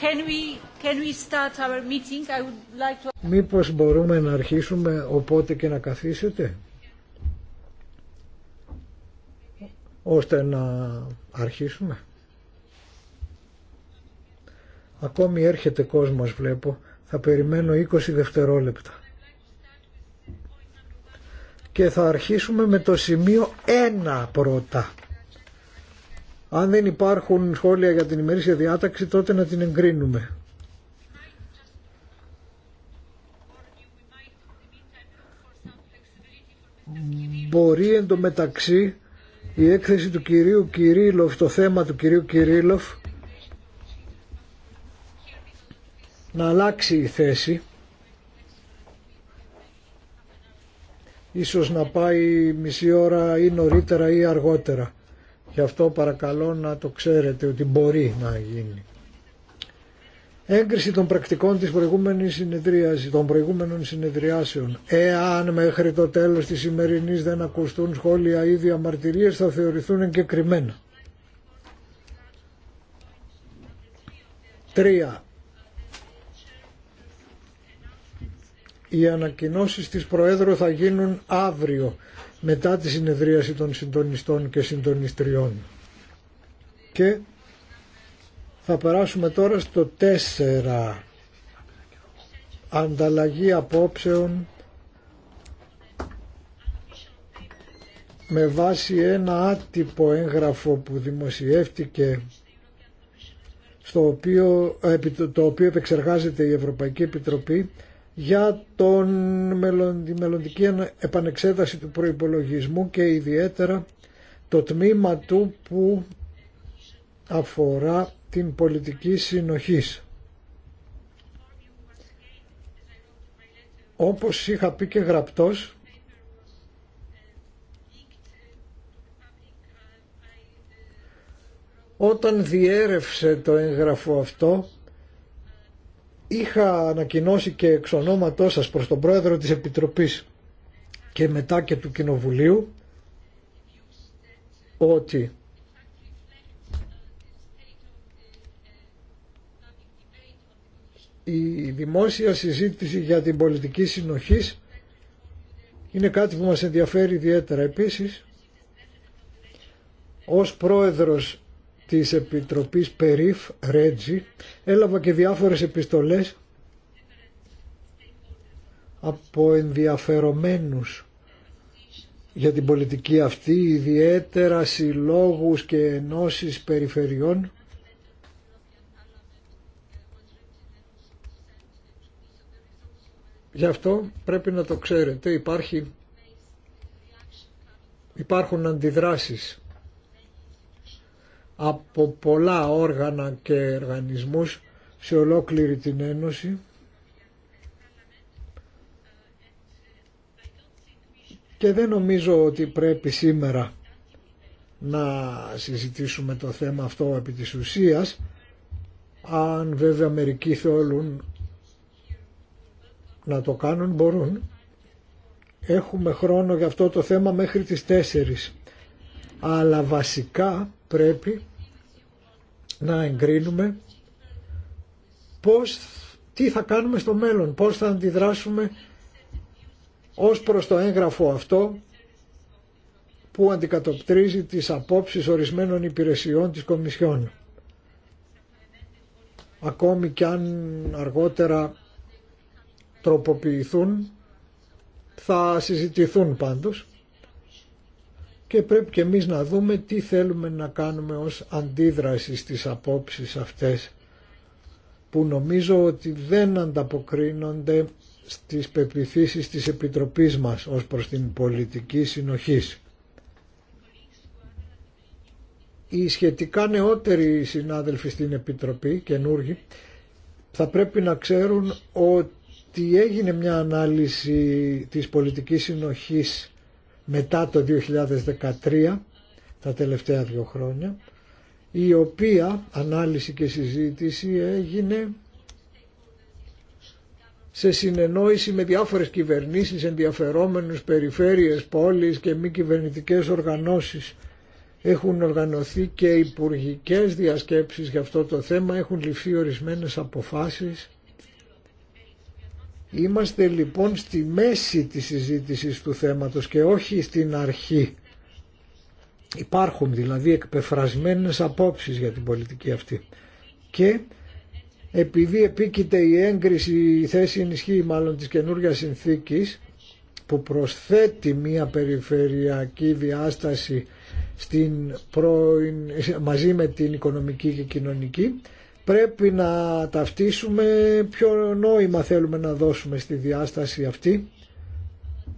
Can Μήπως μπορούμε να αρχίσουμε οπότε και να καθίσετε ώστε να αρχίσουμε. Ακόμη έρχεται κόσμος βλέπω. Θα περιμένω 20 δευτερόλεπτα. Και θα αρχίσουμε με το σημείο 1 πρώτα. Αν δεν υπάρχουν σχόλια για την ημερήσια διάταξη, τότε να την εγκρίνουμε. Μπορεί εντωμεταξύ η έκθεση του κυρίου Κυρίλοφ, το θέμα του κυρίου Κυρίλοφ, να αλλάξει η θέση. Ίσως να πάει μισή ώρα ή νωρίτερα ή αργότερα. Γι' αυτό παρακαλώ να το ξέρετε ότι μπορεί να γίνει. Έγκριση των πρακτικών της προηγούμενης συνεδρίασης, των προηγούμενων συνεδριάσεων. Εάν μέχρι το τέλος της σημερινής δεν ακουστούν σχόλια ή διαμαρτυρίες θα θεωρηθούν εγκεκριμένα. Τρία. Οι ανακοινώσεις της Προέδρου θα γίνουν αύριο μετά τη συνεδρίαση των συντονιστών και συντονιστριών. Και θα περάσουμε τώρα στο 4. Ανταλλαγή απόψεων με βάση ένα άτυπο έγγραφο που δημοσιεύτηκε στο οποίο, ε, το οποίο επεξεργάζεται η Ευρωπαϊκή Επιτροπή για τον, τη μελλοντική επανεξέταση του προϋπολογισμού και ιδιαίτερα το τμήμα του που αφορά την πολιτική συνοχής. Όπως είχα πει και γραπτός, όταν διέρευσε το έγγραφο αυτό, είχα ανακοινώσει και εξ ονόματός σας προς τον πρόεδρο της Επιτροπής και μετά και του Κοινοβουλίου ότι η δημόσια συζήτηση για την πολιτική συνοχή είναι κάτι που μας ενδιαφέρει ιδιαίτερα. Επίσης, ως πρόεδρος της Επιτροπής Περίφ Ρέτζι έλαβα και διάφορες επιστολές από ενδιαφερομένους για την πολιτική αυτή, ιδιαίτερα συλλόγους και ενώσεις περιφερειών Γι' αυτό πρέπει να το ξέρετε, υπάρχει, υπάρχουν αντιδράσεις από πολλά όργανα και οργανισμούς σε ολόκληρη την Ένωση και δεν νομίζω ότι πρέπει σήμερα να συζητήσουμε το θέμα αυτό επί της ουσίας αν βέβαια μερικοί θέλουν να το κάνουν μπορούν έχουμε χρόνο για αυτό το θέμα μέχρι τις 4 αλλά βασικά πρέπει να εγκρίνουμε πώς, τι θα κάνουμε στο μέλλον, πώς θα αντιδράσουμε ως προς το έγγραφο αυτό που αντικατοπτρίζει τις απόψεις ορισμένων υπηρεσιών της Κομισιόν. Ακόμη κι αν αργότερα τροποποιηθούν, θα συζητηθούν πάντως και πρέπει και εμείς να δούμε τι θέλουμε να κάνουμε ως αντίδραση στις απόψεις αυτές που νομίζω ότι δεν ανταποκρίνονται στις πεπιθήσεις της Επιτροπής μας ως προς την πολιτική συνοχής. Οι σχετικά νεότεροι συνάδελφοι στην Επιτροπή, καινούργοι, θα πρέπει να ξέρουν ότι έγινε μια ανάλυση της πολιτικής συνοχής μετά το 2013, τα τελευταία δύο χρόνια, η οποία ανάλυση και συζήτηση έγινε σε συνεννόηση με διάφορες κυβερνήσεις, ενδιαφερόμενους περιφέρειες, πόλεις και μη κυβερνητικές οργανώσεις. Έχουν οργανωθεί και υπουργικέ διασκέψεις για αυτό το θέμα, έχουν ληφθεί ορισμένες αποφάσεις Είμαστε λοιπόν στη μέση της συζήτησης του θέματος και όχι στην αρχή. Υπάρχουν δηλαδή εκπεφρασμένες απόψεις για την πολιτική αυτή. Και επειδή επίκειται η έγκριση, η θέση ενισχύει μάλλον της καινούργια συνθήκης που προσθέτει μία περιφερειακή διάσταση στην μαζί με την οικονομική και κοινωνική πρέπει να ταυτίσουμε ποιο νόημα θέλουμε να δώσουμε στη διάσταση αυτή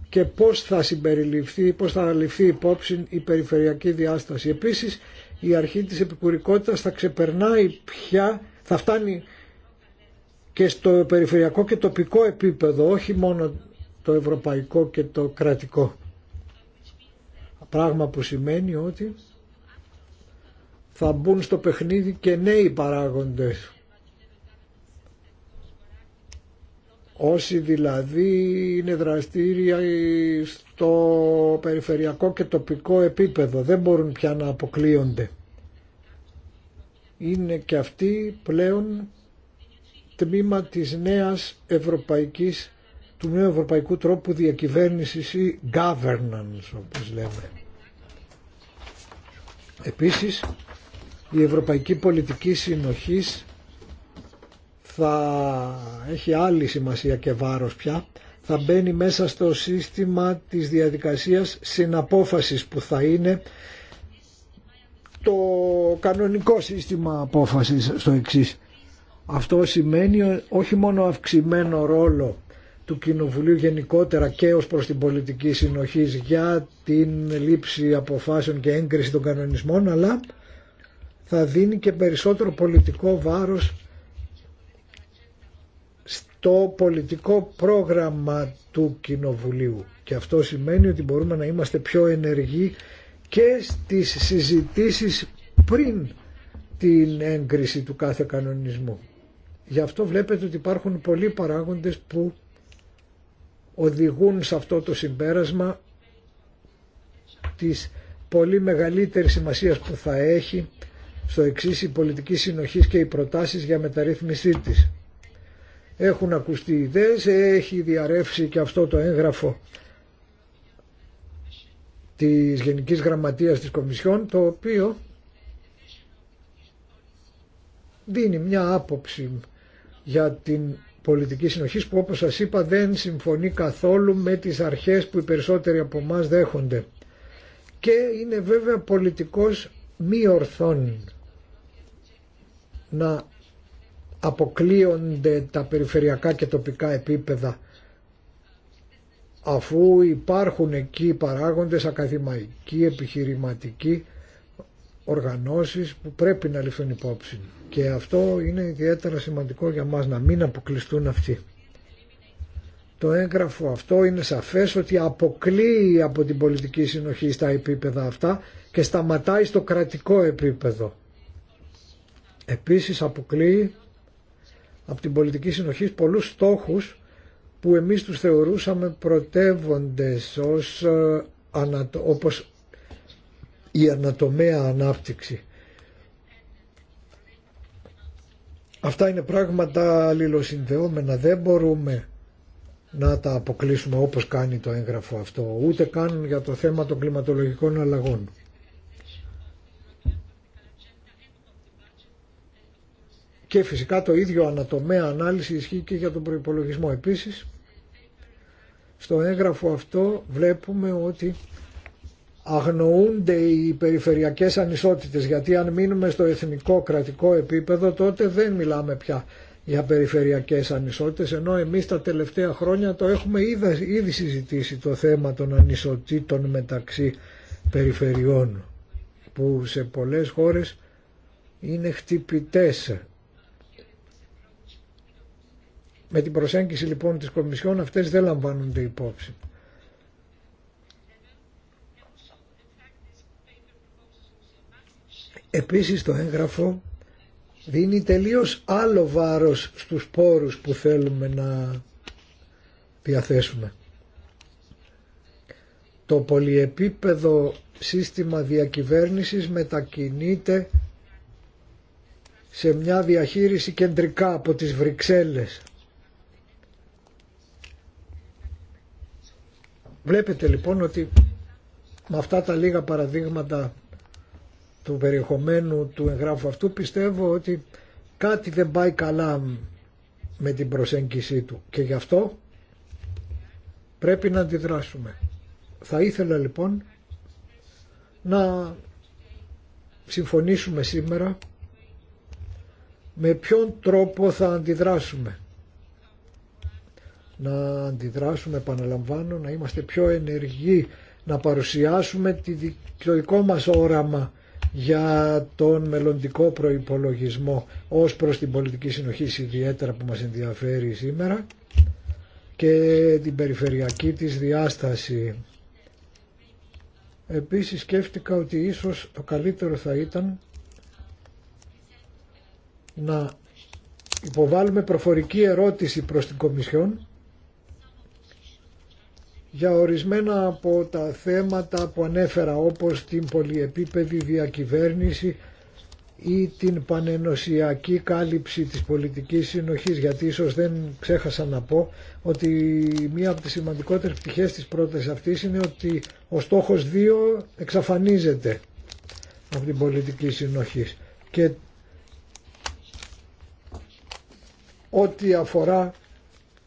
και πώς θα συμπεριληφθεί, πώς θα ληφθεί υπόψη η περιφερειακή διάσταση. Επίσης η αρχή της επικουρικότητας θα ξεπερνάει πια, θα φτάνει και στο περιφερειακό και τοπικό επίπεδο, όχι μόνο το ευρωπαϊκό και το κρατικό. Πράγμα που σημαίνει ότι θα μπουν στο παιχνίδι και νέοι παράγοντες. Όσοι δηλαδή είναι δραστήρια στο περιφερειακό και τοπικό επίπεδο, δεν μπορούν πια να αποκλείονται. Είναι και αυτοί πλέον τμήμα της νέας ευρωπαϊκής, του νέου ευρωπαϊκού τρόπου διακυβέρνησης ή governance όπως λέμε. Επίσης η Ευρωπαϊκή Πολιτική Συνοχής θα έχει άλλη σημασία και βάρος πια, θα μπαίνει μέσα στο σύστημα της διαδικασίας συναπόφασης που θα είναι το κανονικό σύστημα απόφασης στο εξής. Αυτό σημαίνει όχι μόνο αυξημένο ρόλο του Κοινοβουλίου γενικότερα και ως προς την πολιτική συνοχής για την λήψη αποφάσεων και έγκριση των κανονισμών, αλλά θα δίνει και περισσότερο πολιτικό βάρος στο πολιτικό πρόγραμμα του Κοινοβουλίου. Και αυτό σημαίνει ότι μπορούμε να είμαστε πιο ενεργοί και στις συζητήσεις πριν την έγκριση του κάθε κανονισμού. Γι' αυτό βλέπετε ότι υπάρχουν πολλοί παράγοντες που οδηγούν σε αυτό το συμπέρασμα της πολύ μεγαλύτερης σημασία που θα έχει στο εξής η πολιτική συνοχής και οι προτάσεις για μεταρρύθμισή της. Έχουν ακουστεί ιδέες, έχει διαρρεύσει και αυτό το έγγραφο της Γενικής Γραμματείας της Κομισιόν, το οποίο δίνει μια άποψη για την πολιτική συνοχή που όπως σας είπα δεν συμφωνεί καθόλου με τις αρχές που οι περισσότεροι από εμά δέχονται και είναι βέβαια πολιτικός μη ορθών να αποκλείονται τα περιφερειακά και τοπικά επίπεδα αφού υπάρχουν εκεί παράγοντες ακαδημαϊκοί, επιχειρηματικοί, οργανώσεις που πρέπει να ληφθούν υπόψη. Και αυτό είναι ιδιαίτερα σημαντικό για μας να μην αποκλειστούν αυτοί. Το έγγραφο αυτό είναι σαφές ότι αποκλείει από την πολιτική συνοχή στα επίπεδα αυτά και σταματάει στο κρατικό επίπεδο. Επίσης αποκλείει από την πολιτική συνοχή πολλούς στόχους που εμείς τους θεωρούσαμε πρωτεύοντες ως, ε, όπως η ανατομέα ανάπτυξη. Αυτά είναι πράγματα αλληλοσυνδεόμενα, δεν μπορούμε να τα αποκλείσουμε όπως κάνει το έγγραφο αυτό, ούτε καν για το θέμα των κλιματολογικών αλλαγών. Και φυσικά το ίδιο ανατομέα ανάλυση ισχύει και για τον προϋπολογισμό. Επίσης, στο έγγραφο αυτό βλέπουμε ότι αγνοούνται οι περιφερειακές ανισότητες γιατί αν μείνουμε στο εθνικό κρατικό επίπεδο τότε δεν μιλάμε πια για περιφερειακές ανισότητες ενώ εμείς τα τελευταία χρόνια το έχουμε ήδη, συζητήσει το θέμα των ανισοτήτων μεταξύ περιφερειών που σε πολλές χώρες είναι χτυπητές με την προσέγγιση λοιπόν της Κομισιόν αυτές δεν λαμβάνονται υπόψη. Επίσης το έγγραφο δίνει τελείως άλλο βάρος στους πόρους που θέλουμε να διαθέσουμε. Το πολυεπίπεδο σύστημα διακυβέρνησης μετακινείται σε μια διαχείριση κεντρικά από τις Βρυξέλλες Βλέπετε λοιπόν ότι με αυτά τα λίγα παραδείγματα του περιεχομένου του εγγράφου αυτού πιστεύω ότι κάτι δεν πάει καλά με την προσέγγιση του και γι' αυτό πρέπει να αντιδράσουμε. Θα ήθελα λοιπόν να συμφωνήσουμε σήμερα με ποιον τρόπο θα αντιδράσουμε να αντιδράσουμε, επαναλαμβάνω, να είμαστε πιο ενεργοί, να παρουσιάσουμε το δικό μας όραμα για τον μελλοντικό προϋπολογισμό ως προς την πολιτική συνοχή ιδιαίτερα που μας ενδιαφέρει σήμερα και την περιφερειακή της διάσταση. Επίσης σκέφτηκα ότι ίσως το καλύτερο θα ήταν να υποβάλουμε προφορική ερώτηση προς την Κομισιόν για ορισμένα από τα θέματα που ανέφερα όπως την πολυεπίπεδη διακυβέρνηση ή την πανενοσιακή κάλυψη της πολιτικής συνοχής γιατί ίσως δεν ξέχασα να πω ότι μία από τις σημαντικότερες πτυχές της πρώτης αυτής είναι ότι ο στόχος 2 εξαφανίζεται από την πολιτική συνοχή και ό,τι αφορά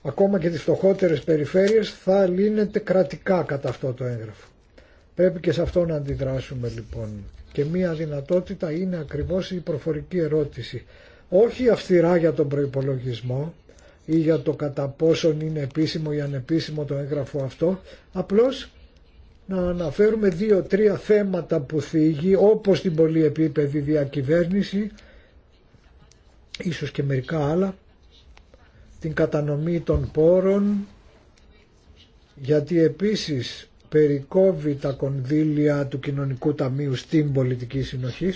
ακόμα και τις φτωχότερες περιφέρειες θα λύνεται κρατικά κατά αυτό το έγγραφο. Πρέπει και σε αυτό να αντιδράσουμε λοιπόν. Και μία δυνατότητα είναι ακριβώς η προφορική ερώτηση. Όχι αυστηρά για τον προϋπολογισμό ή για το κατά πόσον είναι επίσημο ή ανεπίσημο το έγγραφο αυτό, απλώς να αναφέρουμε δύο-τρία θέματα που θίγει όπως την πολυεπίπεδη διακυβέρνηση, ίσως και μερικά άλλα, την κατανομή των πόρων γιατί επίσης περικόβει τα κονδύλια του Κοινωνικού Ταμείου στην πολιτική συνοχή.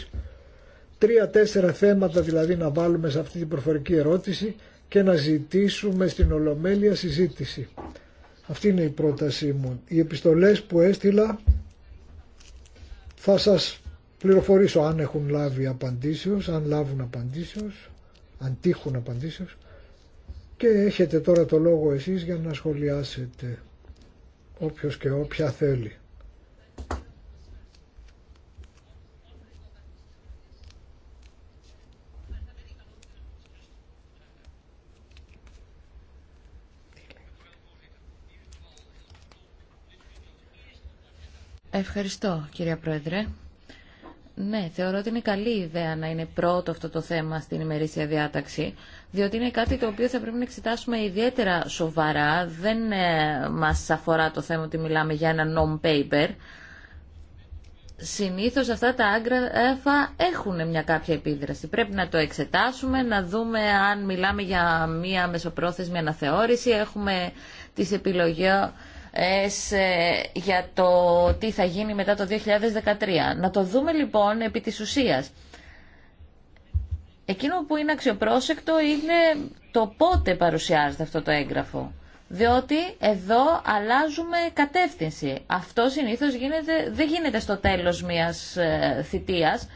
Τρία-τέσσερα θέματα δηλαδή να βάλουμε σε αυτή την προφορική ερώτηση και να ζητήσουμε στην Ολομέλεια συζήτηση. Αυτή είναι η πρότασή μου. Οι επιστολές που έστειλα θα σας πληροφορήσω αν έχουν λάβει απαντήσεως, αν λάβουν απαντήσεως, αν τύχουν απαντήσεως. Και έχετε τώρα το λόγο εσείς για να σχολιάσετε όποιος και όποια θέλει. Ευχαριστώ κυρία Πρόεδρε. Ναι, θεωρώ ότι είναι καλή ιδέα να είναι πρώτο αυτό το θέμα στην ημερήσια διάταξη διότι είναι κάτι το οποίο θα πρέπει να εξετάσουμε ιδιαίτερα σοβαρά. Δεν ε, μας αφορά το θέμα ότι μιλάμε για ένα non-paper. Συνήθως αυτά τα άγγραφα έχουν μια κάποια επίδραση. Πρέπει να το εξετάσουμε, να δούμε αν μιλάμε για μια μεσοπρόθεσμη αναθεώρηση. Έχουμε τις επιλογές ε, για το τι θα γίνει μετά το 2013. Να το δούμε λοιπόν επί της ουσίας. Εκείνο που είναι αξιοπρόσεκτο είναι το πότε παρουσιάζεται αυτό το έγγραφο. Διότι εδώ αλλάζουμε κατεύθυνση. Αυτό συνήθως γίνεται, δεν γίνεται στο τέλος μιας ε, θητείας,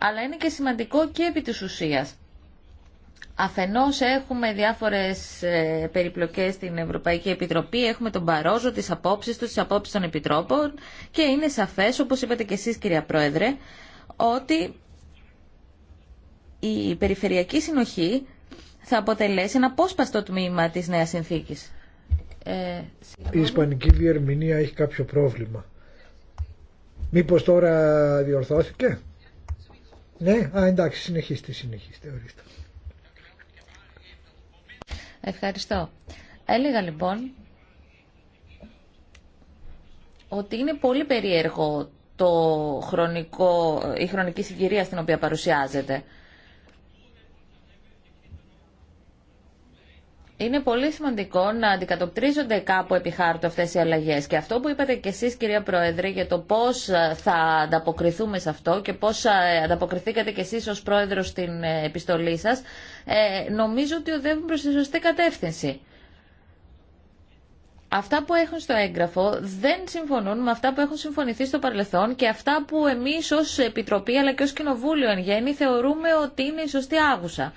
αλλά είναι και σημαντικό και επί της ουσίας. Αφενός έχουμε διάφορες ε, περιπλοκές στην Ευρωπαϊκή Επιτροπή, έχουμε τον παρόζο, τις απόψεις του, τις απόψεις των επιτρόπων και είναι σαφές, όπως είπατε και εσείς κυρία Πρόεδρε, ότι η περιφερειακή συνοχή θα αποτελέσει ένα απόσπαστο τμήμα της νέας συνθήκης. Ε, η ισπανική διερμηνία έχει κάποιο πρόβλημα. Μήπως τώρα διορθώθηκε. Ναι, α, εντάξει, συνεχίστε, συνεχίστε, ορίστε. Ευχαριστώ. Έλεγα λοιπόν ότι είναι πολύ περίεργο το χρονικό, η χρονική συγκυρία στην οποία παρουσιάζεται. Είναι πολύ σημαντικό να αντικατοπτρίζονται κάπου επί χάρτου αυτέ οι αλλαγέ. Και αυτό που είπατε και εσείς κυρία Πρόεδρε για το πώ θα ανταποκριθούμε σε αυτό και πώ ε, ανταποκριθήκατε και εσεί ω πρόεδρο στην ε, επιστολή σα, ε, νομίζω ότι οδεύουν προ τη σωστή κατεύθυνση. Αυτά που έχουν στο έγγραφο δεν συμφωνούν με αυτά που έχουν συμφωνηθεί στο παρελθόν και αυτά που εμείς ως Επιτροπή αλλά και ως Κοινοβούλιο εν γέννη θεωρούμε ότι είναι η σωστή άγουσα.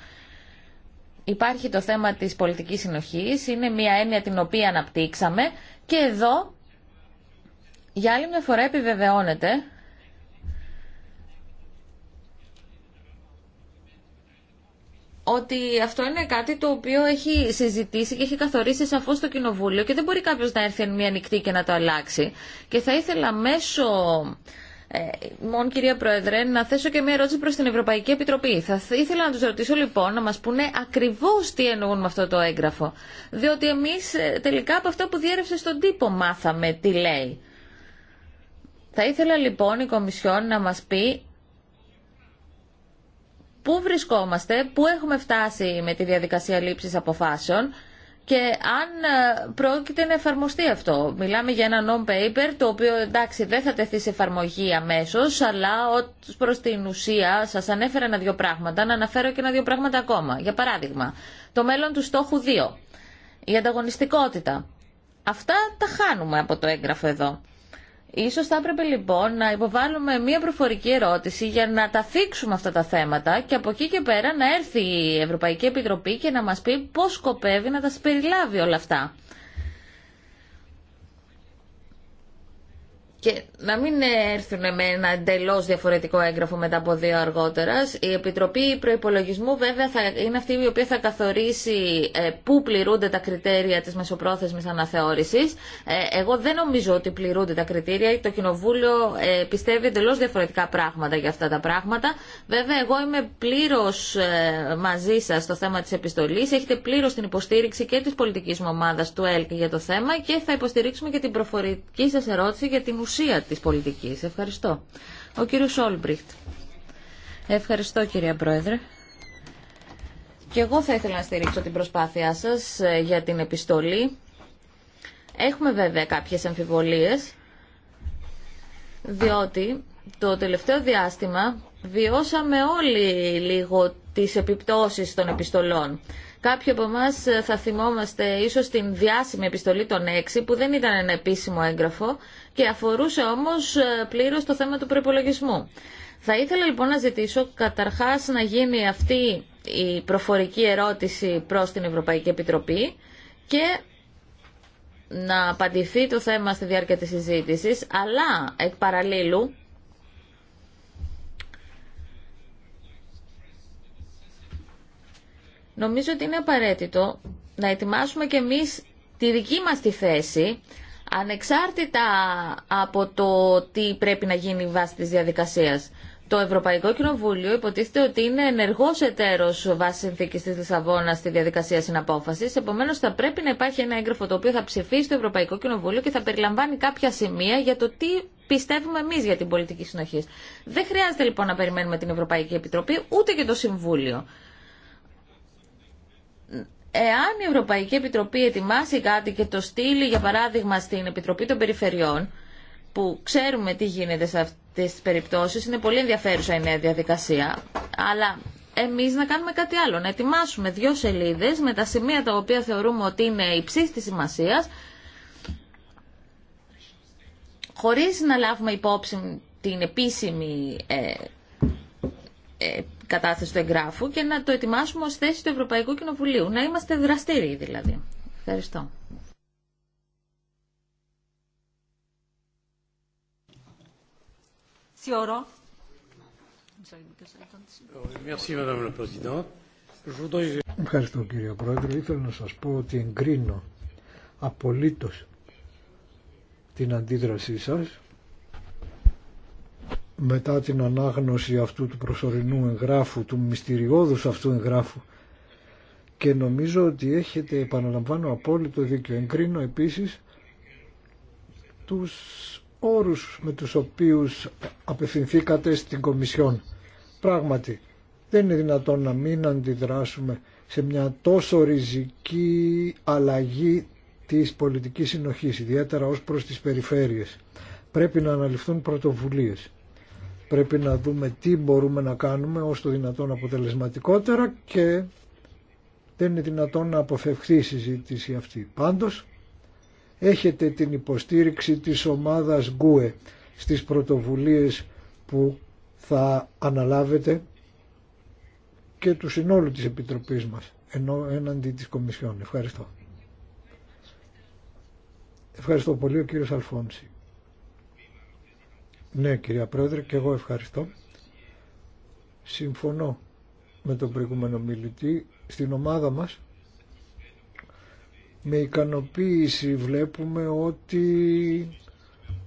Υπάρχει το θέμα της πολιτικής συνοχής, είναι μια έννοια την οποία αναπτύξαμε και εδώ για άλλη μια φορά επιβεβαιώνεται ότι αυτό είναι κάτι το οποίο έχει συζητήσει και έχει καθορίσει σαφως το Κοινοβούλιο και δεν μπορεί κάποιο να έρθει εν μία νυχτή και να το αλλάξει. Και θα ήθελα μέσω ε, μόνο κυρία Πρόεδρε, να θέσω και μια ερώτηση προς την Ευρωπαϊκή Επιτροπή. Θα ήθελα να τους ρωτήσω λοιπόν να μας πούνε ακριβώς τι εννοούν με αυτό το έγγραφο. Διότι εμείς ε, τελικά από αυτό που διέρευσε στον τύπο μάθαμε τι λέει. Θα ήθελα λοιπόν η Κομισιόν να μας πει πού βρισκόμαστε, πού έχουμε φτάσει με τη διαδικασία λήψης αποφάσεων και αν ε, πρόκειται να εφαρμοστεί αυτό. Μιλάμε για ένα non-paper το οποίο εντάξει δεν θα τεθεί σε εφαρμογή αμέσω, αλλά προ την ουσία σα ανέφερα ένα-δύο πράγματα, να αναφέρω και ένα-δύο πράγματα ακόμα. Για παράδειγμα, το μέλλον του στόχου 2, η ανταγωνιστικότητα. Αυτά τα χάνουμε από το έγγραφο εδώ. Ίσως θα έπρεπε λοιπόν να υποβάλουμε μία προφορική ερώτηση για να τα θίξουμε αυτά τα θέματα και από εκεί και πέρα να έρθει η Ευρωπαϊκή Επιτροπή και να μας πει πώς σκοπεύει να τα συμπεριλάβει όλα αυτά. και να μην έρθουν με ένα εντελώ διαφορετικό έγγραφο μετά από δύο αργότερα. Η Επιτροπή Προπολογισμού βέβαια θα είναι αυτή η οποία θα καθορίσει ε, πού πληρούνται τα κριτήρια τη μεσοπρόθεσμη αναθεώρηση. Ε, εγώ δεν νομίζω ότι πληρούνται τα κριτήρια. Το Κοινοβούλιο ε, πιστεύει εντελώ διαφορετικά πράγματα για αυτά τα πράγματα. Βέβαια, εγώ είμαι πλήρω μαζί σα στο θέμα τη επιστολή. Έχετε πλήρω την υποστήριξη και τη πολιτική μου ομάδα του ΕΛΚ για το θέμα και θα υποστηρίξουμε και την προφορική σα ερώτηση για την ουσία ουσία της πολιτικής. Ευχαριστώ. Ο κύριος Όλμπριχτ. Ευχαριστώ κυρία Πρόεδρε. Και εγώ θα ήθελα να στηρίξω την προσπάθειά σας ε, για την επιστολή. Έχουμε βέβαια κάποιες αμφιβολίες, διότι το τελευταίο διάστημα βιώσαμε όλοι λίγο τις επιπτώσεις των επιστολών. Κάποιοι από εμά ε, θα θυμόμαστε ίσως την διάσημη επιστολή των 6 που δεν ήταν ένα επίσημο έγγραφο και αφορούσε όμως ε, πλήρως το θέμα του προπολογισμού. Θα ήθελα λοιπόν να ζητήσω καταρχάς να γίνει αυτή η προφορική ερώτηση προς την Ευρωπαϊκή Επιτροπή και να απαντηθεί το θέμα στη διάρκεια της συζήτησης, αλλά εκ παραλλήλου νομίζω ότι είναι απαραίτητο να ετοιμάσουμε και εμείς τη δική μας τη θέση ανεξάρτητα από το τι πρέπει να γίνει βάσει της διαδικασίας. Το Ευρωπαϊκό Κοινοβούλιο υποτίθεται ότι είναι ενεργό εταίρο βάσει συνθήκη τη Λισαβόνα στη διαδικασία συναπόφαση. Επομένω, θα πρέπει να υπάρχει ένα έγγραφο το οποίο θα ψηφίσει το Ευρωπαϊκό Κοινοβούλιο και θα περιλαμβάνει κάποια σημεία για το τι πιστεύουμε εμεί για την πολιτική συνοχή. Δεν χρειάζεται λοιπόν να περιμένουμε την Ευρωπαϊκή Επιτροπή ούτε και το Συμβούλιο εάν η Ευρωπαϊκή Επιτροπή ετοιμάσει κάτι και το στείλει, για παράδειγμα, στην Επιτροπή των Περιφερειών, που ξέρουμε τι γίνεται σε αυτές τις περιπτώσεις, είναι πολύ ενδιαφέρουσα η νέα διαδικασία, αλλά εμείς να κάνουμε κάτι άλλο, να ετοιμάσουμε δύο σελίδες με τα σημεία τα οποία θεωρούμε ότι είναι υψή τη σημασία. χωρίς να λάβουμε υπόψη την επίσημη ε, κατάθεση του εγγράφου και να το ετοιμάσουμε ως θέση του Ευρωπαϊκού Κοινοβουλίου. Να είμαστε δραστήριοι δηλαδή. Ευχαριστώ. Ευχαριστώ κύριε Πρόεδρε. Ήθελα να σας πω ότι εγκρίνω απολύτως την αντίδρασή σας μετά την ανάγνωση αυτού του προσωρινού εγγράφου, του μυστηριώδους αυτού εγγράφου και νομίζω ότι έχετε επαναλαμβάνω απόλυτο δίκιο. Εγκρίνω επίσης τους όρους με τους οποίους απευθυνθήκατε στην Κομισιόν. Πράγματι, δεν είναι δυνατόν να μην αντιδράσουμε σε μια τόσο ριζική αλλαγή της πολιτικής συνοχής, ιδιαίτερα ως προς τις περιφέρειες. Πρέπει να αναλυφθούν πρωτοβουλίες. Πρέπει να δούμε τι μπορούμε να κάνουμε ως το δυνατόν αποτελεσματικότερα και δεν είναι δυνατόν να αποφευχθεί η συζήτηση αυτή. Πάντως, έχετε την υποστήριξη της ομάδας Γκουε στις πρωτοβουλίες που θα αναλάβετε και του συνόλου της Επιτροπής μας, ενώ έναντι της Κομισιόν. Ευχαριστώ. Ευχαριστώ πολύ ο κύριος Αλφόνση. Ναι, κυρία Πρόεδρε, και εγώ ευχαριστώ. Συμφωνώ με τον προηγούμενο μιλητή. Στην ομάδα μας με ικανοποίηση βλέπουμε ότι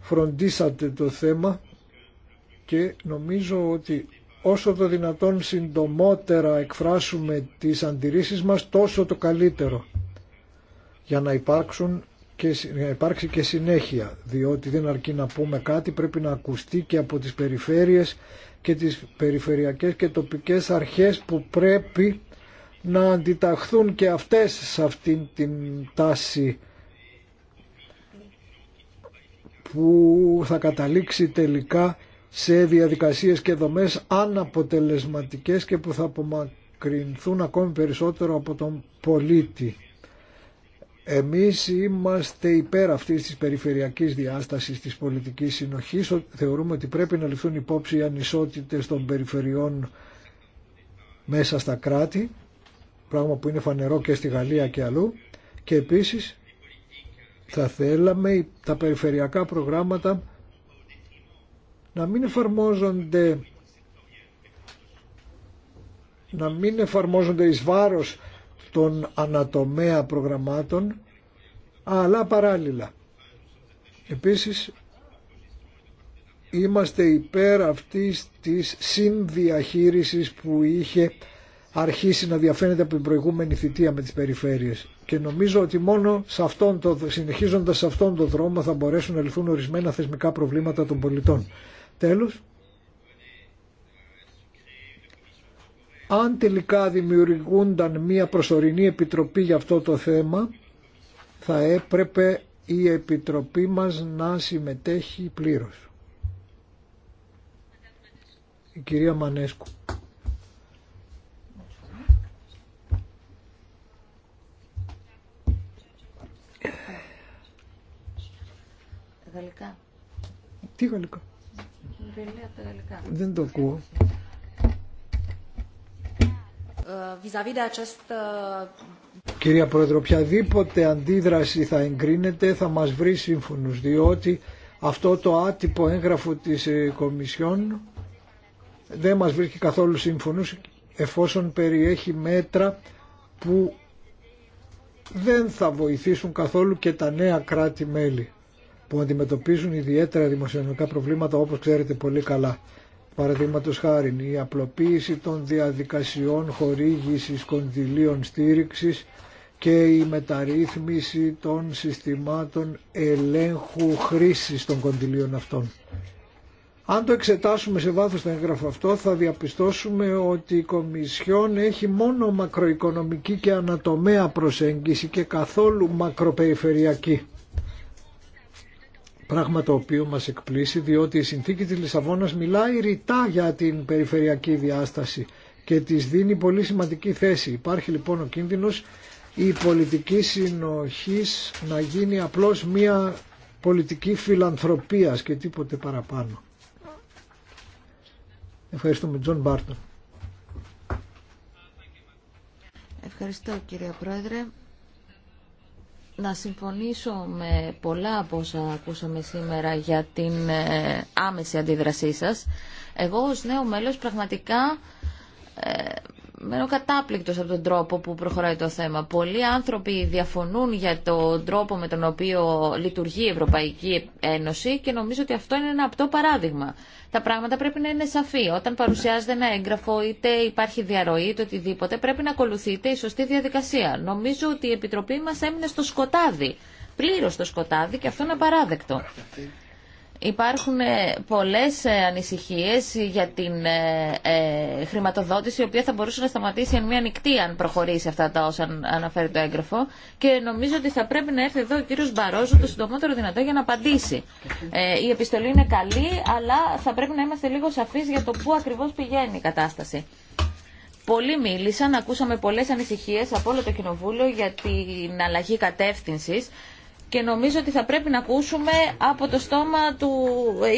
φροντίσατε το θέμα και νομίζω ότι όσο το δυνατόν συντομότερα εκφράσουμε τις αντιρρήσεις μας τόσο το καλύτερο για να υπάρξουν και υπάρξει και συνέχεια διότι δεν αρκεί να πούμε κάτι πρέπει να ακουστεί και από τις περιφέρειες και τις περιφερειακές και τοπικές αρχές που πρέπει να αντιταχθούν και αυτές σε αυτήν την τάση που θα καταλήξει τελικά σε διαδικασίες και δομές αναποτελεσματικές και που θα απομακρυνθούν ακόμη περισσότερο από τον πολίτη. Εμείς είμαστε υπέρ αυτής της περιφερειακής διάστασης της πολιτικής συνοχής. Θεωρούμε ότι πρέπει να ληφθούν υπόψη οι ανισότητες των περιφερειών μέσα στα κράτη, πράγμα που είναι φανερό και στη Γαλλία και αλλού. Και επίσης θα θέλαμε τα περιφερειακά προγράμματα να μην εφαρμόζονται να μην εφαρμόζονται εις βάρος των ανατομέα προγραμμάτων αλλά παράλληλα. Επίσης είμαστε υπέρ αυτής της συνδιαχείρισης που είχε αρχίσει να διαφαίνεται από την προηγούμενη θητεία με τις περιφέρειες και νομίζω ότι μόνο σε αυτόν το, συνεχίζοντας σε αυτόν τον δρόμο θα μπορέσουν να λυθούν ορισμένα θεσμικά προβλήματα των πολιτών. Τέλος, Αν τελικά δημιουργούνταν μία προσωρινή επιτροπή για αυτό το θέμα, θα έπρεπε η επιτροπή μας να συμμετέχει πλήρως. Η κυρία Μανέσκου. Γαλλικά. Τι γαλλικά. Δεν το ακούω. Ε, ε, Κυρία Πρόεδρε, οποιαδήποτε αντίδραση θα εγκρίνεται θα μας βρει σύμφωνος διότι αυτό το άτυπο έγγραφο της ε, Κομισιόν δεν μας βρίσκει καθόλου σύμφωνος εφόσον περιέχει μέτρα που δεν θα βοηθήσουν καθόλου και τα νέα κράτη-μέλη που αντιμετωπίζουν ιδιαίτερα δημοσιονομικά προβλήματα όπως ξέρετε πολύ καλά. Παραδείγματο χάρη η απλοποίηση των διαδικασιών χορήγησης κονδυλίων στήριξης και η μεταρρύθμιση των συστημάτων ελέγχου χρήσης των κονδυλίων αυτών. Αν το εξετάσουμε σε βάθος το έγγραφο αυτό θα διαπιστώσουμε ότι η Κομισιόν έχει μόνο μακροοικονομική και ανατομέα προσέγγιση και καθόλου μακροπεριφερειακή. Πράγμα το οποίο μας εκπλήσει διότι η συνθήκη της Λισαβόνας μιλάει ρητά για την περιφερειακή διάσταση και της δίνει πολύ σημαντική θέση. Υπάρχει λοιπόν ο κίνδυνος η πολιτική συνοχής να γίνει απλώς μία πολιτική φιλανθρωπίας και τίποτε παραπάνω. Ευχαριστούμε Τζον Μπάρτον. Ευχαριστώ κύριε Πρόεδρε να συμφωνήσω με πολλά από όσα ακούσαμε σήμερα για την ε, άμεση αντίδρασή σας. Εγώ ως νέο μέλος πραγματικά ε, μένω κατάπληκτο από τον τρόπο που προχωράει το θέμα. Πολλοί άνθρωποι διαφωνούν για τον τρόπο με τον οποίο λειτουργεί η Ευρωπαϊκή Ένωση και νομίζω ότι αυτό είναι ένα απτό παράδειγμα. Τα πράγματα πρέπει να είναι σαφή. Όταν παρουσιάζεται ένα έγγραφο, είτε υπάρχει διαρροή, είτε οτιδήποτε, πρέπει να ακολουθείται η σωστή διαδικασία. Νομίζω ότι η Επιτροπή μα έμεινε στο σκοτάδι, πλήρω στο σκοτάδι και αυτό είναι απαράδεκτο. Υπάρχουν ε, πολλές ε, ανησυχίες για την ε, χρηματοδότηση η οποία θα μπορούσε να σταματήσει εν μία νυχτή αν προχωρήσει αυτά τα όσα αναφέρει το έγγραφο και νομίζω ότι θα πρέπει να έρθει εδώ ο κύριος Μπαρόζο το συντομότερο δυνατό για να απαντήσει. Η επιστολή είναι καλή αλλά θα πρέπει να είμαστε λίγο σαφείς για το πού ακριβώς πηγαίνει η κατάσταση. Πολλοί μίλησαν, ακούσαμε πολλές ανησυχίες από όλο το Κοινοβούλιο για την αλλαγή κατεύθυνσης και νομίζω ότι θα πρέπει να ακούσουμε από το στόμα του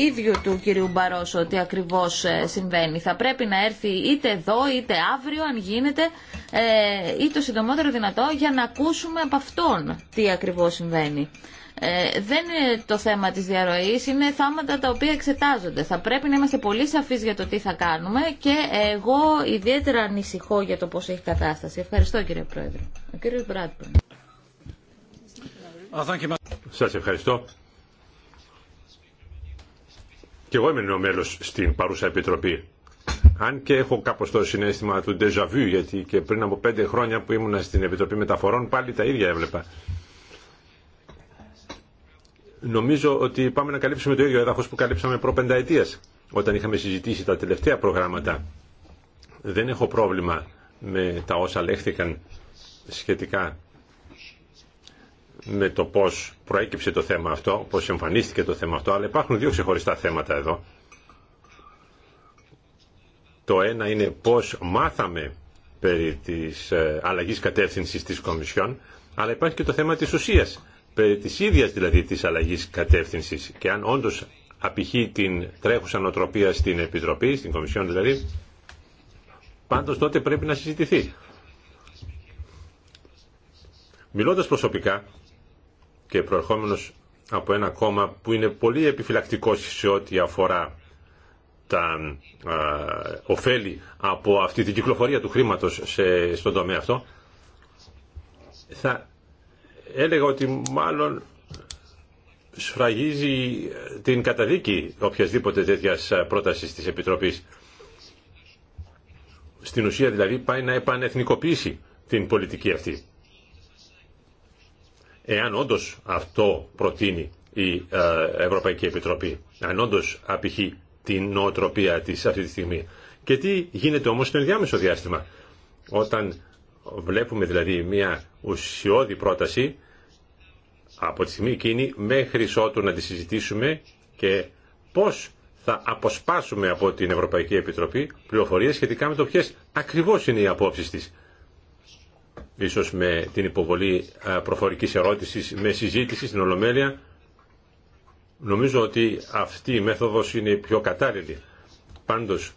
ίδιου του κυρίου Μπαρόσο ότι ακριβώς ε, συμβαίνει. Θα πρέπει να έρθει είτε εδώ είτε αύριο αν γίνεται ε, ή το συντομότερο δυνατό για να ακούσουμε από αυτόν τι ακριβώς συμβαίνει. Ε, δεν είναι το θέμα της διαρροής, είναι θέματα τα οποία εξετάζονται. Θα πρέπει να είμαστε πολύ σαφείς για το τι θα κάνουμε και εγώ ιδιαίτερα ανησυχώ για το πώς έχει κατάσταση. Ευχαριστώ κύριε Πρόεδρε. Ο κύριος Μπράτπον. Σας ευχαριστώ. Και εγώ είμαι μέλος στην παρούσα επιτροπή. Αν και έχω κάπω το συνέστημα του déjà vu, γιατί και πριν από πέντε χρόνια που ήμουνα στην Επιτροπή Μεταφορών πάλι τα ίδια έβλεπα. Νομίζω ότι πάμε να καλύψουμε το ίδιο έδαφο που καλύψαμε προ όταν είχαμε συζητήσει τα τελευταία προγράμματα. Δεν έχω πρόβλημα με τα όσα λέχθηκαν σχετικά με το πώς προέκυψε το θέμα αυτό, πώς εμφανίστηκε το θέμα αυτό, αλλά υπάρχουν δύο ξεχωριστά θέματα εδώ. Το ένα είναι πώς μάθαμε περί της ε, αλλαγής κατεύθυνση της Κομισιόν, αλλά υπάρχει και το θέμα της ουσίας, περί της ίδιας δηλαδή της αλλαγής κατεύθυνση και αν όντω απηχεί την τρέχουσα νοοτροπία στην Επιτροπή, στην Κομισιόν δηλαδή, πάντως τότε πρέπει να συζητηθεί. Μιλώντας προσωπικά, και προερχόμενος από ένα κόμμα που είναι πολύ επιφυλακτικό σε ό,τι αφορά τα α, ωφέλη από αυτή την κυκλοφορία του χρήματος σε, στον τομέα αυτό, θα έλεγα ότι μάλλον σφραγίζει την καταδίκη οποιασδήποτε τέτοια πρόταση της Επιτροπής. Στην ουσία δηλαδή πάει να επανεθνικοποιήσει την πολιτική αυτή εάν όντω αυτό προτείνει η ε, Ευρωπαϊκή Επιτροπή, αν όντως απηχεί την νοοτροπία της αυτή τη στιγμή. Και τι γίνεται όμως στο ενδιάμεσο διάστημα, όταν βλέπουμε δηλαδή μια ουσιώδη πρόταση από τη στιγμή εκείνη μέχρι ότου να τη συζητήσουμε και πώς θα αποσπάσουμε από την Ευρωπαϊκή Επιτροπή πληροφορίες σχετικά με το ποιες ακριβώς είναι οι απόψεις της ίσως με την υποβολή προφορικής ερώτησης, με συζήτηση στην Ολομέλεια. Νομίζω ότι αυτή η μέθοδος είναι πιο κατάλληλη. Πάντως,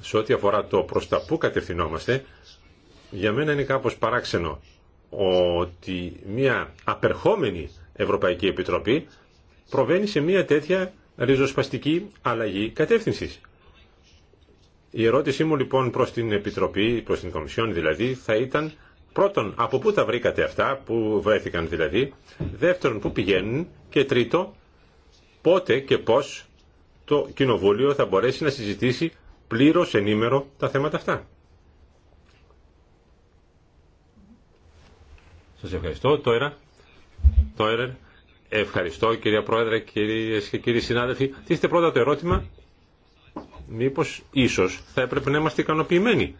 σε ό,τι αφορά το προς τα που κατευθυνόμαστε, για μένα είναι κάπως παράξενο ότι μια απερχόμενη Ευρωπαϊκή Επιτροπή προβαίνει σε μια τέτοια ριζοσπαστική αλλαγή κατεύθυνσης. Η ερώτησή μου λοιπόν προς την Επιτροπή, προς την Κομισιόν δηλαδή, θα ήταν πρώτον από πού τα βρήκατε αυτά που βρέθηκαν δηλαδή, δεύτερον πού πηγαίνουν και τρίτο πότε και πώς το Κοινοβούλιο θα μπορέσει να συζητήσει πλήρως ενήμερο τα θέματα αυτά. Σας ευχαριστώ. Τώρα, τώρα ευχαριστώ κυρία Πρόεδρε, κυρίες και κύριοι συνάδελφοι. Τίστε πρώτα το κοινοβουλιο θα μπορεσει να συζητησει πληρως ενημερο τα θεματα αυτα σας ευχαριστω τωρα τωρα ευχαριστω κυρια προεδρε κυριες και κυριοι συναδελφοι ειστε πρωτα το ερωτημα μήπως ίσως θα έπρεπε να είμαστε ικανοποιημένοι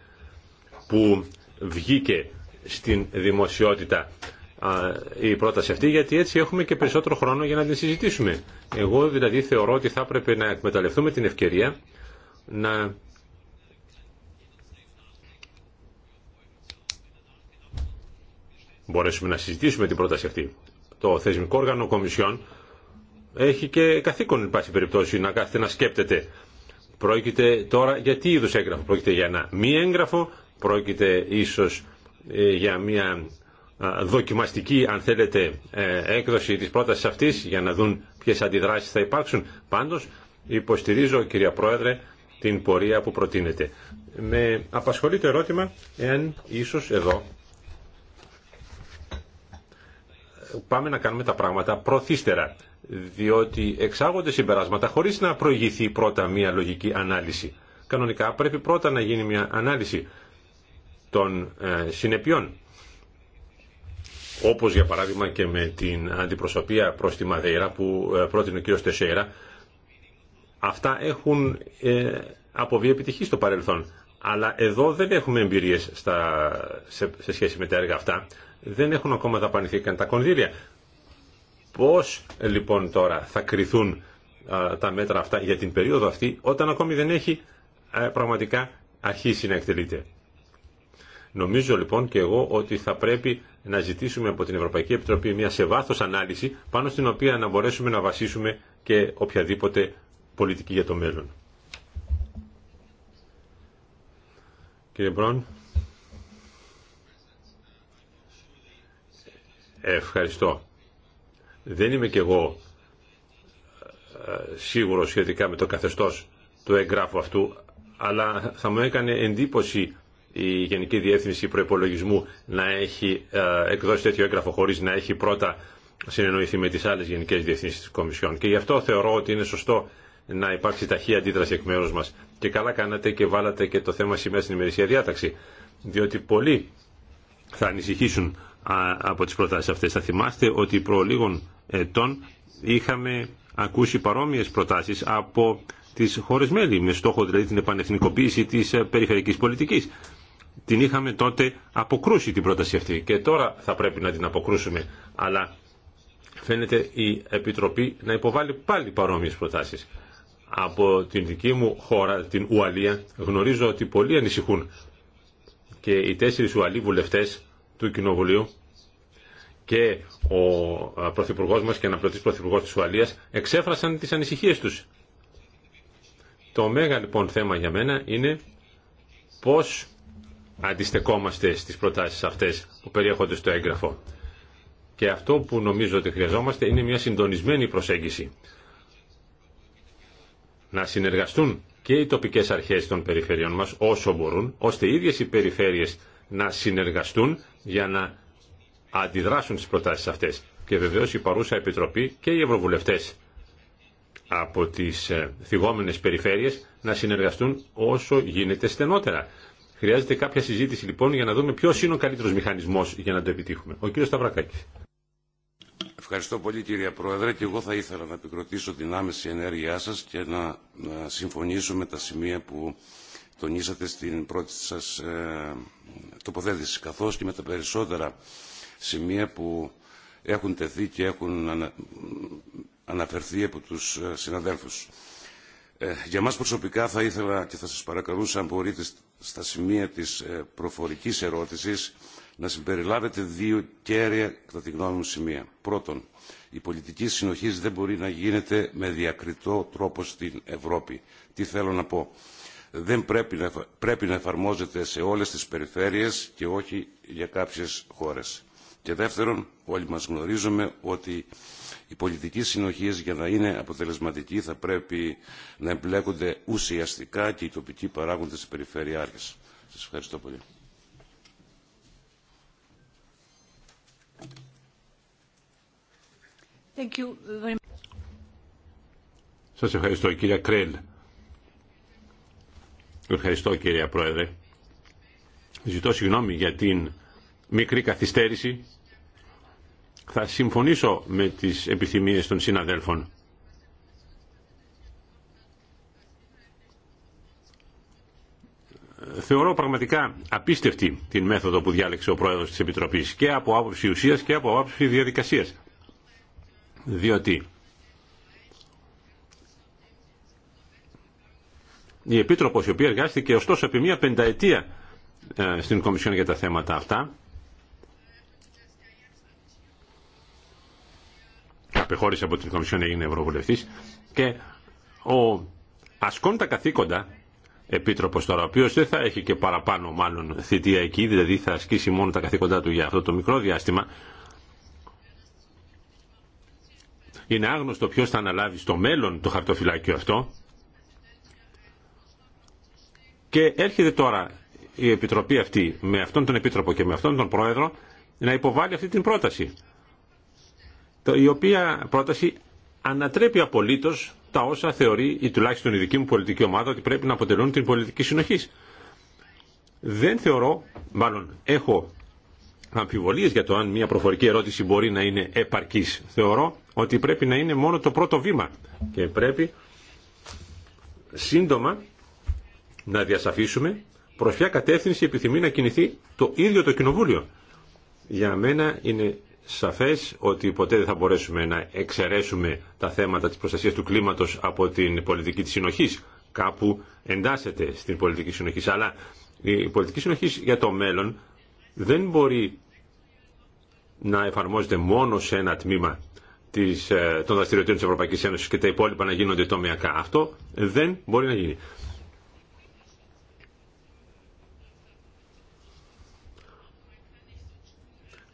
που βγήκε στην δημοσιότητα η πρόταση αυτή γιατί έτσι έχουμε και περισσότερο χρόνο για να την συζητήσουμε. Εγώ δηλαδή θεωρώ ότι θα έπρεπε να εκμεταλλευτούμε την ευκαιρία να μπορέσουμε να συζητήσουμε την πρόταση αυτή. Το θεσμικό όργανο Κομισιόν έχει και καθήκον, εν πάση περιπτώσει, να κάθεται να σκέπτεται Πρόκειται τώρα για τι είδους έγγραφο. Πρόκειται για ένα μη έγγραφο, πρόκειται ίσως ε, για μια δοκιμαστική αν θέλετε ε, έκδοση της πρότασης αυτής για να δουν ποιες αντιδράσεις θα υπάρξουν. Πάντως υποστηρίζω κυρία Πρόεδρε την πορεία που προτείνεται. Με απασχολεί το ερώτημα εάν ίσως εδώ πάμε να κάνουμε τα πράγματα προθύστερα διότι εξάγονται συμπεράσματα χωρίς να προηγηθεί πρώτα μια λογική ανάλυση. Κανονικά πρέπει πρώτα να γίνει μια ανάλυση των ε, συνεπειών. Όπως για παράδειγμα και με την αντιπροσωπεία προς τη Μαδέρα που ε, πρότεινε ο κ. αυτά έχουν ε, αποβεί επιτυχή στο παρελθόν. Αλλά εδώ δεν έχουμε εμπειρίες στα, σε, σε σχέση με τα έργα αυτά. Δεν έχουν ακόμα δαπανηθεί καν τα κονδύλια. Πώς ε, λοιπόν τώρα θα κριθούν τα μέτρα αυτά για την περίοδο αυτή όταν ακόμη δεν έχει πραγματικά αρχίσει να εκτελείται. Νομίζω λοιπόν και εγώ ότι θα πρέπει να ζητήσουμε από την Ευρωπαϊκή Επιτροπή μια σε βάθος ανάλυση πάνω στην οποία να μπορέσουμε να βασίσουμε και οποιαδήποτε πολιτική για το μέλλον. Κύριε Μπρόν. Ε, ευχαριστώ. Δεν είμαι κι εγώ ε, σίγουρο σχετικά με το καθεστώς του εγγράφου αυτού, αλλά θα μου έκανε εντύπωση η Γενική Διεύθυνση Προπολογισμού να έχει ε, εκδώσει τέτοιο έγγραφο χωρίς να έχει πρώτα συνεννοηθεί με τις άλλες Γενικές Διευθύνσεις της Κομισιόν. Και γι' αυτό θεωρώ ότι είναι σωστό να υπάρξει ταχεία αντίδραση εκ μέρους μας. Και καλά κάνατε και βάλατε και το θέμα σήμερα στην ημερησία διάταξη. Διότι πολλοί θα ανησυχήσουν από τις προτάσεις αυτές. Θα θυμάστε ότι προ ετών είχαμε ακούσει παρόμοιες προτάσεις από τις χώρες μέλη, με στόχο δηλαδή την επανεθνικοποίηση της ε, περιφερειακής πολιτικής. Την είχαμε τότε αποκρούσει την πρόταση αυτή και τώρα θα πρέπει να την αποκρούσουμε. Αλλά φαίνεται η Επιτροπή να υποβάλει πάλι παρόμοιες προτάσεις. Από την δική μου χώρα, την Ουαλία, γνωρίζω ότι πολλοί ανησυχούν και οι τέσσερις Ουαλοί βουλευτές του Κοινοβουλίου και ο Πρωθυπουργό μα και αναπληρωτής Πρωθυπουργό τη Ουαλία εξέφρασαν τι ανησυχίε του. Το μέγα λοιπόν θέμα για μένα είναι πώ αντιστεκόμαστε στις προτάσει αυτέ που περιέχονται στο έγγραφο. Και αυτό που νομίζω ότι χρειαζόμαστε είναι μια συντονισμένη προσέγγιση. Να συνεργαστούν και οι τοπικέ αρχέ των περιφερειών μα όσο μπορούν, ώστε οι ίδιε οι περιφέρειε να συνεργαστούν για να αντιδράσουν στις προτάσεις αυτές. Και βεβαίως η παρούσα Επιτροπή και οι Ευρωβουλευτές από τις ε, θυγόμενες περιφέρειες να συνεργαστούν όσο γίνεται στενότερα. Χρειάζεται κάποια συζήτηση λοιπόν για να δούμε ποιο είναι ο καλύτερο μηχανισμό για να το επιτύχουμε. Ο κύριο Σταυρακάκη. Ευχαριστώ πολύ κύριε Πρόεδρε και εγώ θα ήθελα να επικροτήσω την άμεση ενέργειά σας και να, να συμφωνήσω με τα σημεία που τονίσατε στην πρώτη σας ε, τοποθέτηση καθώς και με τα περισσότερα σημεία που έχουν τεθεί και έχουν αναφερθεί από τους ε, συναδέλφους. Ε, για μας προσωπικά θα ήθελα και θα σας παρακαλούσα αν μπορείτε στα σημεία της ε, προφορικής ερώτησης να συμπεριλάβετε δύο κέρια κατά τη γνώμη μου σημεία. Πρώτον, η πολιτική συνοχή δεν μπορεί να γίνεται με διακριτό τρόπο στην Ευρώπη. Τι θέλω να πω. Δεν πρέπει να, πρέπει να εφαρμόζεται σε όλες τις περιφέρειες και όχι για κάποιες χώρες. Και δεύτερον, όλοι μας γνωρίζουμε ότι οι πολιτικοί συνοχή για να είναι αποτελεσματικοί θα πρέπει να εμπλέκονται ουσιαστικά και οι τοπικοί παράγοντες της περιφερειάρχης. Σας ευχαριστώ πολύ. Σας ευχαριστώ κύριε Κρέλ. Ευχαριστώ κύριε Πρόεδρε. Ζητώ συγγνώμη για την μικρή καθυστέρηση. Θα συμφωνήσω με τις επιθυμίες των συναδέλφων. Θεωρώ πραγματικά απίστευτη την μέθοδο που διάλεξε ο Πρόεδρος της Επιτροπής και από άποψη ουσίας και από άποψη διαδικασίας. Διότι η Επίτροπος η οποία εργάστηκε ωστόσο επί μια πενταετία ε, στην Κομισιόν για τα θέματα αυτά απεχώρησε από την Κομισιόν έγινε Ευρωβουλευτής και ο ασκών καθήκοντα επίτροπο τώρα, ο οποίο δεν θα έχει και παραπάνω μάλλον θητεία εκεί, δηλαδή θα ασκήσει μόνο τα καθήκοντά του για αυτό το μικρό διάστημα, είναι άγνωστο ποιος θα αναλάβει στο μέλλον το χαρτοφυλάκιο αυτό και έρχεται τώρα η Επιτροπή αυτή με αυτόν τον Επίτροπο και με αυτόν τον Πρόεδρο να υποβάλει αυτή την πρόταση η οποία πρόταση ανατρέπει απολύτω τα όσα θεωρεί ή τουλάχιστον η δική μου πολιτική ομάδα ότι πρέπει να αποτελούν την πολιτική συνοχής. Δεν θεωρώ, μάλλον έχω αμφιβολίες για το αν μια προφορική ερώτηση μπορεί να είναι επαρκής. Θεωρώ ότι πρέπει να είναι μόνο το πρώτο βήμα και πρέπει σύντομα να διασαφίσουμε προς ποια κατεύθυνση επιθυμεί να κινηθεί το ίδιο το Κοινοβούλιο. Για μένα είναι σαφές ότι ποτέ δεν θα μπορέσουμε να εξαιρέσουμε τα θέματα της προστασίας του κλίματος από την πολιτική της συνοχής. Κάπου εντάσσεται στην πολιτική συνοχής. Αλλά η πολιτική συνοχής για το μέλλον δεν μπορεί να εφαρμόζεται μόνο σε ένα τμήμα ε, των δραστηριοτήτων της Ευρωπαϊκής και τα υπόλοιπα να γίνονται τομιακά. Αυτό δεν μπορεί να γίνει.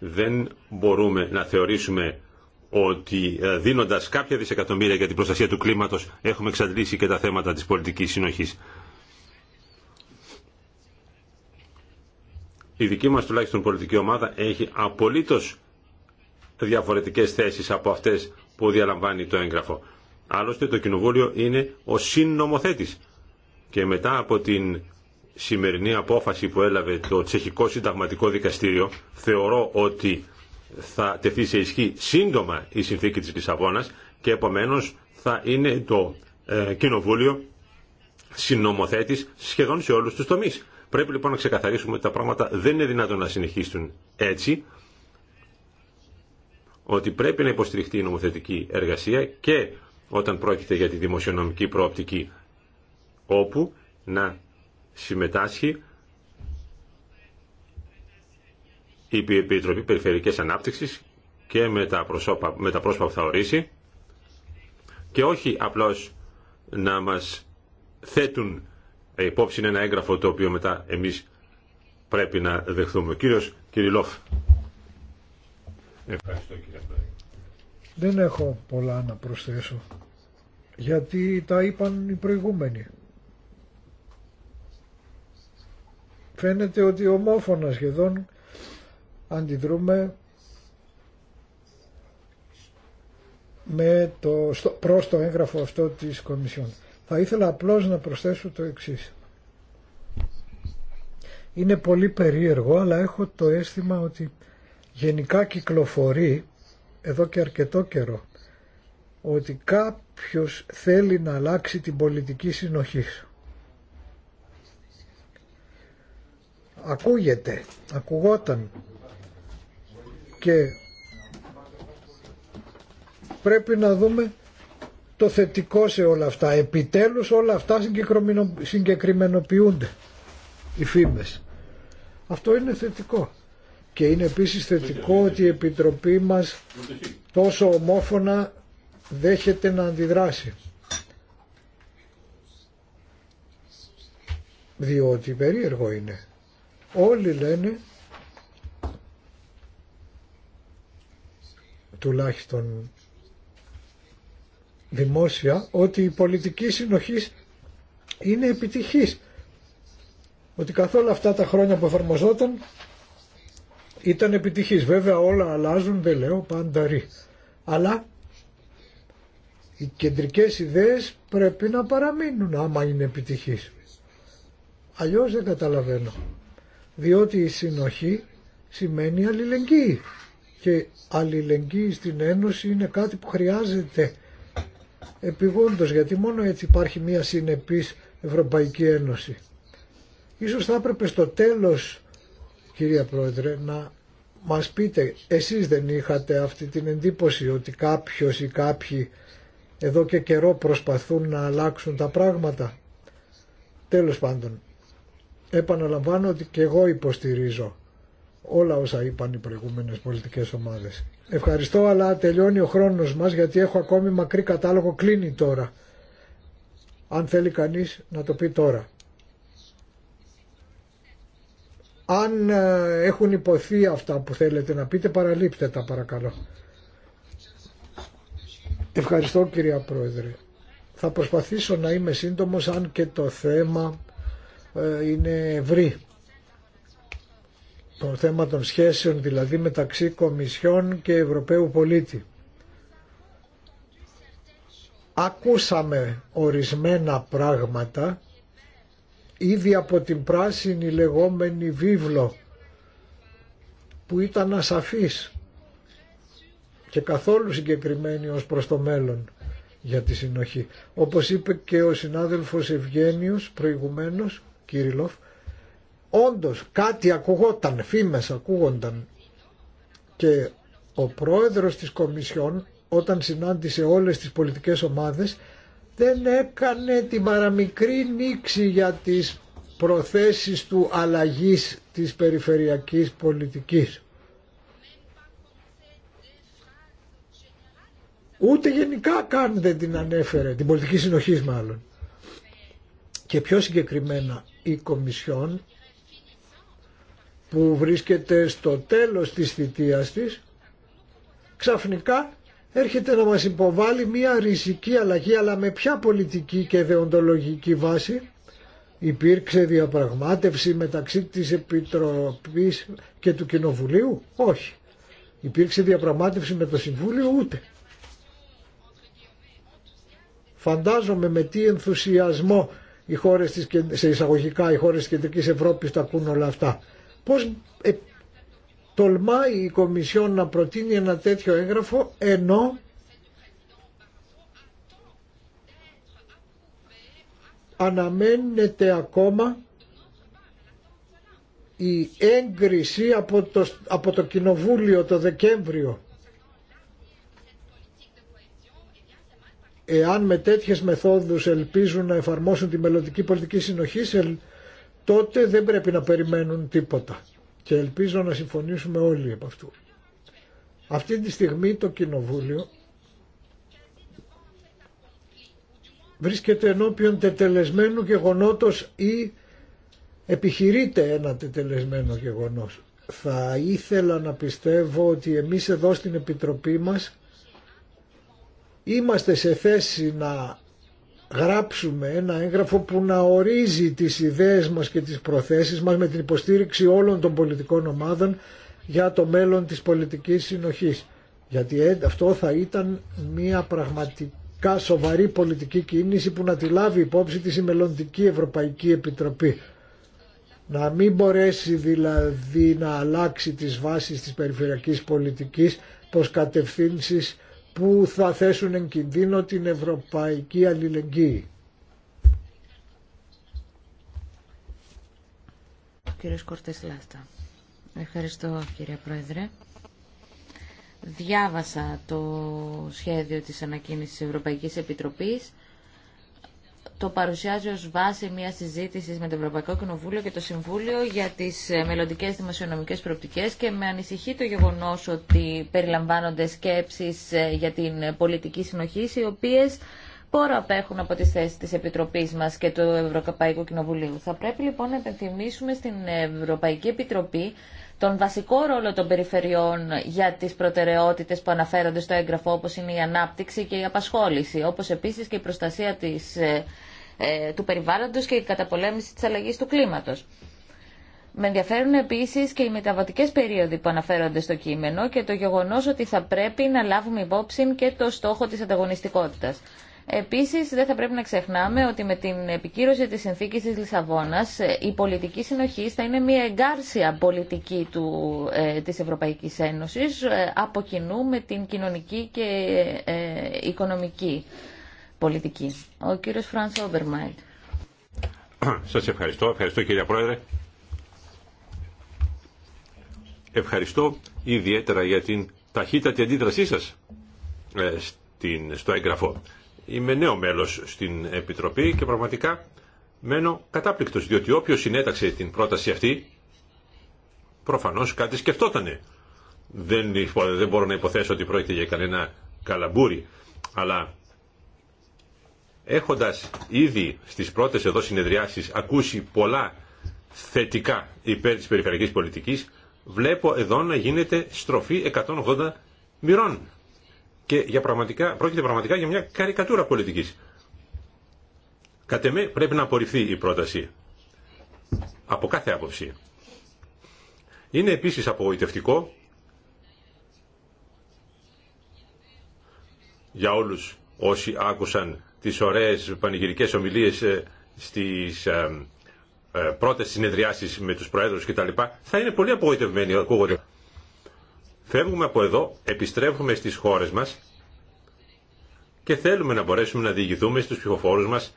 δεν μπορούμε να θεωρήσουμε ότι ε, δίνοντας κάποια δισεκατομμύρια για την προστασία του κλίματος έχουμε εξαντλήσει και τα θέματα της πολιτικής συνοχής. Η δική μας τουλάχιστον πολιτική ομάδα έχει απολύτως διαφορετικές θέσεις από αυτές που διαλαμβάνει το έγγραφο. Άλλωστε το Κοινοβούλιο είναι ο συνομοθέτης και μετά από την σημερινή απόφαση που έλαβε το Τσεχικό Συνταγματικό Δικαστήριο θεωρώ ότι θα τεθεί σε ισχύ σύντομα η συνθήκη της Λισαβόνας και επομένως θα είναι το ε, Κοινοβούλιο συνομοθέτης σχεδόν σε όλους τους τομείς. Πρέπει λοιπόν να ξεκαθαρίσουμε ότι τα πράγματα δεν είναι δυνατόν να συνεχίσουν έτσι, ότι πρέπει να υποστηριχτεί η νομοθετική εργασία και όταν πρόκειται για τη δημοσιονομική προοπτική, όπου να συμμετάσχει η Επιτροπή Περιφερειακής Ανάπτυξης και με τα, προσώπα, με που θα ορίσει και όχι απλώς να μας θέτουν υπόψη ένα έγγραφο το οποίο μετά εμείς πρέπει να δεχθούμε. Ο κύριος Κυριλόφ. Δεν έχω πολλά να προσθέσω γιατί τα είπαν οι προηγούμενοι. φαίνεται ότι ομόφωνα σχεδόν αντιδρούμε με το, στο, προς το έγγραφο αυτό της Κομισιόν. Θα ήθελα απλώς να προσθέσω το εξής. Είναι πολύ περίεργο, αλλά έχω το αίσθημα ότι γενικά κυκλοφορεί εδώ και αρκετό καιρό ότι κάποιος θέλει να αλλάξει την πολιτική συνοχής. ακούγεται, ακουγόταν και πρέπει να δούμε το θετικό σε όλα αυτά. Επιτέλους όλα αυτά συγκεκριμενοποιούνται οι φήμες. Αυτό είναι θετικό. Και είναι επίσης θετικό ότι η Επιτροπή μας τόσο ομόφωνα δέχεται να αντιδράσει. Διότι περίεργο είναι Όλοι λένε, τουλάχιστον δημόσια, ότι η πολιτική συνοχή είναι επιτυχής. Ότι καθόλου αυτά τα χρόνια που εφαρμοζόταν ήταν επιτυχής. Βέβαια όλα αλλάζουν, δεν λέω πάντα ρί. Αλλά οι κεντρικές ιδέες πρέπει να παραμείνουν άμα είναι επιτυχής. Αλλιώς δεν καταλαβαίνω διότι η συνοχή σημαίνει αλληλεγγύη και αλληλεγγύη στην Ένωση είναι κάτι που χρειάζεται επιγόντως γιατί μόνο έτσι υπάρχει μια συνεπής Ευρωπαϊκή Ένωση. Ίσως θα έπρεπε στο τέλος κυρία Πρόεδρε να μας πείτε εσείς δεν είχατε αυτή την εντύπωση ότι κάποιος ή κάποιοι εδώ και καιρό προσπαθούν να αλλάξουν τα πράγματα. Τέλος πάντων επαναλαμβάνω ότι και εγώ υποστηρίζω όλα όσα είπαν οι προηγούμενες πολιτικές ομάδες. Ευχαριστώ αλλά τελειώνει ο χρόνος μας γιατί έχω ακόμη μακρύ κατάλογο κλείνει τώρα. Αν θέλει κανείς να το πει τώρα. Αν ε, έχουν υποθεί αυτά που θέλετε να πείτε παραλείπτε τα παρακαλώ. Ευχαριστώ κυρία Πρόεδρε. Θα προσπαθήσω να είμαι σύντομος αν και το θέμα ε, είναι ευρύ. Το θέμα των σχέσεων δηλαδή μεταξύ Κομισιών και Ευρωπαίου πολίτη. Ακούσαμε ορισμένα πράγματα ήδη από την πράσινη λεγόμενη βίβλο που ήταν ασαφής και καθόλου συγκεκριμένη ως προς το μέλλον για τη συνοχή. Όπως είπε και ο συνάδελφος Ευγένιος προηγουμένως, Κύριλοφ, όντως κάτι ακουγόταν, φήμες ακούγονταν και ο πρόεδρος της Κομισιόν όταν συνάντησε όλες τις πολιτικές ομάδες δεν έκανε την παραμικρή νήξη για τις προθέσεις του αλλαγής της περιφερειακής πολιτικής. Ούτε γενικά καν δεν την ανέφερε, την πολιτική συνοχή μάλλον. Και πιο συγκεκριμένα η Κομισιόν που βρίσκεται στο τέλος της θητείας της ξαφνικά έρχεται να μας υποβάλει μία ριζική αλλαγή αλλά με ποια πολιτική και δεοντολογική βάση υπήρξε διαπραγμάτευση μεταξύ της Επιτροπής και του Κοινοβουλίου όχι υπήρξε διαπραγμάτευση με το Συμβούλιο ούτε φαντάζομαι με τι ενθουσιασμό οι χώρες σε εισαγωγικά οι χώρες της Κεντρικής Ευρώπης τα ακούν όλα αυτά. Πώς ε, τολμάει η Κομισιόν να προτείνει ένα τέτοιο έγγραφο ενώ αναμένεται ακόμα η έγκριση από το, από το Κοινοβούλιο το Δεκέμβριο εάν με τέτοιες μεθόδους ελπίζουν να εφαρμόσουν τη μελλοντική πολιτική συνοχή, τότε δεν πρέπει να περιμένουν τίποτα. Και ελπίζω να συμφωνήσουμε όλοι από αυτού. Αυτή τη στιγμή το Κοινοβούλιο βρίσκεται ενώπιον τετελεσμένου γεγονότος ή επιχειρείται ένα τετελεσμένο γεγονός. Θα ήθελα να πιστεύω ότι εμείς εδώ στην Επιτροπή μας είμαστε σε θέση να γράψουμε ένα έγγραφο που να ορίζει τις ιδέες μας και τις προθέσεις μας με την υποστήριξη όλων των πολιτικών ομάδων για το μέλλον της πολιτικής συνοχής. Γιατί ε, αυτό θα ήταν μια πραγματικά σοβαρή πολιτική κίνηση που να τη λάβει υπόψη της η μελλοντική Ευρωπαϊκή Επιτροπή. Να μην μπορέσει δηλαδή να αλλάξει τις βάσεις της περιφερειακής πολιτικής προς κατευθύνσεις που θα θέσουν εν κινδύνο την ευρωπαϊκή αλληλεγγύη. Κύριε κύριος Λάστα. Ευχαριστώ κύριε Πρόεδρε. Διάβασα το σχέδιο της ανακοίνησης της Ευρωπαϊκής Επιτροπής το παρουσιάζει ως βάση μια συζήτηση με το Ευρωπαϊκό Κοινοβούλιο και το Συμβούλιο για τις ε, μελλοντικέ δημοσιονομικές προοπτικές και με ανησυχεί το γεγονός ότι περιλαμβάνονται σκέψεις ε, για την πολιτική συνοχή, οι οποίες πόρο απέχουν από τις θέσεις της Επιτροπής μας και του Ευρωπαϊκού Κοινοβουλίου. Θα πρέπει λοιπόν να επενθυμίσουμε στην Ευρωπαϊκή Επιτροπή τον βασικό ρόλο των περιφερειών για τις προτεραιότητες που αναφέρονται στο έγγραφο όπως είναι η ανάπτυξη και η απασχόληση, όπως επίσης και η προστασία της ε, ε, του περιβάλλοντος και η καταπολέμηση της αλλαγής του κλίματος. Με ενδιαφέρουν επίση και οι μεταβατικέ περίοδοι που αναφέρονται στο κείμενο και το γεγονό ότι θα πρέπει να λάβουμε υπόψη και το στόχο τη ανταγωνιστικότητα. Επίση, δεν θα πρέπει να ξεχνάμε ότι με την επικύρωση τη συνθήκη τη Λισαβόνα, ε, η πολιτική συνοχή θα είναι μια εγκάρσια πολιτική ε, τη Ευρωπαϊκή Ένωση, ε, από κοινού με την κοινωνική και οικονομική πολιτική. Ο κύριος Φρανς Όμπερμαϊτ. Σας ευχαριστώ. Ευχαριστώ κύριε Πρόεδρε. Ευχαριστώ ιδιαίτερα για την ταχύτατη αντίδρασή σας ε, στην, στο έγγραφο. Είμαι νέο μέλος στην Επιτροπή και πραγματικά μένω κατάπληκτος, διότι όποιος συνέταξε την πρόταση αυτή, προφανώς κάτι σκεφτότανε. Δεν, δεν μπορώ να υποθέσω ότι πρόκειται για κανένα καλαμπούρι, αλλά έχοντας ήδη στις πρώτες εδώ συνεδριάσεις ακούσει πολλά θετικά υπέρ της περιφερειακής πολιτικής, βλέπω εδώ να γίνεται στροφή 180 μοιρών. Και για πραγματικά, πρόκειται πραγματικά για μια καρικατούρα πολιτικής. Κατ' εμέ πρέπει να απορριφθεί η πρόταση. Από κάθε άποψη. Είναι επίσης απογοητευτικό για όλους όσοι άκουσαν τις ωραίες πανηγυρικές ομιλίες ε, στις ε, ε, πρώτες συνεδριάσεις με τους προέδρους κτλ. Θα είναι πολύ απογοητευμένοι ακούγονται. Φεύγουμε από εδώ, επιστρέφουμε στις χώρες μας και θέλουμε να μπορέσουμε να διηγηθούμε στους ψηφοφόρους μας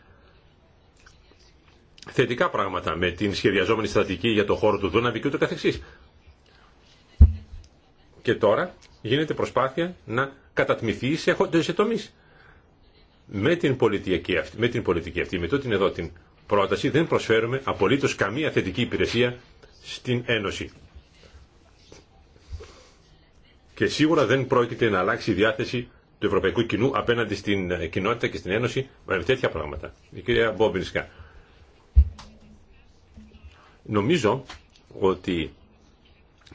θετικά πράγματα με την σχεδιαζόμενη στρατηγική για το χώρο του Δούναβη και ούτω καθεξής. Και τώρα γίνεται προσπάθεια να κατατμηθεί σε, σε τομείς. Με την πολιτική αυτή, με την πολιτική αυτή, με την εδώ την πρόταση, δεν προσφέρουμε απολύτως καμία θετική υπηρεσία στην Ένωση. Και σίγουρα δεν πρόκειται να αλλάξει η διάθεση του ευρωπαϊκού κοινού απέναντι στην ε, κοινότητα και στην Ένωση με τέτοια πράγματα. Η κυρία Μπόμπινσκα. Νομίζω ότι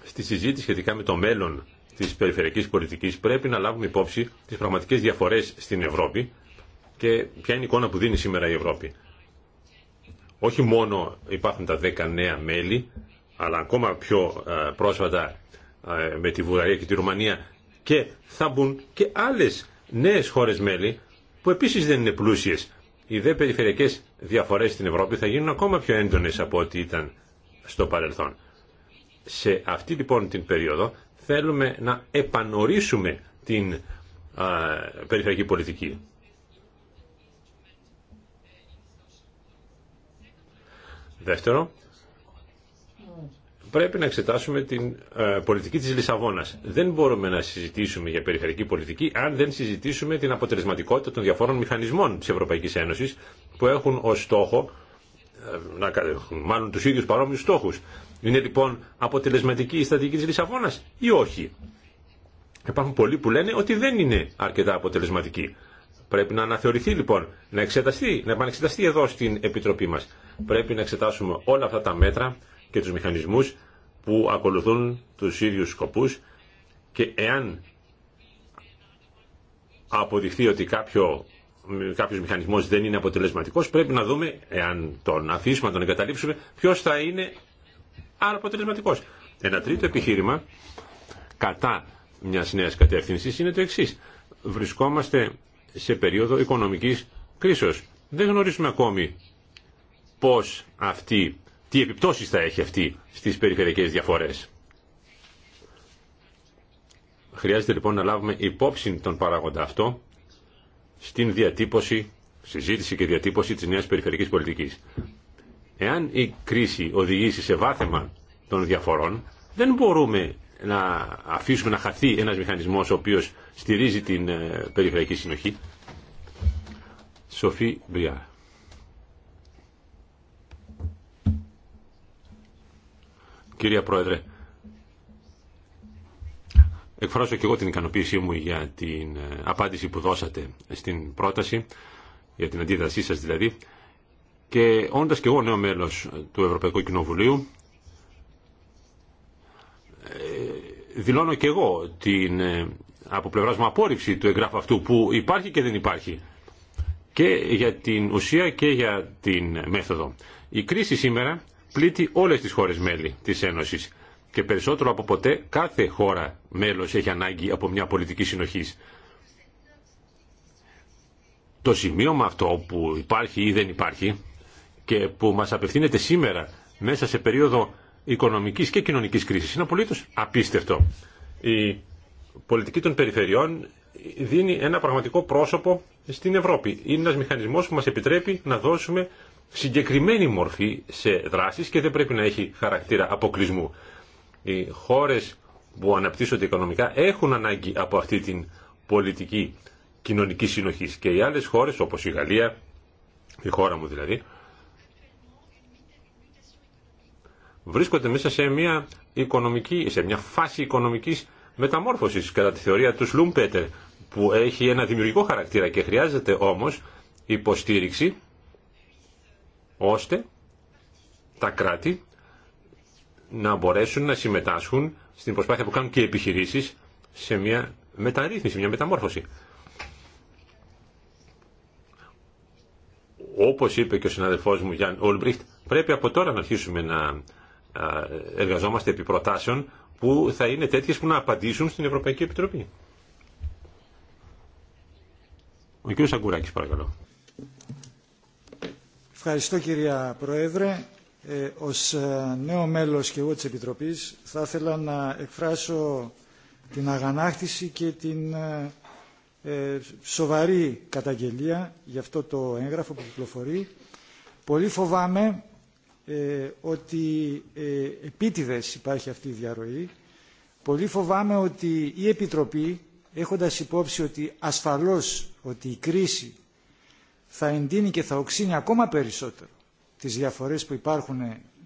στη συζήτηση σχετικά με το μέλλον της περιφερειακής πολιτικής πρέπει να λάβουμε υπόψη τις πραγματικές διαφορές στην Ευρώπη και ποια είναι η εικόνα που δίνει σήμερα η Ευρώπη. Όχι μόνο υπάρχουν τα 10 νέα μέλη, αλλά ακόμα πιο ε, πρόσφατα ε, με τη Βουλγαρία και τη Ρουμανία και θα μπουν και άλλες νέες χώρες μέλη που επίσης δεν είναι πλούσιες. Οι δε περιφερειακές διαφορές στην Ευρώπη θα γίνουν ακόμα πιο έντονες από ό,τι ήταν στο παρελθόν. Σε αυτή λοιπόν την περίοδο θέλουμε να επανορίσουμε την περιφερειακή πολιτική. Δεύτερο, πρέπει να εξετάσουμε την ε, πολιτική της Λισαβόνας. Δεν μπορούμε να συζητήσουμε για περιφερειακή πολιτική αν δεν συζητήσουμε την αποτελεσματικότητα των διαφόρων μηχανισμών της Ευρωπαϊκής Ένωσης που έχουν ως στόχο, ε, να, μάλλον τους ίδιους παρόμοιους στόχους. Είναι λοιπόν αποτελεσματική η στατική της Λισαβόνας ή όχι. Υπάρχουν πολλοί που λένε ότι δεν είναι αρκετά αποτελεσματική. Πρέπει να αναθεωρηθεί λοιπόν, να εξεταστεί, να επανεξεταστεί εδώ στην Επιτροπή μας. Πρέπει να εξετάσουμε όλα αυτά τα μέτρα και τους μηχανισμούς που ακολουθούν τους ίδιους σκοπούς και εάν αποδειχθεί ότι κάποιο, κάποιος μηχανισμός δεν είναι αποτελεσματικός πρέπει να δούμε, εάν τον αφήσουμε, να τον εγκαταλείψουμε, ποιος θα είναι αποτελεσματικός. Ένα τρίτο επιχείρημα κατά μιας νέας κατεύθυνση είναι το εξή. Βρισκόμαστε σε περίοδο οικονομικής κρίσεως. Δεν γνωρίζουμε ακόμη πώς αυτή, τι επιπτώσεις θα έχει αυτή στις περιφερειακές διαφορές. Χρειάζεται λοιπόν να λάβουμε υπόψη τον παράγοντα αυτό στην διατύπωση, συζήτηση και διατύπωση της νέας περιφερειακής πολιτικής. Εάν η κρίση οδηγήσει σε βάθεμα των διαφορών, δεν μπορούμε να αφήσουμε να χαθεί ένας μηχανισμός ο οποίος στηρίζει την ε, περιφερειακή συνοχή. Σοφή Μπριά. κυρία Πρόεδρε. Εκφράζω και εγώ την ικανοποίησή μου για την ε, απάντηση που δώσατε στην πρόταση, για την αντίδρασή σας δηλαδή. Και όντας και εγώ νέο μέλος του Ευρωπαϊκού Κοινοβουλίου, ε, δηλώνω και εγώ την ε, από πλευράς μου απόρριψη του εγγράφου αυτού που υπάρχει και δεν υπάρχει και για την ουσία και για την μέθοδο. Η κρίση σήμερα πλήττει όλες τις χώρε μέλη της Ένωσης και περισσότερο από ποτέ κάθε χώρα μέλος έχει ανάγκη από μια πολιτική συνοχής. Το σημείωμα αυτό που υπάρχει ή δεν υπάρχει και που μας απευθύνεται σήμερα μέσα σε περίοδο οικονομικής και κοινωνικής κρίσης είναι απολύτως απίστευτο. Η πολιτική των περιφερειών δίνει ένα πραγματικό πρόσωπο στην Ευρώπη. Είναι ένας μηχανισμός που μας επιτρέπει να δώσουμε συγκεκριμένη μορφή σε δράσεις και δεν πρέπει να έχει χαρακτήρα αποκλεισμού. Οι χώρες που αναπτύσσονται οικονομικά έχουν ανάγκη από αυτή την πολιτική κοινωνική συνοχής και οι άλλες χώρες όπως η Γαλλία, η χώρα μου δηλαδή, βρίσκονται μέσα σε μια, οικονομική, σε μια φάση οικονομικής μεταμόρφωσης κατά τη θεωρία του Σλουμπέτερ που έχει ένα δημιουργικό χαρακτήρα και χρειάζεται όμως υποστήριξη ώστε τα κράτη να μπορέσουν να συμμετάσχουν στην προσπάθεια που κάνουν και οι επιχειρήσεις σε μια μεταρρύθμιση, μια μεταμόρφωση. Όπως είπε και ο συναδελφός μου Γιάνν Ολμπριχτ, πρέπει από τώρα να αρχίσουμε να εργαζόμαστε επί προτάσεων που θα είναι τέτοιες που να απαντήσουν στην Ευρωπαϊκή Επιτροπή. Ο κ. Σαγκουράκης παρακαλώ. Ευχαριστώ κυρία Πρόεδρε. Ε, ως ε, νέο μέλος και εγώ της Επιτροπής θα ήθελα να εκφράσω την αγανάκτηση και την ε, σοβαρή καταγγελία για αυτό το έγγραφο που κυκλοφορεί. Πολύ φοβάμαι ότι επίτηδες υπάρχει αυτή η διαρροή. Πολύ φοβάμαι ότι η Επιτροπή έχοντας υπόψη ότι ασφαλώς ότι η κρίση θα εντείνει και θα οξύνει ακόμα περισσότερο τις διαφορές που υπάρχουν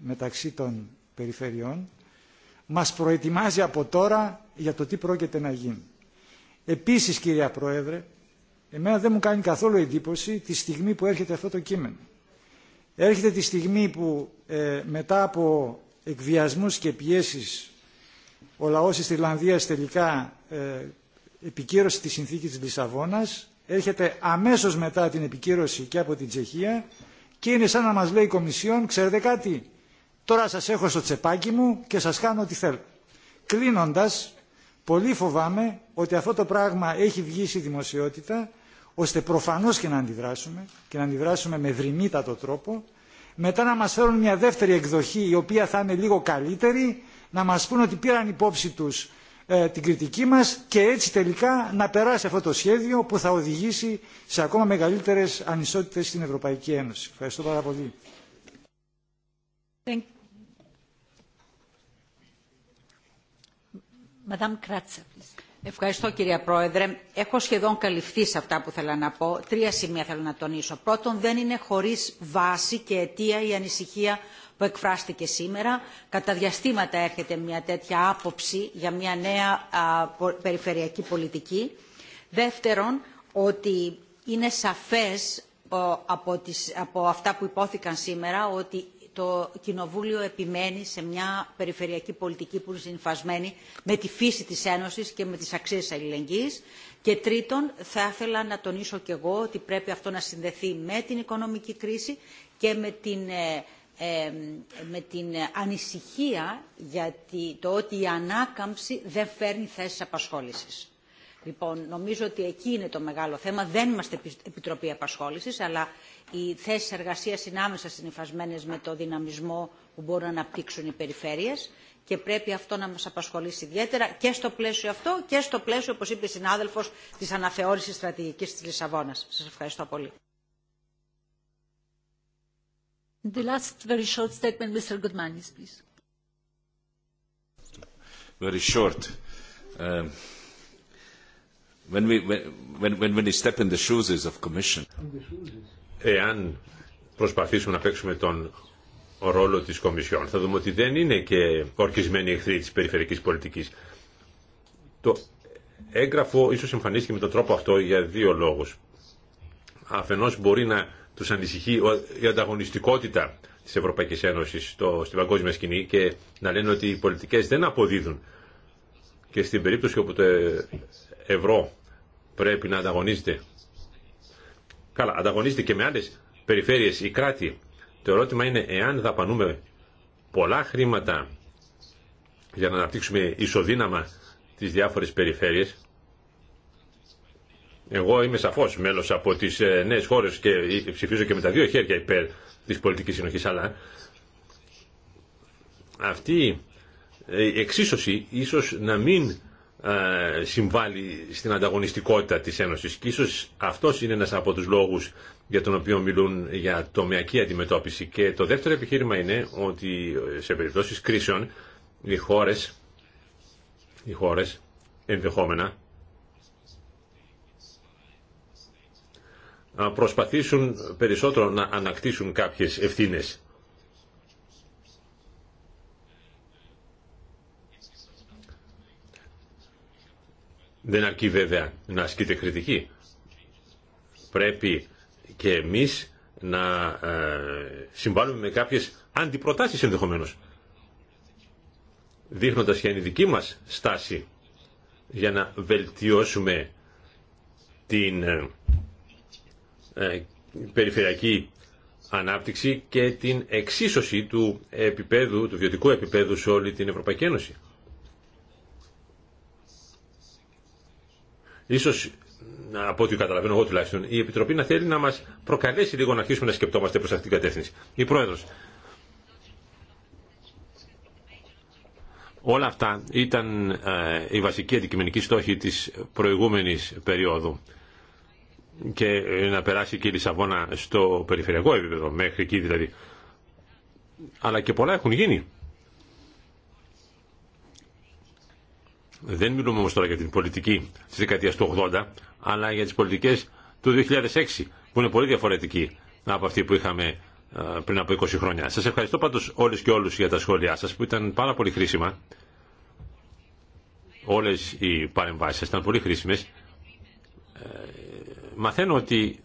μεταξύ των περιφερειών, μας προετοιμάζει από τώρα για το τι πρόκειται να γίνει. Επίσης, κυρία Πρόεδρε, εμένα δεν μου κάνει καθόλου εντύπωση τη στιγμή που έρχεται αυτό το κείμενο. Έρχεται τη στιγμή που ε, μετά από εκβιασμούς και πιέσεις ο λαός της Ιρλανδίας τελικά ε, επικύρωσε τη συνθήκη της Λισαβόνας έρχεται αμέσως μετά την επικύρωση και από την Τσεχία και είναι σαν να μας λέει η Κομισιόν, ξέρετε κάτι, τώρα σας έχω στο τσεπάκι μου και σας κάνω ό,τι θέλω. Κλείνοντας, πολύ φοβάμαι ότι αυτό το πράγμα έχει βγει στη δημοσιότητα ώστε προφανώς και να αντιδράσουμε και να αντιδράσουμε με δρυμύτατο τρόπο μετά να μας φέρουν μια δεύτερη εκδοχή η οποία θα είναι λίγο καλύτερη να μας πούν ότι πήραν υπόψη τους ε, την κριτική μας και έτσι τελικά να περάσει αυτό το σχέδιο που θα οδηγήσει σε ακόμα μεγαλύτερες ανισότητες στην Ευρωπαϊκή Ένωση. Ευχαριστώ πάρα πολύ. Ευχαριστώ κυρία Πρόεδρε. Έχω σχεδόν καλυφθεί σε αυτά που θέλω να πω. Τρία σημεία θέλω να τονίσω. Πρώτον, δεν είναι χωρίς βάση και αιτία η ανησυχία εκφράστηκε σήμερα. Κατά διαστήματα έρχεται μια τέτοια άποψη για μια νέα περιφερειακή πολιτική. Δεύτερον, ότι είναι σαφές από, τις, από αυτά που υπόθηκαν σήμερα ότι το Κοινοβούλιο επιμένει σε μια περιφερειακή πολιτική που είναι συμφασμένη με τη φύση της Ένωσης και με τις αξίες αλληλεγγύης. Και τρίτον, θα ήθελα να τονίσω και εγώ ότι πρέπει αυτό να συνδεθεί με την οικονομική κρίση και με την ε, με την ανησυχία για το ότι η ανάκαμψη δεν φέρνει θέσεις απασχόλησης. Λοιπόν, νομίζω ότι εκεί είναι το μεγάλο θέμα. Δεν είμαστε Επιτροπή Απασχόλησης, αλλά οι θέσεις εργασίας είναι άμεσα συνειφασμένες με το δυναμισμό που μπορούν να αναπτύξουν οι περιφέρειες και πρέπει αυτό να μας απασχολήσει ιδιαίτερα και στο πλαίσιο αυτό και στο πλαίσιο, όπως είπε η συνάδελφος, της αναθεώρησης στρατηγικής της Λισαβόνας. Σας ευχαριστώ πολύ. The last very short statement, Mr. Goodmanis, please. Very short. Um, when we when when when we step in the shoes of Commission. Εάν προσπαθήσουμε να παίξουμε τον ρόλο της Κομισιόν, θα δούμε ότι δεν είναι και ορκισμένοι εχθροί της περιφερειακής πολιτικής. Το έγγραφο ίσως εμφανίστηκε με τον τρόπο αυτό για δύο λόγους. Αφενός μπορεί να τους ανησυχεί η ανταγωνιστικότητα της Ευρωπαϊκής Ένωσης στο, στην παγκόσμια σκηνή και να λένε ότι οι πολιτικές δεν αποδίδουν. Και στην περίπτωση όπου το ε- ευρώ πρέπει να ανταγωνίζεται. Καλά, ανταγωνίζεται και με άλλες περιφέρειες ή κράτη. Το ερώτημα είναι εάν δαπανούμε πολλά χρήματα για να αναπτύξουμε ισοδύναμα τις διάφορες περιφέρειες εγώ είμαι σαφώς μέλος από τι ε, νέες χώρες και ε, ψηφίζω και με τα δύο χέρια υπέρ της πολιτικής συνοχής, αλλά αυτή ε, η εξίσωση ίσως να μην συμβάλλει στην ανταγωνιστικότητα της Ένωσης και ίσως αυτός είναι ένας από τους λόγους για τον οποίο μιλούν για τομεακή αντιμετώπιση και το δεύτερο επιχείρημα είναι ότι σε περιπτώσεις κρίσεων οι χώρες, οι χώρες ενδεχόμενα να προσπαθήσουν περισσότερο να ανακτήσουν κάποιες ευθύνες. Δεν αρκεί βέβαια να ασκείται κριτική. Πρέπει και εμείς να ε, συμβάλλουμε με κάποιες αντιπροτάσεις ενδεχομένως. Δείχνοντας και η δική μας στάση για να βελτιώσουμε την ε, ε, περιφερειακή ανάπτυξη και την εξίσωση του επίπεδου, του βιωτικού επίπεδου σε όλη την Ευρωπαϊκή Ένωση. Ίσως, από ό,τι καταλαβαίνω εγώ τουλάχιστον, η Επιτροπή να θέλει να μας προκαλέσει λίγο να αρχίσουμε να σκεπτόμαστε προς αυτήν την κατεύθυνση. Η Πρόεδρος. Όλα αυτά ήταν η ε, βασική αντικειμενική στόχη της προηγούμενης περίοδου και ε, να περάσει και η Λισαβόνα στο περιφερειακό επίπεδο, μέχρι εκεί δηλαδή. Αλλά και πολλά έχουν γίνει. Δεν μιλούμε όμως τώρα για την πολιτική της δεκαετίας του 80, αλλά για τις πολιτικές του 2006, που είναι πολύ διαφορετική από αυτή που είχαμε ε, πριν από 20 χρόνια. Σας ευχαριστώ πάντως όλες και όλους για τα σχόλιά σας, που ήταν πάρα πολύ χρήσιμα. Όλες οι παρεμβάσεις σας ήταν πολύ χρήσιμες ε, Μαθαίνω ότι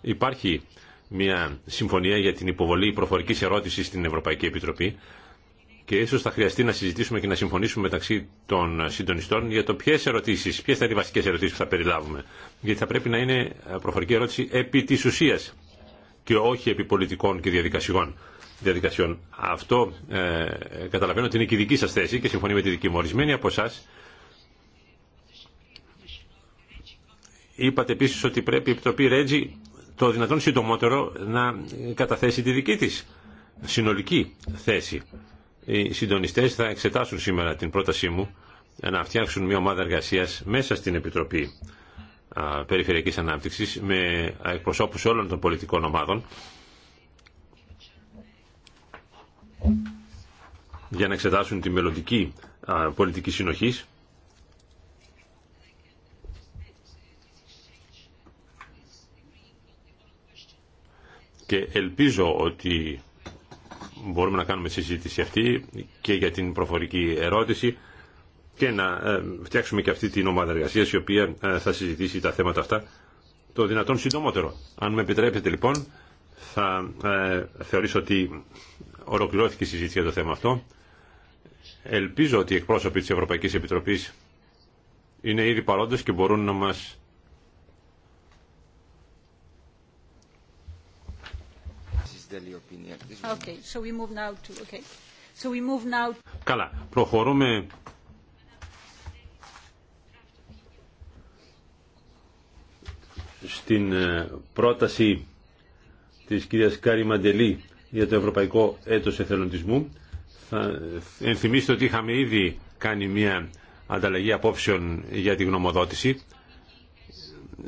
υπάρχει μια συμφωνία για την υποβολή προφορικής ερώτησης στην Ευρωπαϊκή Επιτροπή και ίσως θα χρειαστεί να συζητήσουμε και να συμφωνήσουμε μεταξύ των συντονιστών για το ποιες ερωτήσεις, ποιες θα είναι οι βασικές ερωτήσεις που θα περιλάβουμε. Γιατί θα πρέπει να είναι προφορική ερώτηση επί της ουσίας και όχι επί πολιτικών και διαδικασιών. διαδικασιών. Αυτό ε, καταλαβαίνω ότι είναι και η δική σας θέση και συμφωνεί με τη δική μου. Ορισμένοι από εσάς Είπατε επίσης ότι πρέπει η Επιτροπή Ρέτζι το δυνατόν συντομότερο να καταθέσει τη δική της συνολική θέση. Οι συντονιστές θα εξετάσουν σήμερα την πρότασή μου να φτιάξουν μια ομάδα εργασίας μέσα στην Επιτροπή Περιφερειακής Ανάπτυξης με εκπροσώπους όλων των πολιτικών ομάδων για να εξετάσουν τη μελλοντική πολιτική συνοχής και ελπίζω ότι μπορούμε να κάνουμε συζήτηση αυτή και για την προφορική ερώτηση και να ε, φτιάξουμε και αυτή την ομάδα εργασία, η οποία ε, θα συζητήσει τα θέματα αυτά το δυνατόν συντομότερο. Αν με επιτρέπετε λοιπόν θα ε, θεωρήσω ότι ολοκληρώθηκε η συζήτηση για το θέμα αυτό. Ελπίζω ότι οι εκπρόσωποι της Ευρωπαϊκής Επιτροπής είναι ήδη παρόντες και μπορούν να μας Okay, so we move now to, okay. So we move now... Καλά, προχωρούμε... στην ε, πρόταση της κυρίας Κάρη Μαντελή για το Ευρωπαϊκό Έτος Εθελοντισμού. Θα ενθυμίσετε ότι είχαμε ήδη κάνει μια ανταλλαγή απόψεων για τη γνωμοδότηση.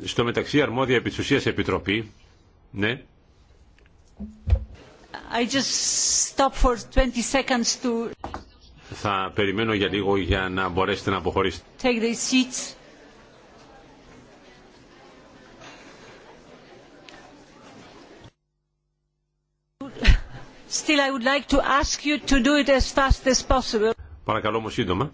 Στο μεταξύ αρμόδια επί επιτροπή, ναι, I just stop for 20 seconds to... Θα περιμένω για λίγο για να μπορέσετε να αποχωρήσετε. Take the seats. Still I would like to ask you to do it as fast as possible. Παρακαλώ μου σύντομα.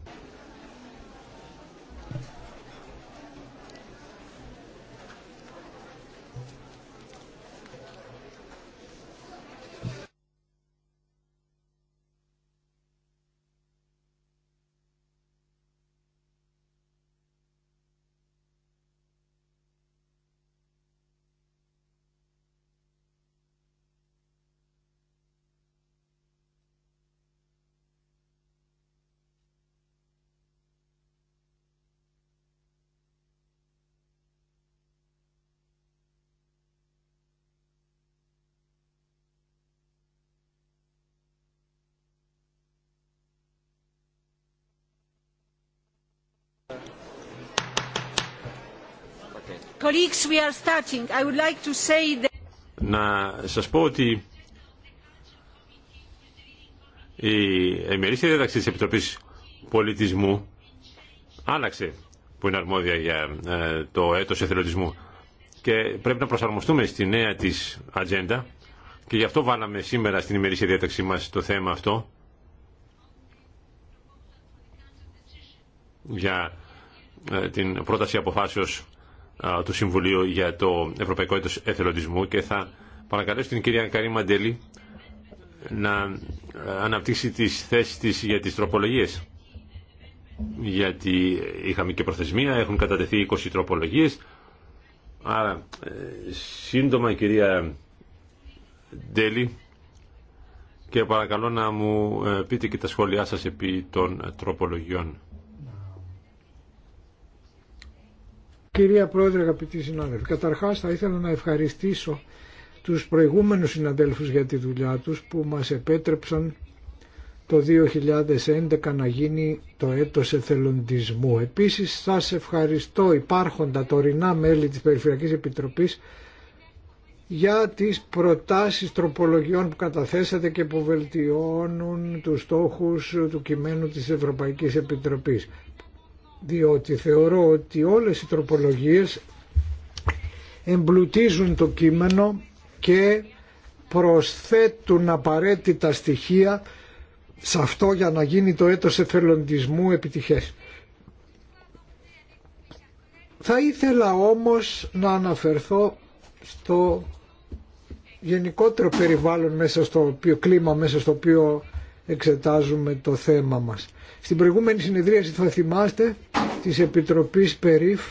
Να σας πω ότι η ημερήσια διάταξη της Επιτροπής Πολιτισμού άλλαξε που είναι αρμόδια για ε, το έτος εθελοντισμού και πρέπει να προσαρμοστούμε στη νέα της ατζέντα και γι' αυτό βάλαμε σήμερα στην ημερήσια διάταξή μας το θέμα αυτό για ε, την πρόταση αποφάσεως του Συμβουλίου για το Ευρωπαϊκό Έτος Εθελοντισμού και θα παρακαλέσω την κυρία Καρή Μαντέλη να αναπτύξει τις θέσεις της για τις τροπολογίες. Γιατί είχαμε και προθεσμία, έχουν κατατεθεί 20 τροπολογίες. Άρα, ε, σύντομα κυρία Ντέλη και παρακαλώ να μου ε, πείτε και τα σχόλιά σας επί των τροπολογιών. Κυρία Πρόεδρε, αγαπητοί συνάδελφοι, καταρχάς θα ήθελα να ευχαριστήσω τους προηγούμενους συναδέλφους για τη δουλειά τους που μας επέτρεψαν το 2011 να γίνει το έτος εθελοντισμού. Επίσης σας ευχαριστώ υπάρχοντα τωρινά μέλη της Περιφερειακής Επιτροπής για τις προτάσεις τροπολογιών που καταθέσατε και που βελτιώνουν τους στόχους του κειμένου της Ευρωπαϊκής Επιτροπής διότι θεωρώ ότι όλες οι τροπολογίες εμπλουτίζουν το κείμενο και προσθέτουν απαραίτητα στοιχεία σε αυτό για να γίνει το έτος εθελοντισμού επιτυχές. Θα ήθελα όμως να αναφερθώ στο γενικότερο περιβάλλον μέσα στο οποίο, κλίμα μέσα στο οποίο εξετάζουμε το θέμα μας. Στην προηγούμενη συνεδρίαση θα θυμάστε της Επιτροπής Περίφ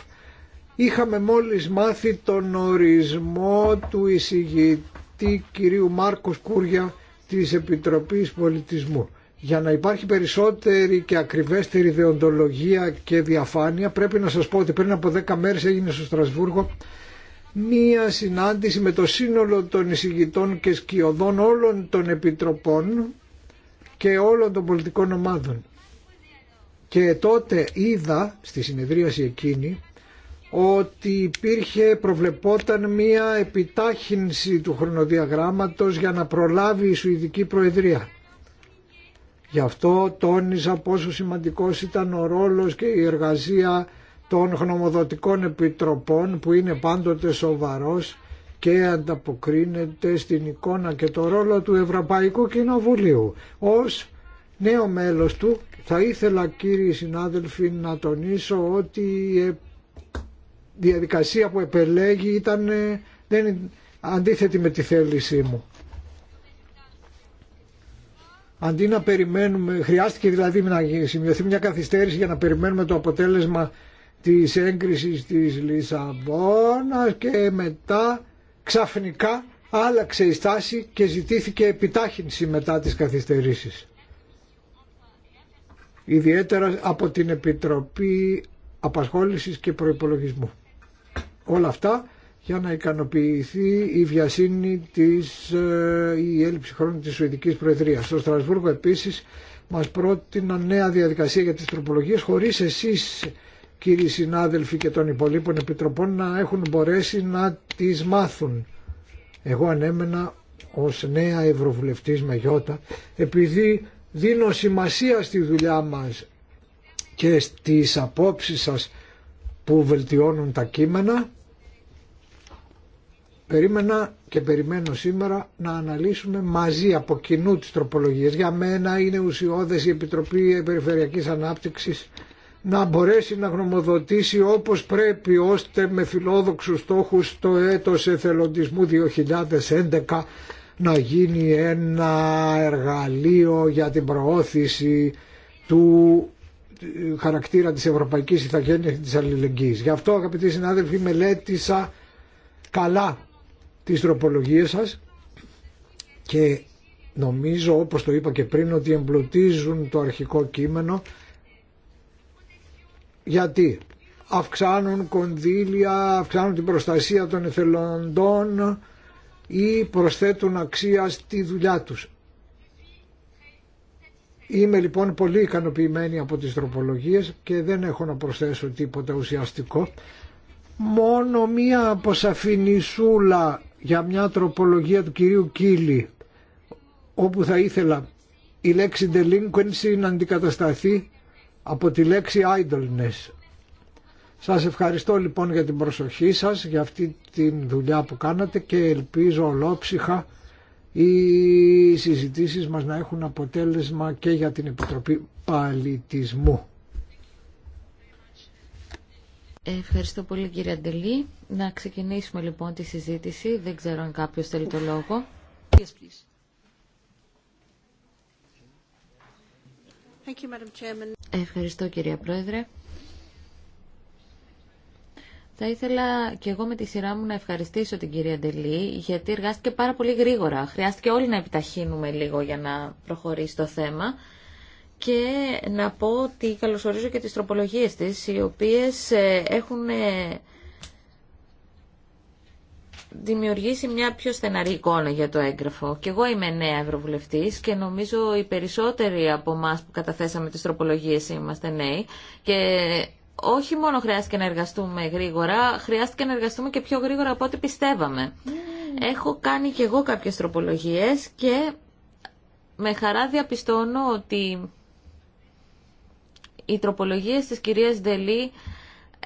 είχαμε μόλις μάθει τον ορισμό του εισηγητή κυρίου Μάρκος Κούρια της Επιτροπής Πολιτισμού. Για να υπάρχει περισσότερη και ακριβέστερη δεοντολογία και διαφάνεια πρέπει να σας πω ότι πριν από 10 μέρες έγινε στο Στρασβούργο μία συνάντηση με το σύνολο των εισηγητών και σκιωδών όλων των επιτροπών και όλων των πολιτικών ομάδων. Και τότε είδα στη συνεδρίαση εκείνη ότι υπήρχε, προβλεπόταν μία επιτάχυνση του χρονοδιαγράμματος για να προλάβει η Σουηδική Προεδρία. Γι' αυτό τόνιζα πόσο σημαντικός ήταν ο ρόλος και η εργασία των χνομοδοτικών επιτροπών που είναι πάντοτε σοβαρός και ανταποκρίνεται στην εικόνα και το ρόλο του Ευρωπαϊκού Κοινοβουλίου ως νέο μέλος του θα ήθελα κύριοι συνάδελφοι να τονίσω ότι η διαδικασία που επελέγει ήταν ε, δεν αντίθετη με τη θέλησή μου. Αντί να περιμένουμε, χρειάστηκε δηλαδή να σημειωθεί μια καθυστέρηση για να περιμένουμε το αποτέλεσμα της έγκρισης της Λισαβόνας και μετά ξαφνικά άλλαξε η στάση και ζητήθηκε επιτάχυνση μετά τις καθυστερήσεις ιδιαίτερα από την Επιτροπή Απασχόλησης και Προϋπολογισμού. Όλα αυτά για να ικανοποιηθεί η βιασύνη της, ε, η έλλειψη χρόνου της Σουηδικής Προεδρίας. Στο Στρασβούργο επίσης μας πρότειναν νέα διαδικασία για τις τροπολογίες χωρίς εσείς κύριοι συνάδελφοι και των υπολείπων επιτροπών να έχουν μπορέσει να τις μάθουν. Εγώ ανέμενα ως νέα Ευρωβουλευτής με γιώτα επειδή δίνω σημασία στη δουλειά μας και στις απόψεις σας που βελτιώνουν τα κείμενα περίμενα και περιμένω σήμερα να αναλύσουμε μαζί από κοινού τις τροπολογίες. Για μένα είναι ουσιώδες η Επιτροπή Περιφερειακής Ανάπτυξης να μπορέσει να γνωμοδοτήσει όπως πρέπει ώστε με φιλόδοξους στόχους το έτος εθελοντισμού 2011 να γίνει ένα εργαλείο για την προώθηση του ε, χαρακτήρα της ευρωπαϊκής Ιθαγένειας και της αλληλεγγύης. Γι' αυτό αγαπητοί συνάδελφοι μελέτησα καλά τις τροπολογίες σας και νομίζω όπως το είπα και πριν ότι εμπλουτίζουν το αρχικό κείμενο γιατί αυξάνουν κονδύλια, αυξάνουν την προστασία των εθελοντών ή προσθέτουν αξία στη δουλειά τους. Είμαι λοιπόν πολύ ικανοποιημένη από τις τροπολογίες και δεν έχω να προσθέσω τίποτα ουσιαστικό. Μόνο μία αποσαφηνισούλα για μια τροπολογία του κυρίου Κίλη όπου θα ήθελα η λέξη delinquency να αντικατασταθεί από τη λέξη idleness σας ευχαριστώ λοιπόν για την προσοχή σας, για αυτή τη δουλειά που κάνατε και ελπίζω ολόψυχα οι συζητήσεις μας να έχουν αποτέλεσμα και για την Επιτροπή Παλιτισμού. Ευχαριστώ πολύ κύριε Αντελή. Να ξεκινήσουμε λοιπόν τη συζήτηση. Δεν ξέρω αν κάποιος θέλει το λόγο. Yes, Ευχαριστώ κυρία Πρόεδρε. Θα ήθελα και εγώ με τη σειρά μου να ευχαριστήσω την κυρία Ντελή, γιατί εργάστηκε πάρα πολύ γρήγορα. Χρειάστηκε όλοι να επιταχύνουμε λίγο για να προχωρήσει το θέμα. Και να πω ότι καλωσορίζω και τις τροπολογίες της, οι οποίες ε, έχουν ε, δημιουργήσει μια πιο στεναρή εικόνα για το έγγραφο. Και εγώ είμαι νέα Ευρωβουλευτή και νομίζω οι περισσότεροι από εμά που καταθέσαμε τι τροπολογίε είμαστε νέοι. Και όχι μόνο χρειάστηκε να εργαστούμε γρήγορα, χρειάστηκε να εργαστούμε και πιο γρήγορα από ό,τι πιστεύαμε. Ναι. Έχω κάνει και εγώ κάποιες τροπολογίες και με χαρά διαπιστώνω ότι οι τροπολογίες της κυρίας Δελή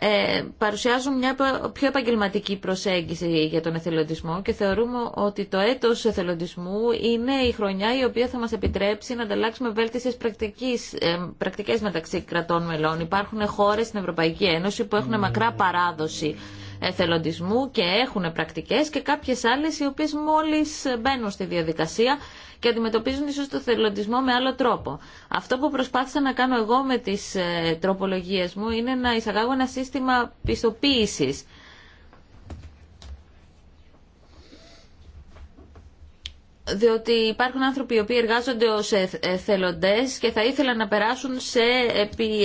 ε, παρουσιάζουν μια πιο επαγγελματική προσέγγιση για τον εθελοντισμό και θεωρούμε ότι το έτος εθελοντισμού είναι η χρονιά η οποία θα μας επιτρέψει να ανταλλάξουμε βέλτιστες πρακτικέ ε, πρακτικές μεταξύ κρατών μελών. Υπάρχουν χώρες στην Ευρωπαϊκή Ένωση που έχουν ναι. μακρά παράδοση εθελοντισμού και έχουν πρακτικές και κάποιες άλλες οι οποίες μόλις μπαίνουν στη διαδικασία και αντιμετωπίζουν ίσως το θελοντισμό με άλλο τρόπο. Αυτό που προσπάθησα να κάνω εγώ με τις ε, τροπολογίες μου είναι να εισαγάγω ένα σύστημα πιστοποίησης. διότι υπάρχουν άνθρωποι οι οποίοι εργάζονται ως θελοντές και θα ήθελαν να περάσουν σε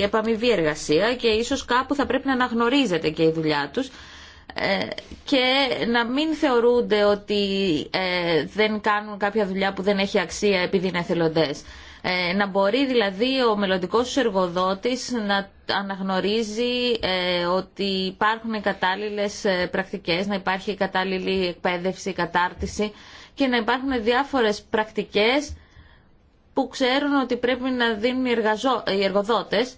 επαμοιβή εργασία και ίσως κάπου θα πρέπει να αναγνωρίζεται και η δουλειά τους ε, και να μην θεωρούνται ότι ε, δεν κάνουν κάποια δουλειά που δεν έχει αξία επειδή είναι εθελοντές. Ε, να μπορεί δηλαδή ο μελλοντικός του εργοδότης να αναγνωρίζει ότι υπάρχουν κατάλληλες πρακτικές, να υπάρχει κατάλληλη εκπαίδευση, κατάρτιση και να υπάρχουν διάφορες πρακτικές που ξέρουν ότι πρέπει να δίνουν οι εργοδότες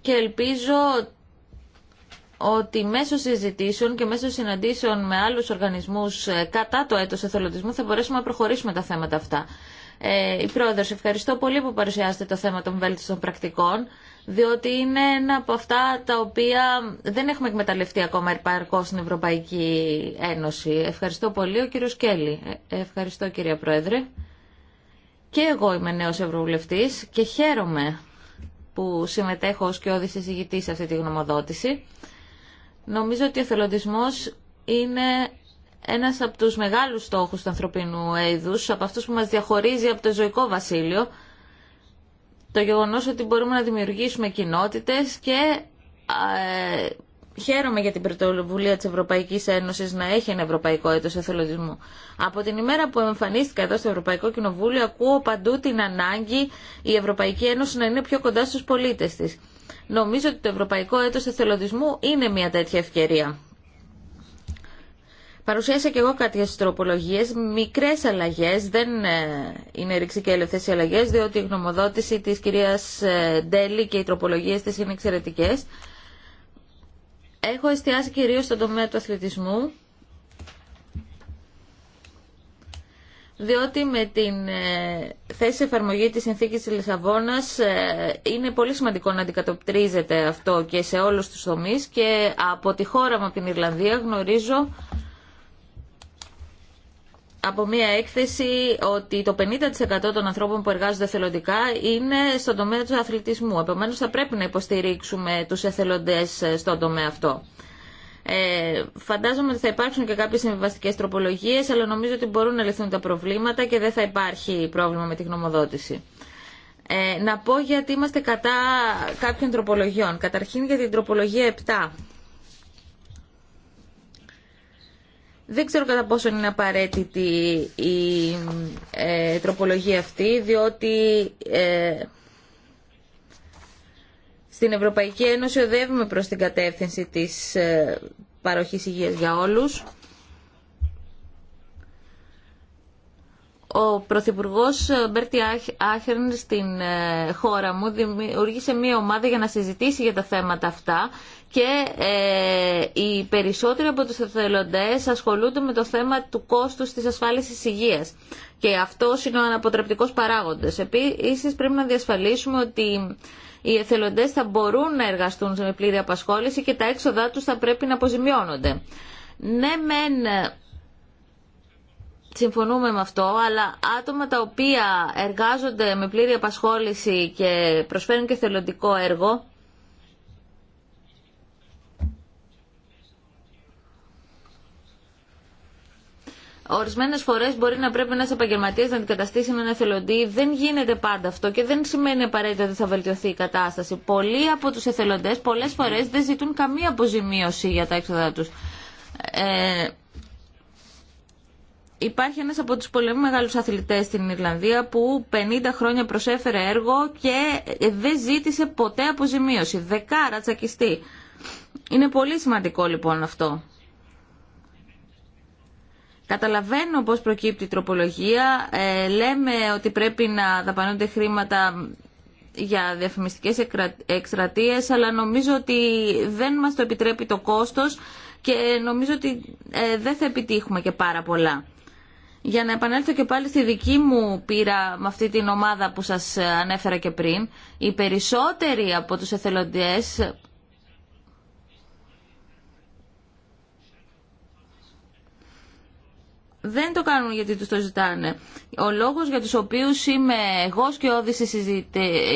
και ελπίζω ότι μέσω συζητήσεων και μέσω συναντήσεων με άλλους οργανισμούς ε, κατά το έτος εθελοντισμού θα μπορέσουμε να προχωρήσουμε τα θέματα αυτά. Ε, η Πρόεδρος, ευχαριστώ πολύ που παρουσιάσετε το θέμα των βέλτιστων πρακτικών, διότι είναι ένα από αυτά τα οποία δεν έχουμε εκμεταλλευτεί ακόμα επαρκώ στην Ευρωπαϊκή Ένωση. Ευχαριστώ πολύ ο κύριος Κέλλη. Ε, ευχαριστώ κυρία Πρόεδρε. Και εγώ είμαι νέος Ευρωβουλευτής και χαίρομαι που συμμετέχω ω και όδηση σε αυτή τη γνωμοδότηση. Νομίζω ότι ο εθελοντισμός είναι ένας από τους μεγάλους στόχους του ανθρωπίνου είδους, από αυτούς που μας διαχωρίζει από το ζωικό βασίλειο, το γεγονός ότι μπορούμε να δημιουργήσουμε κοινότητες και ε, χαίρομαι για την πρωτοβουλία της Ευρωπαϊκής Ένωσης να έχει ένα ευρωπαϊκό έτος εθελοντισμού. Από την ημέρα που εμφανίστηκα εδώ στο Ευρωπαϊκό Κοινοβούλιο ακούω παντού την ανάγκη η Ευρωπαϊκή Ένωση να είναι πιο κοντά στους πολίτες της. Νομίζω ότι το Ευρωπαϊκό Έτος Εθελοντισμού είναι μια τέτοια ευκαιρία. Παρουσίασα και εγώ κάποιε τροπολογίε, μικρέ αλλαγέ, δεν ε, είναι ρηξικέλευτε οι αλλαγέ, διότι η γνωμοδότηση τη κυρία ε, Ντέλη και οι τροπολογίε τη είναι εξαιρετικέ. Έχω εστιάσει κυρίω στον τομέα του αθλητισμού διότι με την ε, θέση εφαρμογή της συνθήκης της Λισαβόνας ε, είναι πολύ σημαντικό να αντικατοπτρίζεται αυτό και σε όλους τους τομείς και από τη χώρα μου, από την Ιρλανδία, γνωρίζω από μία έκθεση ότι το 50% των ανθρώπων που εργάζονται εθελοντικά είναι στον τομέα του αθλητισμού. Επομένως θα πρέπει να υποστηρίξουμε τους εθελοντές ε, στον τομέα αυτό. Ε, φαντάζομαι ότι θα υπάρξουν και κάποιες συμβιβαστικέ τροπολογίε, αλλά νομίζω ότι μπορούν να λυθούν τα προβλήματα και δεν θα υπάρχει πρόβλημα με τη γνωμοδότηση. Ε, να πω γιατί είμαστε κατά κάποιων τροπολογιών. Καταρχήν για την τροπολογία 7. Δεν ξέρω κατά πόσο είναι απαραίτητη η ε, τροπολογία αυτή, διότι ε, στην Ευρωπαϊκή Ένωση οδεύουμε προς την κατεύθυνση της ε, παροχής υγείας για όλους. Ο Πρωθυπουργό ε, Μπέρτι Άχερν στην ε, χώρα μου δημιούργησε μία ομάδα για να συζητήσει για τα θέματα αυτά και ε, οι περισσότεροι από τους εθελοντές ασχολούνται με το θέμα του κόστους της ασφάλισης υγείας. Και αυτό είναι ο αναποτρεπτικός παράγοντας. Επίσης πρέπει να διασφαλίσουμε ότι οι εθελοντέ θα μπορούν να εργαστούν με πλήρη απασχόληση και τα έξοδά του θα πρέπει να αποζημιώνονται. Ναι, μεν συμφωνούμε με αυτό, αλλά άτομα τα οποία εργάζονται με πλήρη απασχόληση και προσφέρουν και θελοντικό έργο, Ορισμένε φορέ μπορεί να πρέπει ένα επαγγελματία να αντικαταστήσει με ένα εθελοντή. Δεν γίνεται πάντα αυτό και δεν σημαίνει απαραίτητα ότι θα βελτιωθεί η κατάσταση. Πολλοί από του εθελοντέ πολλέ φορέ δεν ζητούν καμία αποζημίωση για τα έξοδα του. Ε, υπάρχει ένα από του πολύ μεγάλου αθλητέ στην Ιρλανδία που 50 χρόνια προσέφερε έργο και δεν ζήτησε ποτέ αποζημίωση. Δεκάρα τσακιστή. Είναι πολύ σημαντικό λοιπόν αυτό. Καταλαβαίνω πώς προκύπτει η τροπολογία. Ε, λέμε ότι πρέπει να δαπανούνται χρήματα για διαφημιστικές εκστρατείες, αλλά νομίζω ότι δεν μας το επιτρέπει το κόστος και νομίζω ότι ε, δεν θα επιτύχουμε και πάρα πολλά. Για να επανέλθω και πάλι στη δική μου πείρα με αυτή την ομάδα που σας ε, ανέφερα και πριν, οι περισσότεροι από τους εθελοντές δεν το κάνουν γιατί τους το ζητάνε. Ο λόγος για τους οποίους είμαι εγώ σκιώδης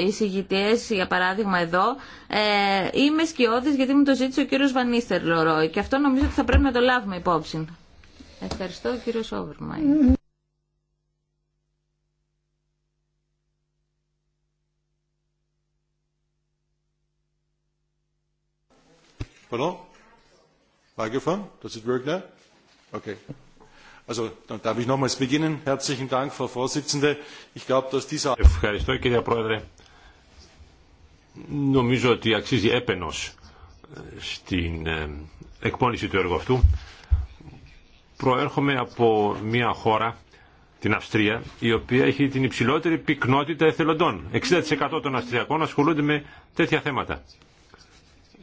εισηγητές, για παράδειγμα εδώ, ε, είμαι σκιώδης γιατί μου το ζήτησε ο κύριος Βανίστερ Λορόι και αυτό νομίζω ότι θα πρέπει να το λάβουμε υπόψη. Ευχαριστώ κύριο Σόβερμαϊ. Pardon? Microphone? Does it work Okay. Ευχαριστώ κύριε Πρόεδρε. Νομίζω ότι αξίζει έπαινος ε, στην ε, εκπόνηση του έργου αυτού. Προέρχομαι από μια χώρα, την Αυστρία, η οποία έχει την υψηλότερη πυκνότητα εθελοντών. 60% των Αυστριακών ασχολούνται με τέτοια θέματα.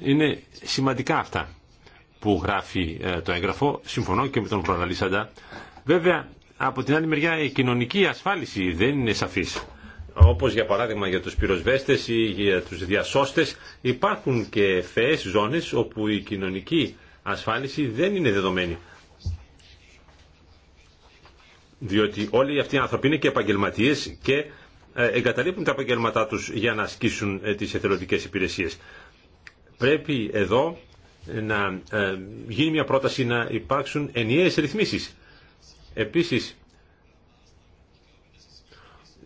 Είναι σημαντικά αυτά που γράφει ε, το έγγραφο. Συμφωνώ και με τον προαναλύσαντα. Βέβαια, από την άλλη μεριά η κοινωνική ασφάλιση δεν είναι σαφή. Όπως για παράδειγμα για τους πυροσβέστες ή για τους διασώστες υπάρχουν και φαιές ζώνες όπου η κοινωνική ασφάλιση δεν είναι δεδομένη. Διότι όλοι αυτοί οι άνθρωποι είναι και επαγγελματίε και ε, εγκαταλείπουν τα επαγγέλματά τους για να ασκήσουν ε, τις εθελοντικές υπηρεσίες. Πρέπει εδώ να ε, γίνει μια πρόταση να υπάρξουν ενιαίες ρυθμίσεις. Επίσης,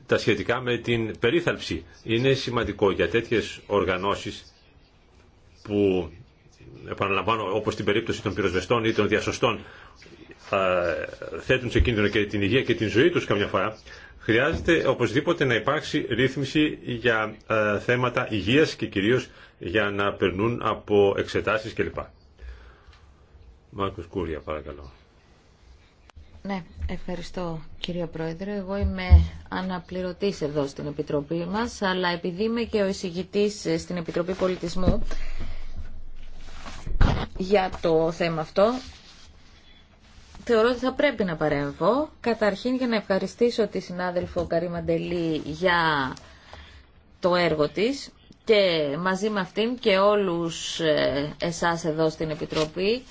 τα σχετικά με την περίθαλψη είναι σημαντικό για τέτοιες οργανώσεις που, επαναλαμβάνω, όπως στην περίπτωση των πυροσβεστών ή των διασωστών, ε, θέτουν σε κίνδυνο και την υγεία και την ζωή τους καμιά φορά, Χρειάζεται οπωσδήποτε να υπάρξει ρύθμιση για ε, θέματα υγείας και κυρίως για να περνούν από εξετάσεις κλπ. Μάρκος Κούρια, παρακαλώ. Ναι, ευχαριστώ κύριε Πρόεδρε. Εγώ είμαι αναπληρωτής εδώ στην Επιτροπή μας, αλλά επειδή είμαι και ο εισηγητής στην Επιτροπή Πολιτισμού για το θέμα αυτό, θεωρώ ότι θα πρέπει να παρέμβω. Καταρχήν για να ευχαριστήσω τη συνάδελφο Καρή Μαντελή για το έργο της και μαζί με αυτήν και όλους ε, εσάς εδώ στην Επιτροπή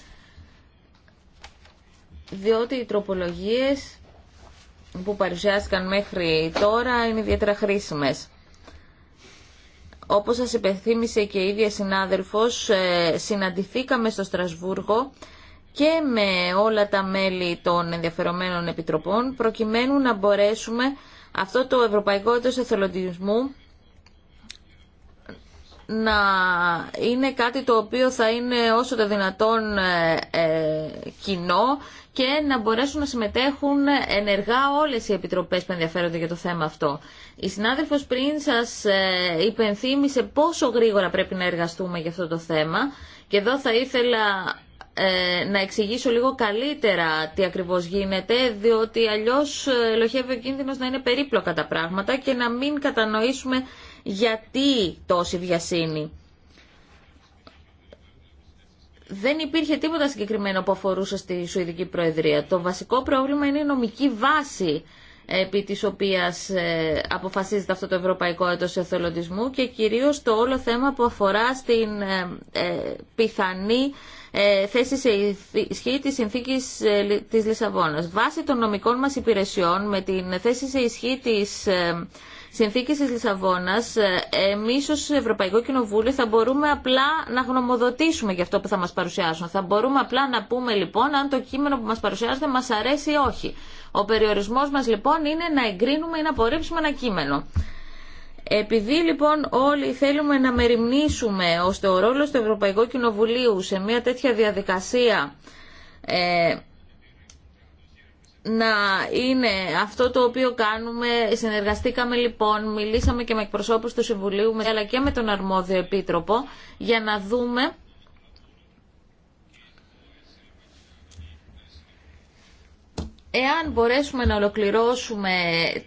διότι οι τροπολογίες που παρουσιάστηκαν μέχρι τώρα είναι ιδιαίτερα χρήσιμες. Όπως σας υπενθύμησε και η ίδια συνάδελφος, ε, συναντηθήκαμε στο Στρασβούργο και με όλα τα μέλη των ενδιαφερομένων επιτροπών προκειμένου να μπορέσουμε αυτό το Ευρωπαϊκό Έτος Εθελοντισμού να είναι κάτι το οποίο θα είναι όσο το δυνατόν ε, κοινό και να μπορέσουν να συμμετέχουν ενεργά όλες οι επιτροπές που ενδιαφέρονται για το θέμα αυτό. Η συνάδελφος πριν σας ε, υπενθύμησε πόσο γρήγορα πρέπει να εργαστούμε για αυτό το θέμα και εδώ θα ήθελα ε, να εξηγήσω λίγο καλύτερα τι ακριβώς γίνεται, διότι αλλιώς ε, ελοχεύει ο κίνδυνος να είναι περίπλοκα τα πράγματα και να μην κατανοήσουμε γιατί τόση βιασύνη. Δεν υπήρχε τίποτα συγκεκριμένο που αφορούσε στη Σουηδική Προεδρία. Το βασικό πρόβλημα είναι η νομική βάση επί της οποίας ε, αποφασίζεται αυτό το Ευρωπαϊκό Έτος Εθελοντισμού και κυρίως το όλο θέμα που αφορά στην πιθανή ε, θέση σε ισχύ της συνθήκης ε, της Λισαβόνας. Βάσει των νομικών μας υπηρεσιών, με την θέση σε ισχύ της ε, συνθήκης της Λισαβόνας, εμείς ως Ευρωπαϊκό Κοινοβούλιο θα μπορούμε απλά να γνωμοδοτήσουμε για αυτό που θα μας παρουσιάσουν. Θα μπορούμε απλά να πούμε λοιπόν αν το κείμενο που μας παρουσιάζεται μας αρέσει ή όχι. Ο περιορισμός μας λοιπόν είναι να εγκρίνουμε ή να απορρίψουμε ένα κείμενο. Επειδή λοιπόν όλοι θέλουμε να μεριμνήσουμε ώστε ο ρόλος του Ευρωπαϊκού Κοινοβουλίου σε μια τέτοια διαδικασία ε, να είναι αυτό το οποίο κάνουμε. Συνεργαστήκαμε λοιπόν, μιλήσαμε και με εκπροσώπους του Συμβουλίου αλλά και με τον αρμόδιο επίτροπο για να δούμε Εάν μπορέσουμε να ολοκληρώσουμε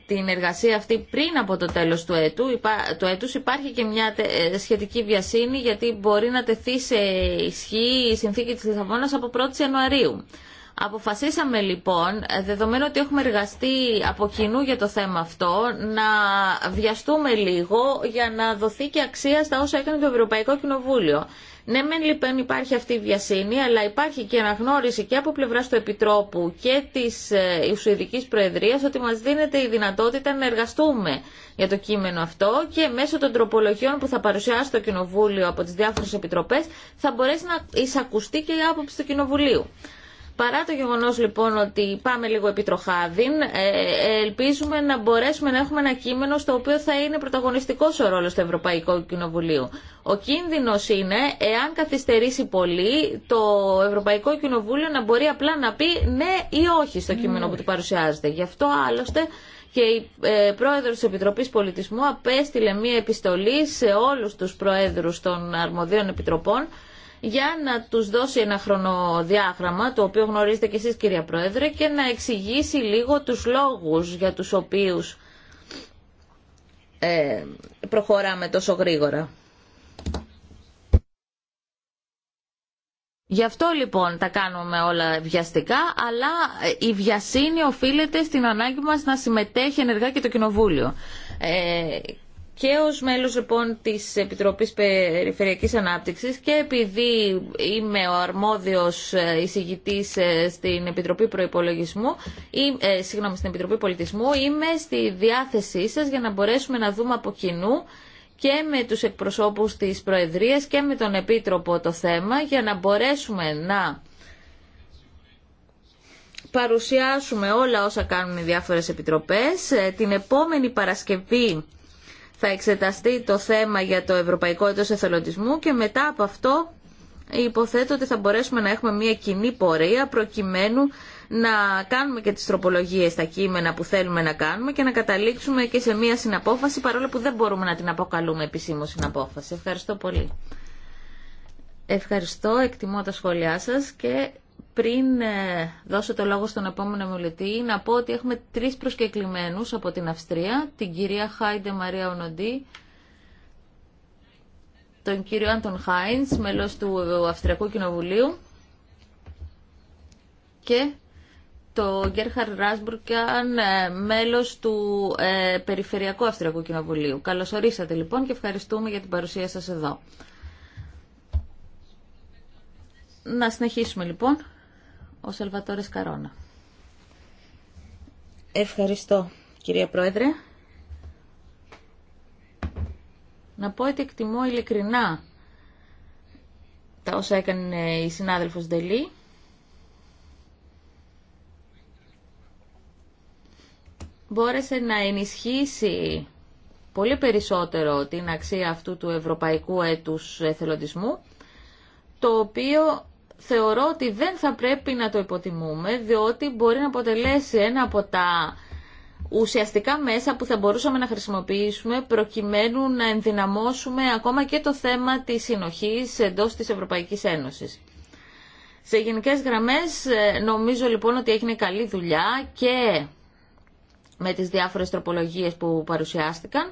την εργασία αυτή πριν από το τέλος του έτου, το έτους υπάρχει και μια ε, σχετική βιασύνη γιατί μπορεί να τεθεί σε ισχύ η συνθήκη της Λισαβόνας από 1η Ιανουαρίου. Αποφασίσαμε λοιπόν, δεδομένου ότι έχουμε εργαστεί από κοινού για το θέμα αυτό, να βιαστούμε λίγο για να δοθεί και αξία στα όσα έκανε το Ευρωπαϊκό Κοινοβούλιο. Ναι, μεν λοιπόν υπάρχει αυτή η βιασύνη, αλλά υπάρχει και αναγνώριση και από πλευρά του Επιτρόπου και τη ε, Προεδρία ότι μα δίνεται η δυνατότητα να εργαστούμε για το κείμενο αυτό και μέσω των τροπολογιών που θα παρουσιάσει το Κοινοβούλιο από τι διάφορε επιτροπέ θα μπορέσει να εισακουστεί και η άποψη του Κοινοβουλίου. Παρά το γεγονός λοιπόν ότι πάμε λίγο επιτροχάδιν, ε, ελπίζουμε να μπορέσουμε να έχουμε ένα κείμενο στο οποίο θα είναι πρωταγωνιστικός ο ρόλος του Ευρωπαϊκού Κοινοβουλίου. Ο κίνδυνος είναι, εάν καθυστερήσει πολύ, το Ευρωπαϊκό Κοινοβούλιο να μπορεί απλά να πει ναι ή όχι στο κείμενο που του παρουσιάζεται. Γι' αυτό άλλωστε και η ε, πρόεδρος της Επιτροπής Πολιτισμού απέστειλε μία επιστολή σε όλους τους πρόεδρους των αρμοδίων επιτροπών για να τους δώσει ένα χρονοδιάγραμμα, το οποίο γνωρίζετε και εσείς κυρία Πρόεδρε, και να εξηγήσει λίγο τους λόγους για τους οποίους ε, προχωράμε τόσο γρήγορα. Γι' αυτό λοιπόν τα κάνουμε όλα βιαστικά, αλλά ε, η βιασύνη οφείλεται στην ανάγκη μας να συμμετέχει ενεργά και το Κοινοβούλιο. Ε, και ως μέλος λοιπόν της Επιτροπής Περιφερειακής Ανάπτυξης και επειδή είμαι ο αρμόδιος ε, εισηγητής ε, στην Επιτροπή Προϋπολογισμού ή, ε, στην Επιτροπή Πολιτισμού είμαι στη διάθεσή σας για να μπορέσουμε να δούμε από κοινού και με τους εκπροσώπους της Προεδρίας και με τον Επίτροπο το θέμα για να μπορέσουμε να παρουσιάσουμε όλα όσα κάνουν οι διάφορες επιτροπές. Ε, την επόμενη Παρασκευή θα εξεταστεί το θέμα για το Ευρωπαϊκό Έτος Εθελοντισμού και μετά από αυτό υποθέτω ότι θα μπορέσουμε να έχουμε μια κοινή πορεία προκειμένου να κάνουμε και τις τροπολογίες στα κείμενα που θέλουμε να κάνουμε και να καταλήξουμε και σε μια συναπόφαση παρόλο που δεν μπορούμε να την αποκαλούμε επισήμως συναπόφαση. Ευχαριστώ πολύ. Ευχαριστώ, εκτιμώ τα σχόλιά σας και πριν ε, δώσω το λόγο στον επόμενο μιλητή, να πω ότι έχουμε τρεις προσκεκλημένους από την Αυστρία, την κυρία Χάιντε Μαρία Ονοντή, τον κύριο Άντων Χάινς, μέλος του Αυστριακού Κοινοβουλίου και τον Γκέρχαρ Ράσμπουρκαν, ε, μέλος του ε, Περιφερειακού Αυστριακού Κοινοβουλίου. Καλώς ορίσατε λοιπόν και ευχαριστούμε για την παρουσία σας εδώ. Να συνεχίσουμε λοιπόν ο Σελβατόρες Καρόνα. Ευχαριστώ, κυρία Πρόεδρε. Να πω ότι εκτιμώ ειλικρινά τα όσα έκανε η συνάδελφος Ντελή. Μπόρεσε να ενισχύσει πολύ περισσότερο την αξία αυτού του ευρωπαϊκού έτους εθελοντισμού, το οποίο θεωρώ ότι δεν θα πρέπει να το υποτιμούμε, διότι μπορεί να αποτελέσει ένα από τα ουσιαστικά μέσα που θα μπορούσαμε να χρησιμοποιήσουμε προκειμένου να ενδυναμώσουμε ακόμα και το θέμα της συνοχής εντός της Ευρωπαϊκής Ένωσης. Σε γενικές γραμμές ε, νομίζω λοιπόν ότι έγινε καλή δουλειά και με τις διάφορες τροπολογίες που παρουσιάστηκαν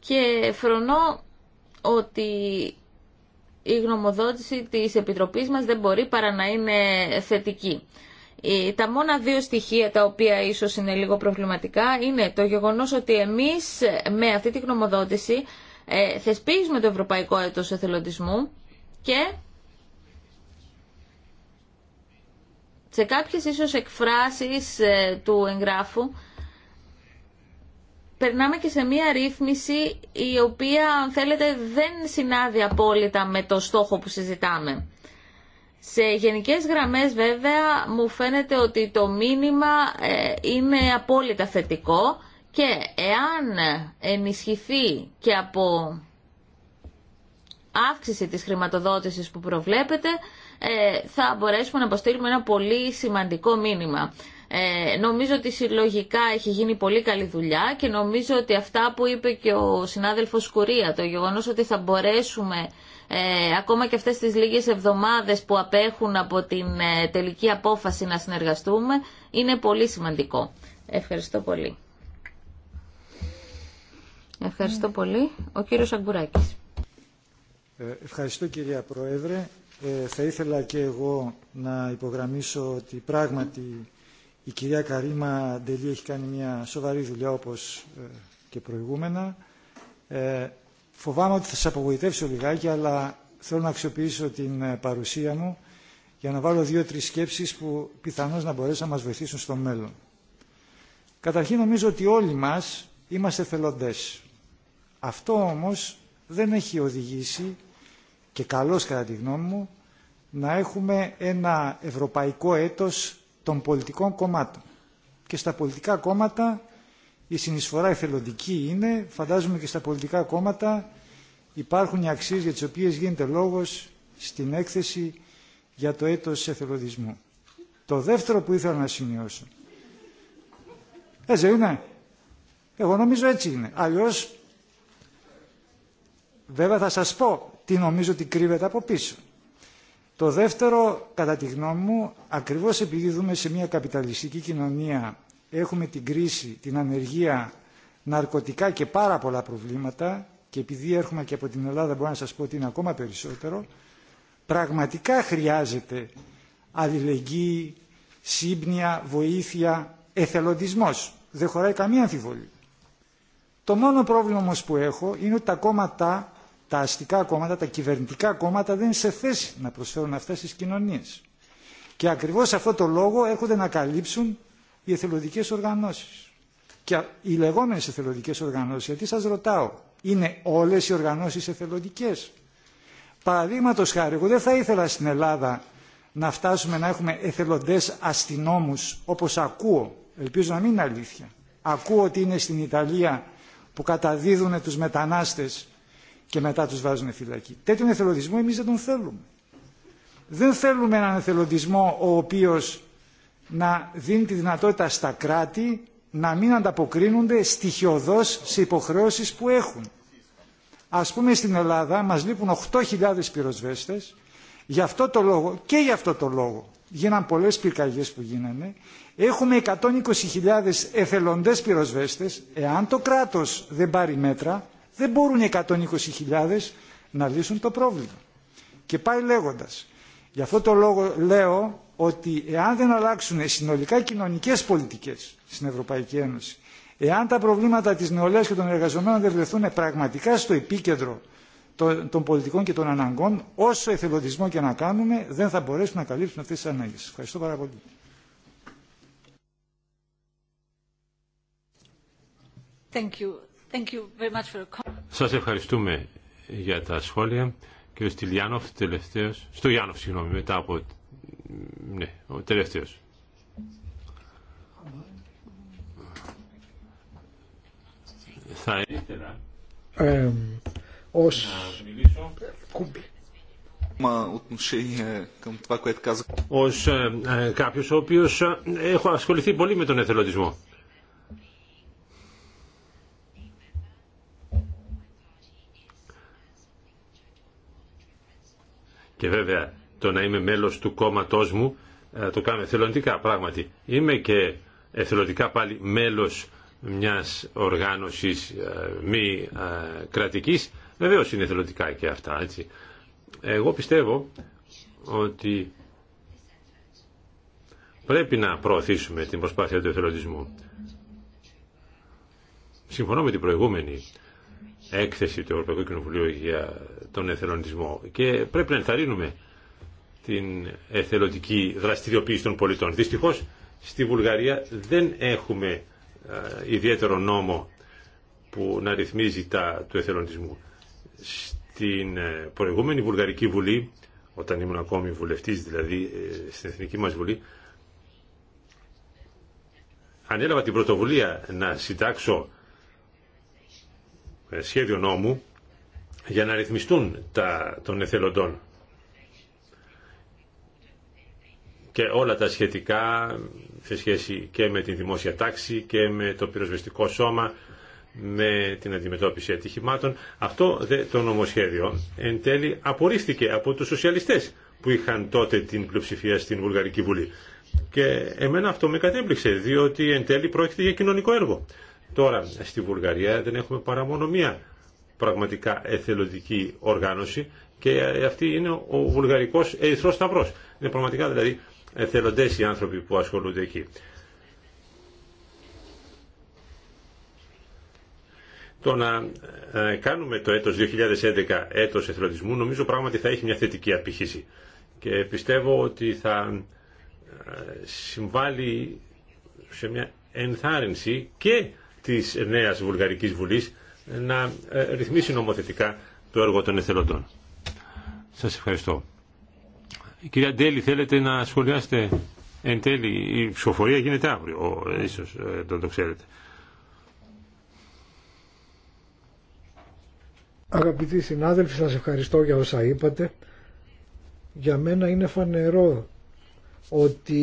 και φρονώ ότι η γνωμοδότηση της Επιτροπής μας δεν μπορεί παρά να είναι θετική. Τα μόνα δύο στοιχεία τα οποία ίσως είναι λίγο προβληματικά είναι το γεγονός ότι εμείς με αυτή τη γνωμοδότηση ε, θεσπίζουμε το Ευρωπαϊκό Έτος Εθελοντισμού και σε κάποιες ίσως εκφράσεις ε, του εγγράφου περνάμε και σε μία ρύθμιση η οποία, αν θέλετε, δεν συνάδει απόλυτα με το στόχο που συζητάμε. Σε γενικές γραμμές βέβαια μου φαίνεται ότι το μήνυμα ε, είναι απόλυτα θετικό και εάν ενισχυθεί και από αύξηση της χρηματοδότησης που προβλέπεται ε, θα μπορέσουμε να αποστείλουμε ένα πολύ σημαντικό μήνυμα. Ε, νομίζω ότι συλλογικά έχει γίνει πολύ καλή δουλειά και νομίζω ότι αυτά που είπε και ο συνάδελφος Κουρία, το γεγονός ότι θα μπορέσουμε ε, ακόμα και αυτές τις λίγες εβδομάδες που απέχουν από την ε, τελική απόφαση να συνεργαστούμε, είναι πολύ σημαντικό. Ευχαριστώ πολύ. Ευχαριστώ πολύ. Ο κύριος Αγκουράκης. Ε, ευχαριστώ κυρία Πρόεδρε. Ε, θα ήθελα και εγώ να υπογραμμίσω ότι πράγματι η κυρία Καρίμα Ντελή έχει κάνει μια σοβαρή δουλειά όπως ε, και προηγούμενα. Ε, φοβάμαι ότι θα σας απογοητεύσω λιγάκι, αλλά θέλω να αξιοποιήσω την ε, παρουσία μου για να βάλω δύο-τρεις σκέψεις που πιθανώς να μπορέσουν να μας βοηθήσουν στο μέλλον. Καταρχήν νομίζω ότι όλοι μας είμαστε θελοντές. Αυτό όμως δεν έχει οδηγήσει και καλώς κατά τη γνώμη μου να έχουμε ένα ευρωπαϊκό έτος των πολιτικών κομμάτων. Και στα πολιτικά κόμματα η συνεισφορά εθελοντική είναι, φαντάζομαι και στα πολιτικά κόμματα υπάρχουν οι αξίες για τις οποίες γίνεται λόγος στην έκθεση για το έτος εθελοντισμού. Το δεύτερο που ήθελα να σημειώσω. Έτσι ε, είναι. Εγώ νομίζω έτσι είναι. Αλλιώς βέβαια θα σας πω τι νομίζω ότι κρύβεται από πίσω. Το δεύτερο, κατά τη γνώμη μου, ακριβώς επειδή δούμε σε μια καπιταλιστική κοινωνία, έχουμε την κρίση, την ανεργία, ναρκωτικά και πάρα πολλά προβλήματα και επειδή έρχομαι και από την Ελλάδα μπορώ να σας πω ότι είναι ακόμα περισσότερο, πραγματικά χρειάζεται αλληλεγγύη, σύμπνοια, βοήθεια, εθελοντισμός. Δεν χωράει καμία αμφιβολία. Το μόνο πρόβλημα όμως που έχω είναι ότι τα κόμματα τα αστικά κόμματα, τα κυβερνητικά κόμματα δεν είναι σε θέση να προσφέρουν αυτές τις κοινωνίες. Και ακριβώς αυτό το λόγο έρχονται να καλύψουν οι εθελοντικές οργανώσεις. Και οι λεγόμενες εθελοντικές οργανώσεις, γιατί σας ρωτάω, είναι όλες οι οργανώσεις εθελοντικές. Παραδείγματο χάρη, εγώ δεν θα ήθελα στην Ελλάδα να φτάσουμε να έχουμε εθελοντές αστυνόμους, όπως ακούω, ελπίζω να μην είναι αλήθεια. Ακούω ότι είναι στην Ιταλία που καταδίδουν τους μετανάστες και μετά τους βάζουν φυλακή. Τέτοιον εθελοντισμό εμείς δεν τον θέλουμε. Δεν θέλουμε έναν εθελοντισμό ο οποίος να δίνει τη δυνατότητα στα κράτη να μην ανταποκρίνονται στοιχειοδός σε υποχρεώσεις που έχουν. Ας πούμε στην Ελλάδα μας λείπουν 8.000 πυροσβέστες γι' αυτό το λόγο και γι' αυτό το λόγο γίναν πολλές πυρκαγιές που γίνανε έχουμε 120.000 εθελοντές πυροσβέστες εάν το κράτος δεν πάρει μέτρα δεν μπορούν 120.000 να λύσουν το πρόβλημα. Και πάει λέγοντας. Γι' αυτό το λόγο λέω ότι εάν δεν αλλάξουν συνολικά κοινωνικές πολιτικές στην Ευρωπαϊκή Ένωση, εάν τα προβλήματα της νεολαίας και των εργαζομένων δεν βρεθούν πραγματικά στο επίκεντρο των πολιτικών και των αναγκών, όσο εθελοντισμό και να κάνουμε, δεν θα μπορέσουμε να καλύψουμε αυτές τις ανάγκες. Ευχαριστώ πάρα πολύ. Thank σας ευχαριστούμε για τα σχόλια. Και ο Στυλιάνοφ τελευταίος, στο Γιάννοφ συγγνώμη, μετά από, ναι, ο τελευταίος. Θα ήθελα ως... Ως ε, ε, κάποιος ο οποίος ε, έχω ασχοληθεί πολύ με τον εθελοντισμό. Και βέβαια το να είμαι μέλος του κόμματός μου ε, το κάνω εθελοντικά πράγματι. Είμαι και εθελοντικά πάλι μέλος μιας οργάνωσης ε, μη ε, κρατικής. Βεβαίω είναι εθελοντικά και αυτά. Έτσι. Εγώ πιστεύω ότι πρέπει να προωθήσουμε την προσπάθεια του εθελοντισμού. Συμφωνώ με την προηγούμενη έκθεση του Ευρωπαϊκού Κοινοβουλίου για τον εθελοντισμό και πρέπει να ενθαρρύνουμε την εθελοντική δραστηριοποίηση των πολιτών. Δυστυχώς στη Βουλγαρία δεν έχουμε ε, ιδιαίτερο νόμο που να ρυθμίζει τα του εθελοντισμού. Στην ε, προηγούμενη Βουλγαρική Βουλή, όταν ήμουν ακόμη βουλευτής δηλαδή ε, στην Εθνική μας Βουλή, ανέλαβα την πρωτοβουλία να συντάξω ε, σχέδιο νόμου για να ρυθμιστούν τα, των εθελοντών και όλα τα σχετικά σε σχέση και με τη δημόσια τάξη και με το πυροσβεστικό σώμα με την αντιμετώπιση ατυχημάτων. Αυτό δε, το νομοσχέδιο εν τέλει απορρίφθηκε από τους σοσιαλιστές που είχαν τότε την πλειοψηφία στην Βουλγαρική Βουλή. Και εμένα αυτό με κατέπληξε, διότι εν τέλει πρόκειται για κοινωνικό έργο. Τώρα στη Βουλγαρία δεν έχουμε παρά μόνο μία πραγματικά εθελοντική οργάνωση και ε, ε, αυτή είναι ο βουλγαρικός ερυθρός σταυρός. Είναι πραγματικά δηλαδή εθελοντές οι άνθρωποι που ασχολούνται εκεί. Το να ε, κάνουμε το έτος 2011 έτος εθελοντισμού νομίζω πράγματι θα έχει μια θετική απήχηση και πιστεύω ότι θα συμβάλλει σε μια ενθάρρυνση και της νέας Βουλγαρικής Βουλής να ε, ρυθμίσει νομοθετικά το έργο των εθελοντών. Σας ευχαριστώ. Κυρία Ντέλη, θέλετε να σχολιάσετε εν τέλει, η ψηφοφορία γίνεται αύριο, ε, ίσως δεν το ξέρετε. Αγαπητοί συνάδελφοι, σας ευχαριστώ για όσα είπατε. Για μένα είναι φανερό ότι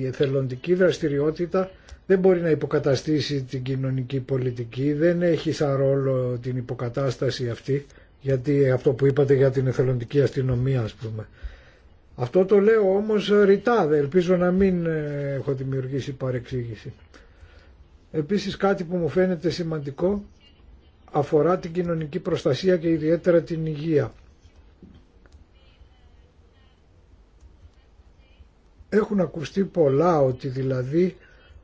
η εθελοντική δραστηριότητα δεν μπορεί να υποκαταστήσει την κοινωνική πολιτική, δεν έχει σαν ρόλο την υποκατάσταση αυτή, γιατί αυτό που είπατε για την εθελοντική αστυνομία ας πούμε. Αυτό το λέω όμως ρητά, ελπίζω να μην ε, έχω δημιουργήσει παρεξήγηση. Επίσης κάτι που μου φαίνεται σημαντικό αφορά την κοινωνική προστασία και ιδιαίτερα την υγεία. Έχουν ακουστεί πολλά ότι δηλαδή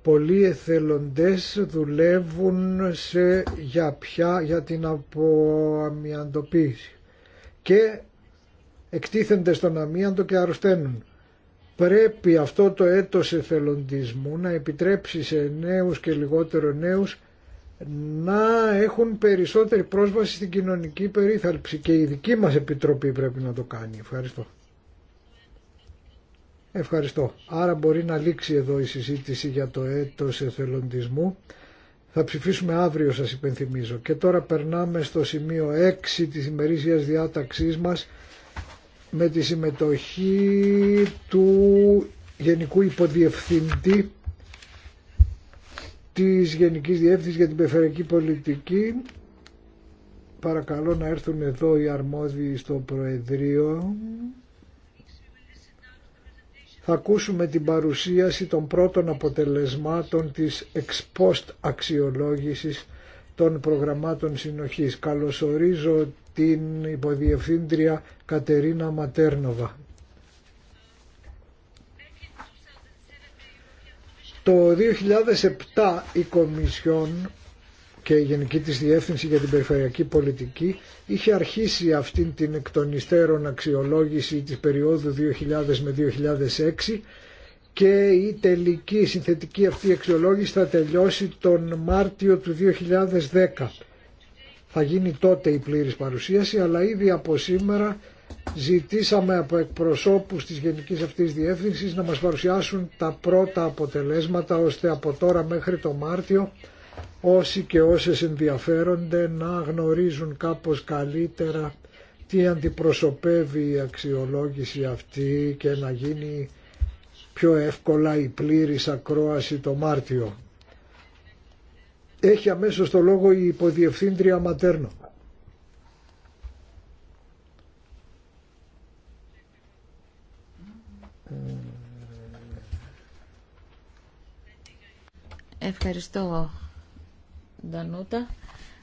πολλοί εθελοντές δουλεύουν σε, για πια για την αποαμιαντοποίηση και εκτίθενται στον αμίαντο και αρρωσταίνουν. Πρέπει αυτό το έτος εθελοντισμού να επιτρέψει σε νέους και λιγότερο νέους να έχουν περισσότερη πρόσβαση στην κοινωνική περίθαλψη και η δική μας επιτροπή πρέπει να το κάνει. Ευχαριστώ. Ευχαριστώ. Άρα μπορεί να λήξει εδώ η συζήτηση για το έτος εθελοντισμού. Θα ψηφίσουμε αύριο σας υπενθυμίζω. Και τώρα περνάμε στο σημείο 6 της ημερήσιας διάταξής μας με τη συμμετοχή του Γενικού Υποδιευθυντή της Γενικής Διεύθυνσης για την Περιφερειακή Πολιτική. Παρακαλώ να έρθουν εδώ οι αρμόδιοι στο Προεδρείο θα ακούσουμε την παρουσίαση των πρώτων αποτελεσμάτων της post αξιολόγησης των προγραμμάτων συνοχής. Καλωσορίζω την υποδιευθύντρια Κατερίνα Ματέρνοβα. Το 2007 η Κομισιόν και η Γενική της Διεύθυνση για την Περιφερειακή Πολιτική είχε αρχίσει αυτήν την εκ των υστέρων αξιολόγηση της περίοδου 2000 με 2006 και η τελική συνθετική αυτή αξιολόγηση θα τελειώσει τον Μάρτιο του 2010. Θα γίνει τότε η πλήρης παρουσίαση αλλά ήδη από σήμερα ζητήσαμε από εκπροσώπους της Γενικής αυτής Διεύθυνσης να μας παρουσιάσουν τα πρώτα αποτελέσματα ώστε από τώρα μέχρι το Μάρτιο όσοι και όσες ενδιαφέρονται να γνωρίζουν κάπως καλύτερα τι αντιπροσωπεύει η αξιολόγηση αυτή και να γίνει πιο εύκολα η πλήρης ακρόαση το Μάρτιο. Έχει αμέσως το λόγο η υποδιευθύντρια Ματέρνο. Ευχαριστώ Ντανούτα.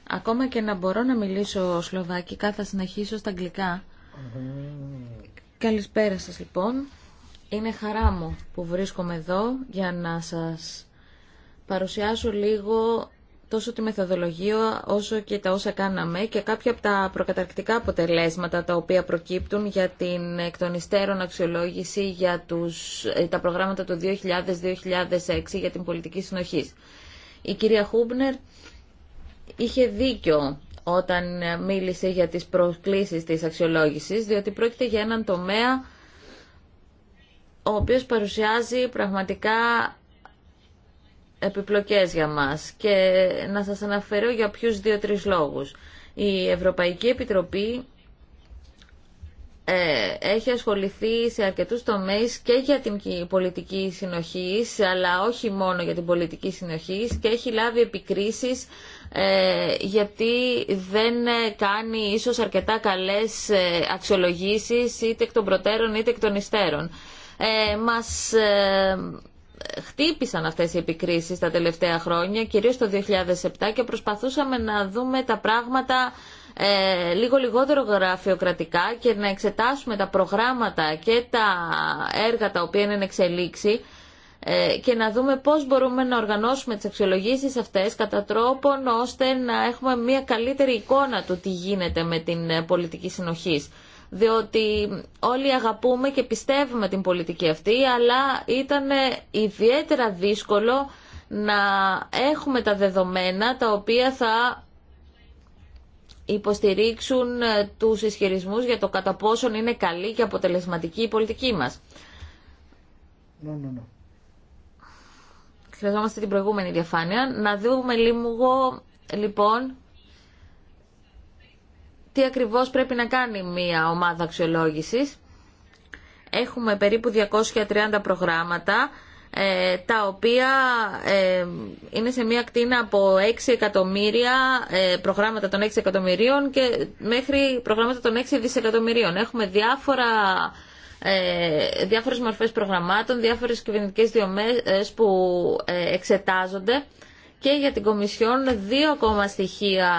Ακόμα και να μπορώ να μιλήσω σλοβακικά, θα συνεχίσω στα αγγλικά. Καλησπέρα σας λοιπόν. Είναι χαρά μου που βρίσκομαι εδώ για να σας παρουσιάσω λίγο τόσο τη μεθοδολογία όσο και τα όσα κάναμε και κάποια από τα προκαταρκτικά αποτελέσματα τα οποία προκύπτουν για την εκ των υστέρων αξιολόγηση για τους, ε, τα προγράμματα του 2000-2006 για την πολιτική συνοχή. Η κυρία Χούμπνερ είχε δίκιο όταν μίλησε για τις προκλήσεις της αξιολόγησης, διότι πρόκειται για έναν τομέα ο οποίος παρουσιάζει πραγματικά επιπλοκές για μας και να σας αναφέρω για ποιους δύο-τρεις λόγους. Η Ευρωπαϊκή Επιτροπή ε, έχει ασχοληθεί σε αρκετούς τομείς και για την πολιτική συνοχή, αλλά όχι μόνο για την πολιτική συνοχή και έχει λάβει επικρίσεις ε, γιατί δεν κάνει ίσως αρκετά καλές ε, αξιολογήσεις είτε εκ των προτέρων είτε εκ των υστέρων. Ε, μας χτύπησαν αυτές οι επικρίσεις τα τελευταία χρόνια, κυρίως το 2007 και προσπαθούσαμε να δούμε τα πράγματα ε, λίγο λιγότερο γραφειοκρατικά και να εξετάσουμε τα προγράμματα και τα έργα τα οποία είναι εξελίξη ε, και να δούμε πώς μπορούμε να οργανώσουμε τις αξιολογήσεις αυτές κατά τρόπον ώστε να έχουμε μια καλύτερη εικόνα του τι γίνεται με την ε, πολιτική συνοχής διότι όλοι αγαπούμε και πιστεύουμε την πολιτική αυτή, αλλά ήταν ιδιαίτερα δύσκολο να έχουμε τα δεδομένα τα οποία θα υποστηρίξουν ε, τους ισχυρισμούς για το κατά πόσον είναι καλή και αποτελεσματική η πολιτική μας. Ναι, ναι, ναι. Χρειαζόμαστε την προηγούμενη διαφάνεια. Να δούμε λίγο, λοιπόν, τι ακριβώς πρέπει να κάνει μια ομάδα αξιολόγησης. Έχουμε περίπου 230 προγράμματα ε, τα οποία ε, είναι σε μία κτίνα από 6 εκατομμύρια ε, προγράμματα των 6 εκατομμυρίων και μέχρι προγράμματα των 6 δισεκατομμυρίων. Έχουμε διάφορα διάφορες μορφές προγραμμάτων, διάφορες κυβερνητικέ διομές που εξετάζονται και για την Κομισιόν δύο ακόμα στοιχεία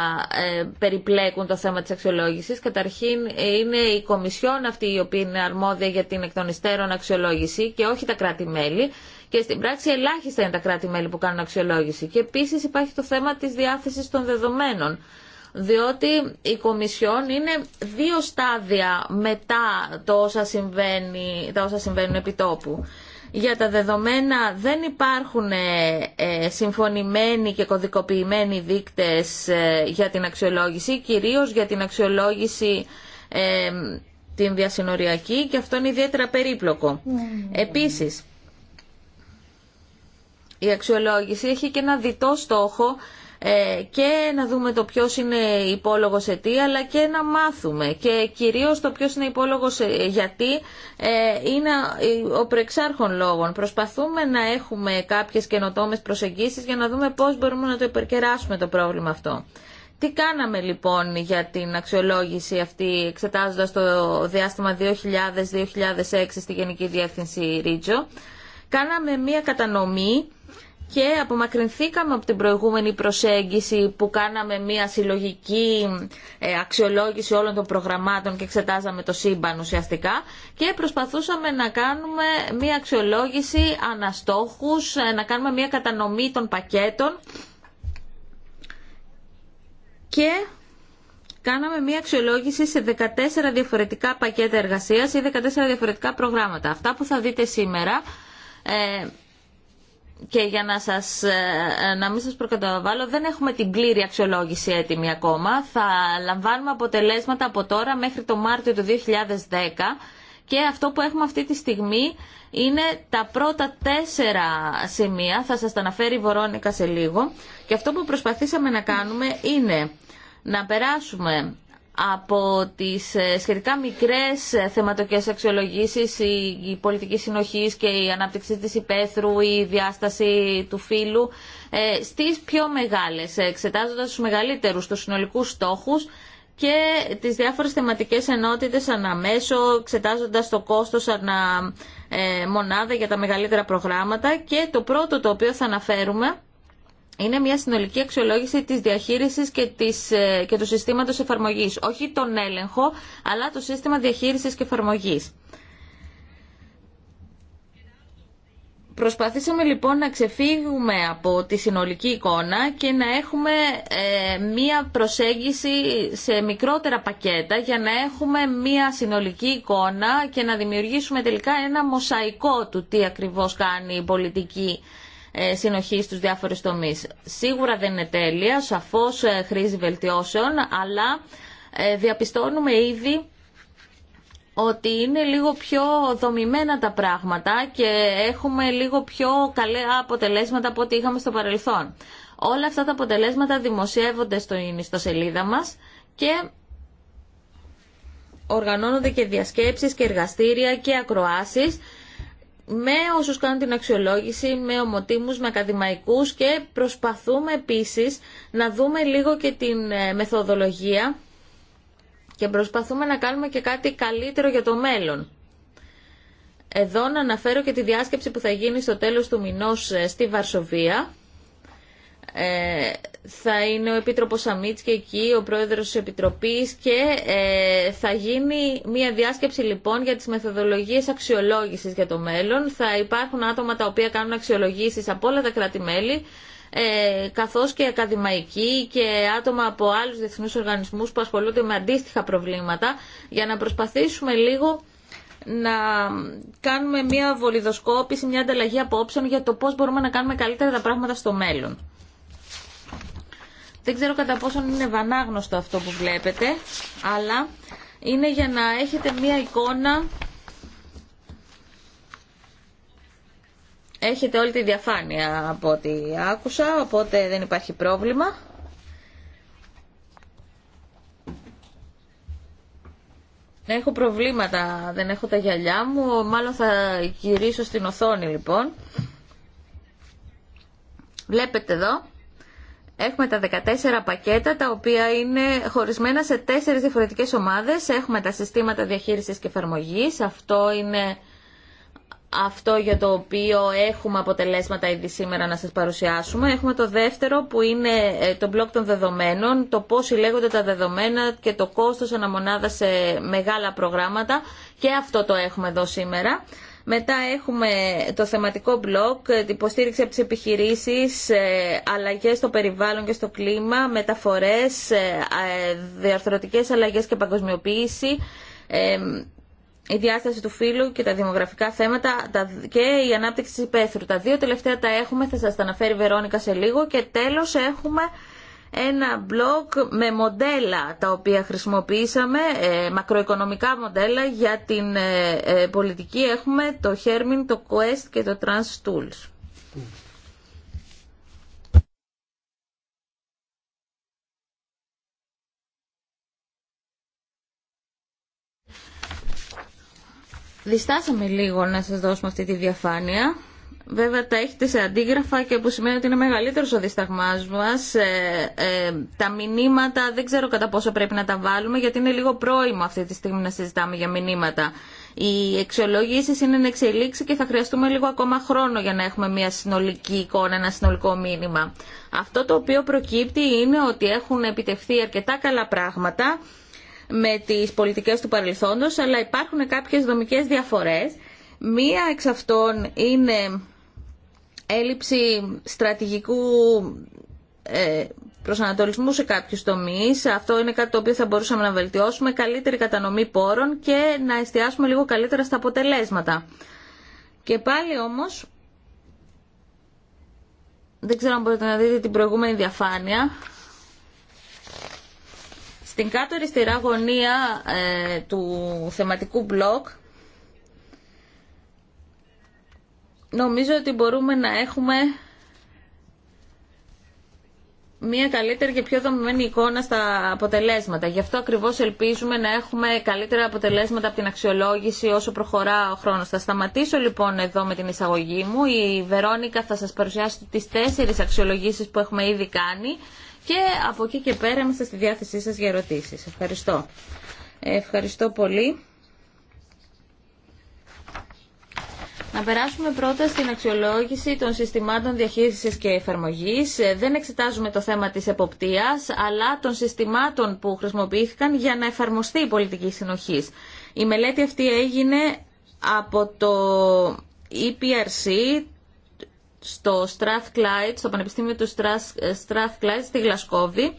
περιπλέκουν το θέμα της αξιολόγησης. Καταρχήν είναι η Κομισιόν αυτή η οποία είναι αρμόδια για την εκ των υστέρων αξιολόγηση και όχι τα κράτη-μέλη και στην πράξη ελάχιστα είναι τα κράτη-μέλη που κάνουν αξιολόγηση. Και επίση υπάρχει το θέμα της διάθεση των δεδομένων διότι η Κομισιόν είναι δύο στάδια μετά το όσα συμβαίνει, τα όσα συμβαίνουν επί τόπου. Για τα δεδομένα δεν υπάρχουν ε, ε, συμφωνημένοι και κωδικοποιημένοι δείκτες ε, για την αξιολόγηση, κυρίως για την αξιολόγηση την διασυνοριακή και αυτό είναι ιδιαίτερα περίπλοκο. Ναι. Επίσης, η αξιολόγηση έχει και ένα διτό στόχο ε, και να δούμε το ποιος είναι υπόλογος τι, αλλά και να μάθουμε και κυρίως το ποιος είναι υπόλογος γιατί ε, είναι ε, ο προεξάρχων λόγων. Προσπαθούμε να έχουμε κάποιες καινοτόμες προσεγγίσεις για να δούμε πώς μπορούμε να το υπερκεράσουμε το πρόβλημα αυτό. Τι κάναμε λοιπόν για την αξιολόγηση αυτή εξετάζοντας το διάστημα 2000-2006 στη Γενική Διεύθυνση Ρίτζο. Κάναμε μία κατανομή και απομακρυνθήκαμε από την προηγούμενη προσέγγιση που κάναμε μια συλλογική ε, αξιολόγηση όλων των προγραμμάτων και εξετάζαμε το σύμπαν ουσιαστικά και προσπαθούσαμε να κάνουμε μια αξιολόγηση αναστόχους, ε, να κάνουμε μια κατανομή των πακέτων και κάναμε μια αξιολόγηση σε 14 διαφορετικά πακέτα εργασίας ή 14 διαφορετικά προγράμματα. Αυτά που θα δείτε σήμερα ε, και για να, σας, ε, ε, να μην σας προκαταβάλω, δεν έχουμε την πλήρη αξιολόγηση έτοιμη ακόμα. Θα λαμβάνουμε αποτελέσματα από τώρα μέχρι το Μάρτιο του 2010 και αυτό που έχουμε αυτή τη στιγμή είναι τα πρώτα τέσσερα σημεία, θα σας τα αναφέρει η Βορώνικα σε λίγο. Και αυτό που προσπαθήσαμε να κάνουμε είναι να περάσουμε από τις ε, σχετικά μικρές ε, θεματοκές αξιολογήσεις, η πολιτική συνοχής και η ανάπτυξη της υπαίθρου, η διάσταση του φύλου, ε, στις πιο μεγάλες, εξετάζοντας τους μεγαλύτερους, τους συνολικούς στόχους και τις διάφορες θεματικές ενότητες αναμέσω, εξετάζοντας το κόστος ανα μονάδα για τα μεγαλύτερα προγράμματα και το πρώτο το οποίο θα αναφέρουμε είναι μια συνολική αξιολόγηση της διαχείρισης και, της, ε, και του συστήματος εφαρμογής. Όχι τον έλεγχο, αλλά το σύστημα διαχείρισης και εφαρμογής. Προσπαθήσαμε λοιπόν να ξεφύγουμε από τη συνολική εικόνα και να έχουμε ε, μία προσέγγιση σε μικρότερα πακέτα για να έχουμε μία συνολική εικόνα και να δημιουργήσουμε τελικά ένα μοσαϊκό του τι ακριβώς κάνει η πολιτική ε, συνοχή στους διάφορους τομείς. Σίγουρα δεν είναι τέλεια, σαφώς ε, χρήζει βελτιώσεων, αλλά ε, διαπιστώνουμε ήδη ότι είναι λίγο πιο δομημένα τα πράγματα και έχουμε λίγο πιο καλά αποτελέσματα από ό,τι είχαμε στο παρελθόν. Όλα αυτά τα αποτελέσματα δημοσιεύονται στο ιστοσελίδα μας και οργανώνονται και διασκέψεις και εργαστήρια και ακροάσεις με όσους κάνουν την αξιολόγηση, με ομοτήμους, με ακαδημαϊκούς και προσπαθούμε επίσης να δούμε λίγο και την ε, μεθοδολογία και προσπαθούμε να κάνουμε και κάτι καλύτερο για το μέλλον. Εδώ να αναφέρω και τη διάσκεψη που θα γίνει στο τέλος του μηνός ε, στη Βαρσοβία. Ε, θα είναι ο Επίτροπος Αμίτς και εκεί, ο Πρόεδρος της Επιτροπής και ε, θα γίνει μια διάσκεψη λοιπόν για τις μεθοδολογίες αξιολόγησης για το μέλλον. Θα υπάρχουν άτομα τα οποία κάνουν αξιολογήσεις από όλα τα κράτη-μέλη ε, καθώς και ακαδημαϊκοί και άτομα από άλλους διεθνούς οργανισμούς που ασχολούνται με αντίστοιχα προβλήματα για να προσπαθήσουμε λίγο να κάνουμε μια βολιδοσκόπηση, μια ανταλλαγή απόψεων για το πώς μπορούμε να κάνουμε καλύτερα τα πράγματα στο μέλλον. Δεν ξέρω κατά πόσον είναι βανάγνωστο αυτό που βλέπετε, αλλά είναι για να έχετε μία εικόνα. Έχετε όλη τη διαφάνεια από ό,τι άκουσα, οπότε δεν υπάρχει πρόβλημα. Έχω προβλήματα, δεν έχω τα γυαλιά μου, μάλλον θα γυρίσω στην οθόνη λοιπόν. Βλέπετε εδώ Έχουμε τα 14 πακέτα τα οποία είναι χωρισμένα σε τέσσερις διαφορετικές ομάδες. Έχουμε τα συστήματα διαχείρισης και εφαρμογής. Αυτό είναι αυτό για το οποίο έχουμε αποτελέσματα ήδη σήμερα να σας παρουσιάσουμε. Έχουμε το δεύτερο που είναι ε, το μπλοκ των δεδομένων, το πώς συλλέγονται τα δεδομένα και το κόστος αναμονάδα σε μεγάλα προγράμματα. Και αυτό το έχουμε εδώ σήμερα. Μετά έχουμε το θεματικό μπλοκ, την υποστήριξη από τις επιχειρήσεις, ε, αλλαγές στο περιβάλλον και στο κλίμα, μεταφορές, ε, ε, διαρθρωτικές αλλαγές και παγκοσμιοποίηση, η διάσταση του φύλου και τα δημογραφικά θέματα και η ανάπτυξη της υπαίθρου. Τα δύο τελευταία τα έχουμε, θα σας τα αναφέρει Βερόνικα σε λίγο και τέλος έχουμε ένα μπλοκ με μοντέλα τα οποία χρησιμοποιήσαμε, ε, μακροοικονομικά μοντέλα για την ε, ε, πολιτική έχουμε το Hermin, το Quest και το Trans Tools. Διστάσαμε λίγο να σας δώσουμε αυτή τη διαφάνεια Βέβαια τα έχετε σε αντίγραφα και που σημαίνει ότι είναι μεγαλύτερο ο δισταγμά μα. Ε, ε, τα μηνύματα δεν ξέρω κατά πόσο πρέπει να τα βάλουμε γιατί είναι λίγο πρόημο αυτή τη στιγμή να συζητάμε για μηνύματα. Οι εξολογήσει είναι εν εξελίξει και θα χρειαστούμε λίγο ακόμα χρόνο για να έχουμε μια συνολική εικόνα, ένα συνολικό μήνυμα. Αυτό το οποίο προκύπτει είναι ότι έχουν επιτευχθεί αρκετά καλά πράγματα με τι πολιτικέ του παρελθόντο, αλλά υπάρχουν κάποιε δομικέ διαφορέ. Μία εξ αυτών είναι έλλειψη στρατηγικού ε, προσανατολισμού σε κάποιου τομεί. Αυτό είναι κάτι το οποίο θα μπορούσαμε να βελτιώσουμε. Καλύτερη κατανομή πόρων και να εστιάσουμε λίγο καλύτερα στα αποτελέσματα. Και πάλι όμω. Δεν ξέρω αν μπορείτε να δείτε την προηγούμενη διαφάνεια. Στην κάτω αριστερά γωνία ε, του θεματικού μπλοκ νομίζω ότι μπορούμε να έχουμε μια καλύτερη και πιο δομημένη εικόνα στα αποτελέσματα. Γι' αυτό ακριβώς ελπίζουμε να έχουμε καλύτερα αποτελέσματα από την αξιολόγηση όσο προχωρά ο χρόνος. Θα σταματήσω λοιπόν εδώ με την εισαγωγή μου. Η Βερόνικα θα σας παρουσιάσει τις τέσσερις αξιολογήσεις που έχουμε ήδη κάνει και από εκεί και πέρα είμαστε στη διάθεσή σας για ερωτήσεις. Ευχαριστώ. Ε, ευχαριστώ πολύ. Να περάσουμε πρώτα στην αξιολόγηση των συστημάτων διαχείρισης και εφαρμογής. Ε, δεν εξετάζουμε το θέμα της εποπτείας, αλλά των συστημάτων που χρησιμοποιήθηκαν για να εφαρμοστεί η πολιτική συνοχής. Η μελέτη αυτή έγινε από το EPRC, στο Strathclyde, στο Πανεπιστήμιο του Strathclyde στη Γλασκόβη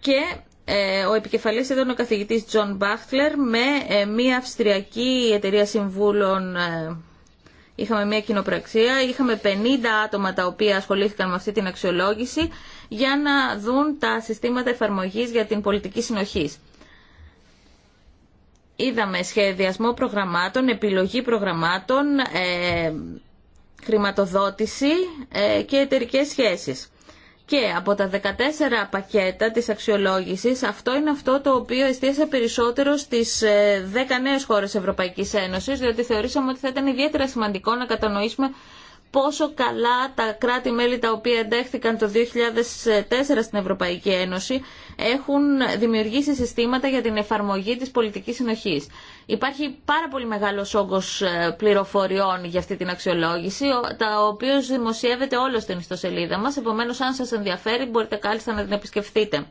και ε, ο επικεφαλής ήταν ο καθηγητής Τζον Μπάχτλερ με ε, μια αυστριακή εταιρεία συμβούλων Είχαμε μια κοινοπραξία, είχαμε 50 άτομα τα οποία ασχολήθηκαν με αυτή την αξιολόγηση για να δουν τα συστήματα εφαρμογής για την πολιτική συνοχής. Είδαμε σχεδιασμό προγραμμάτων, επιλογή προγραμμάτων, ε, χρηματοδότηση ε, και εταιρικέ σχέσεις. Και από τα 14 πακέτα της αξιολόγησης, αυτό είναι αυτό το οποίο εστίασα περισσότερο στις 10 ε, νέες χώρες Ευρωπαϊκής Ένωσης, διότι θεωρήσαμε ότι θα ήταν ιδιαίτερα σημαντικό να κατανοήσουμε πόσο καλά τα κράτη-μέλη τα οποία εντέχθηκαν το 2004 στην Ευρωπαϊκή Ένωση έχουν δημιουργήσει συστήματα για την εφαρμογή της πολιτικής συνοχής. Υπάρχει πάρα πολύ μεγάλος όγκος ε, πληροφοριών για αυτή την αξιολόγηση, τα οποία δημοσιεύεται όλο στην ιστοσελίδα μας, επομένως αν σας ενδιαφέρει μπορείτε κάλλιστα να την επισκεφτείτε.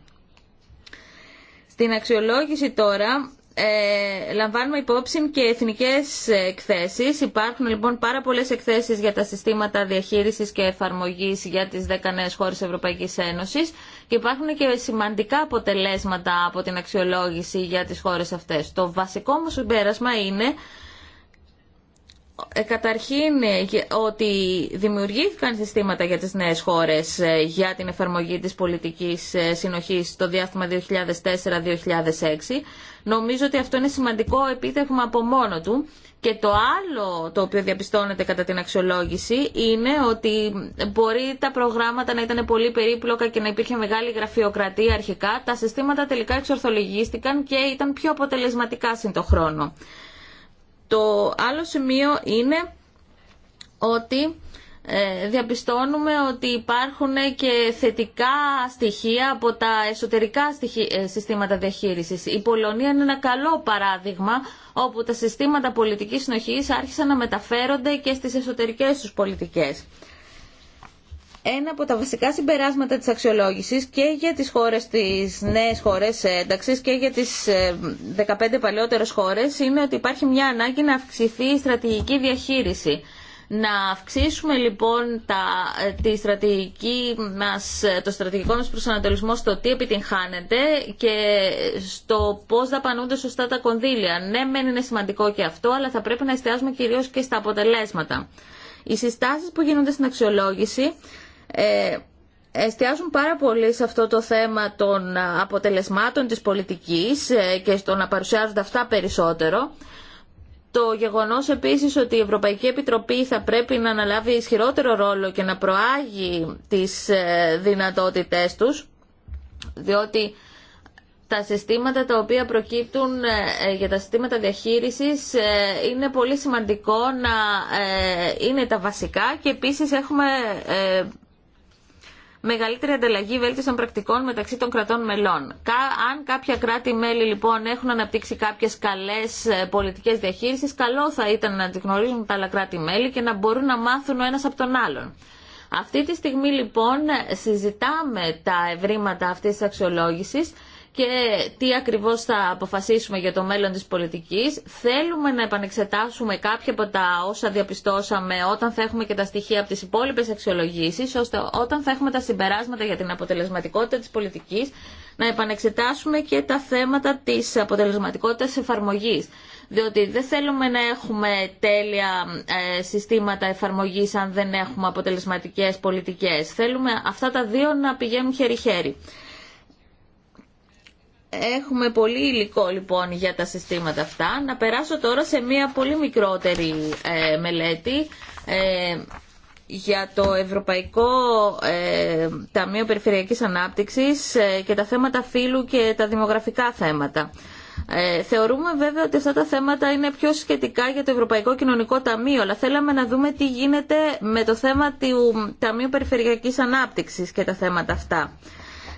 Στην αξιολόγηση τώρα ε, λαμβάνουμε υπόψη και εθνικές εκθέσεις. Υπάρχουν λοιπόν πάρα πολλές εκθέσεις για τα συστήματα διαχείρισης και εφαρμογής για τις 10 νέες χώρες Ευρωπαϊκής Ένωσης και υπάρχουν και σημαντικά αποτελέσματα από την αξιολόγηση για τις χώρες αυτές. Το βασικό μου συμπέρασμα είναι ε, καταρχήν ε, ότι δημιουργήθηκαν συστήματα για τις νέες χώρες για την εφαρμογή της πολιτικής συνοχής το διάστημα 2004-2006 Νομίζω ότι αυτό είναι σημαντικό επίτευγμα από μόνο του. Και το άλλο το οποίο διαπιστώνεται κατά την αξιολόγηση είναι ότι μπορεί τα προγράμματα να ήταν πολύ περίπλοκα και να υπήρχε μεγάλη γραφειοκρατία αρχικά. Τα συστήματα τελικά εξορθολογίστηκαν και ήταν πιο αποτελεσματικά συν το χρόνο. Το άλλο σημείο είναι ότι ε, διαπιστώνουμε ότι υπάρχουν και θετικά στοιχεία από τα εσωτερικά ε, συστήματα διαχείρισης. Η Πολωνία είναι ένα καλό παράδειγμα όπου τα συστήματα πολιτικής συνοχής άρχισαν να μεταφέρονται και στις εσωτερικές τους πολιτικές. Ένα από τα βασικά συμπεράσματα της αξιολόγησης και για τις, χώρες, τις νέες χώρες ένταξης και για τις 15 ε, παλαιότερες χώρες είναι ότι υπάρχει μια ανάγκη να αυξηθεί η στρατηγική διαχείριση να αυξήσουμε λοιπόν τα, ε, τη στρατηγική μας, ε, το στρατηγικό μας προσανατολισμό στο τι επιτυγχάνεται και στο πώς δαπανούνται σωστά τα κονδύλια. Ναι, μεν είναι σημαντικό και αυτό, αλλά θα πρέπει να εστιάζουμε κυρίως και στα αποτελέσματα. Οι συστάσεις που γίνονται στην αξιολόγηση ε, εστιάζουν πάρα πολύ σε αυτό το θέμα των αποτελεσμάτων της πολιτικής ε, και στο να παρουσιάζονται αυτά περισσότερο το γεγονός επίσης ότι η Ευρωπαϊκή Επιτροπή θα πρέπει να αναλάβει ισχυρότερο ρόλο και να προάγει τις ε, δυνατότητές τους, διότι τα συστήματα τα οποία προκύπτουν ε, για τα συστήματα διαχείρισης ε, είναι πολύ σημαντικό να είναι τα βασικά και επίσης έχουμε μεγαλύτερη ανταλλαγή βέλτιστων πρακτικών μεταξύ των κρατών μελών. Αν κάποια κράτη-μέλη λοιπόν έχουν αναπτύξει κάποιε καλέ ε, πολιτικέ διαχείριση, καλό θα ήταν να τι γνωρίζουν τα άλλα κράτη-μέλη και να μπορούν να μάθουν ο ένα από τον άλλον. Αυτή τη στιγμή λοιπόν συζητάμε τα ευρήματα αυτής της αξιολόγησης και τι ακριβώς θα αποφασίσουμε για το μέλλον της πολιτικής. Θέλουμε να επανεξετάσουμε κάποια από τα όσα διαπιστώσαμε όταν θα έχουμε και τα στοιχεία από τις υπόλοιπες αξιολογήσεις, ώστε όταν θα έχουμε τα συμπεράσματα για την αποτελεσματικότητα της πολιτικής, να επανεξετάσουμε και τα θέματα της αποτελεσματικότητας εφαρμογής διότι δεν θέλουμε να έχουμε τέλεια ε, συστήματα εφαρμογής αν δεν έχουμε αποτελεσματικές πολιτικές. Θέλουμε αυτά τα δύο να πηγαίνουν χέρι-χέρι. Έχουμε πολύ υλικό λοιπόν για τα συστήματα αυτά. Να περάσω τώρα σε μία πολύ μικρότερη ε, μελέτη ε, για το Ευρωπαϊκό ε, Ταμείο Περιφερειακής Ανάπτυξης και τα θέματα φύλου και τα δημογραφικά θέματα. θεωρούμε βέβαια ότι αυτά τα θέματα είναι πιο σχετικά για το Ευρωπαϊκό Κοινωνικό Ταμείο, αλλά θέλαμε να δούμε τι γίνεται με το θέμα του Ταμείου Περιφερειακής Ανάπτυξης και τα θέματα αυτά.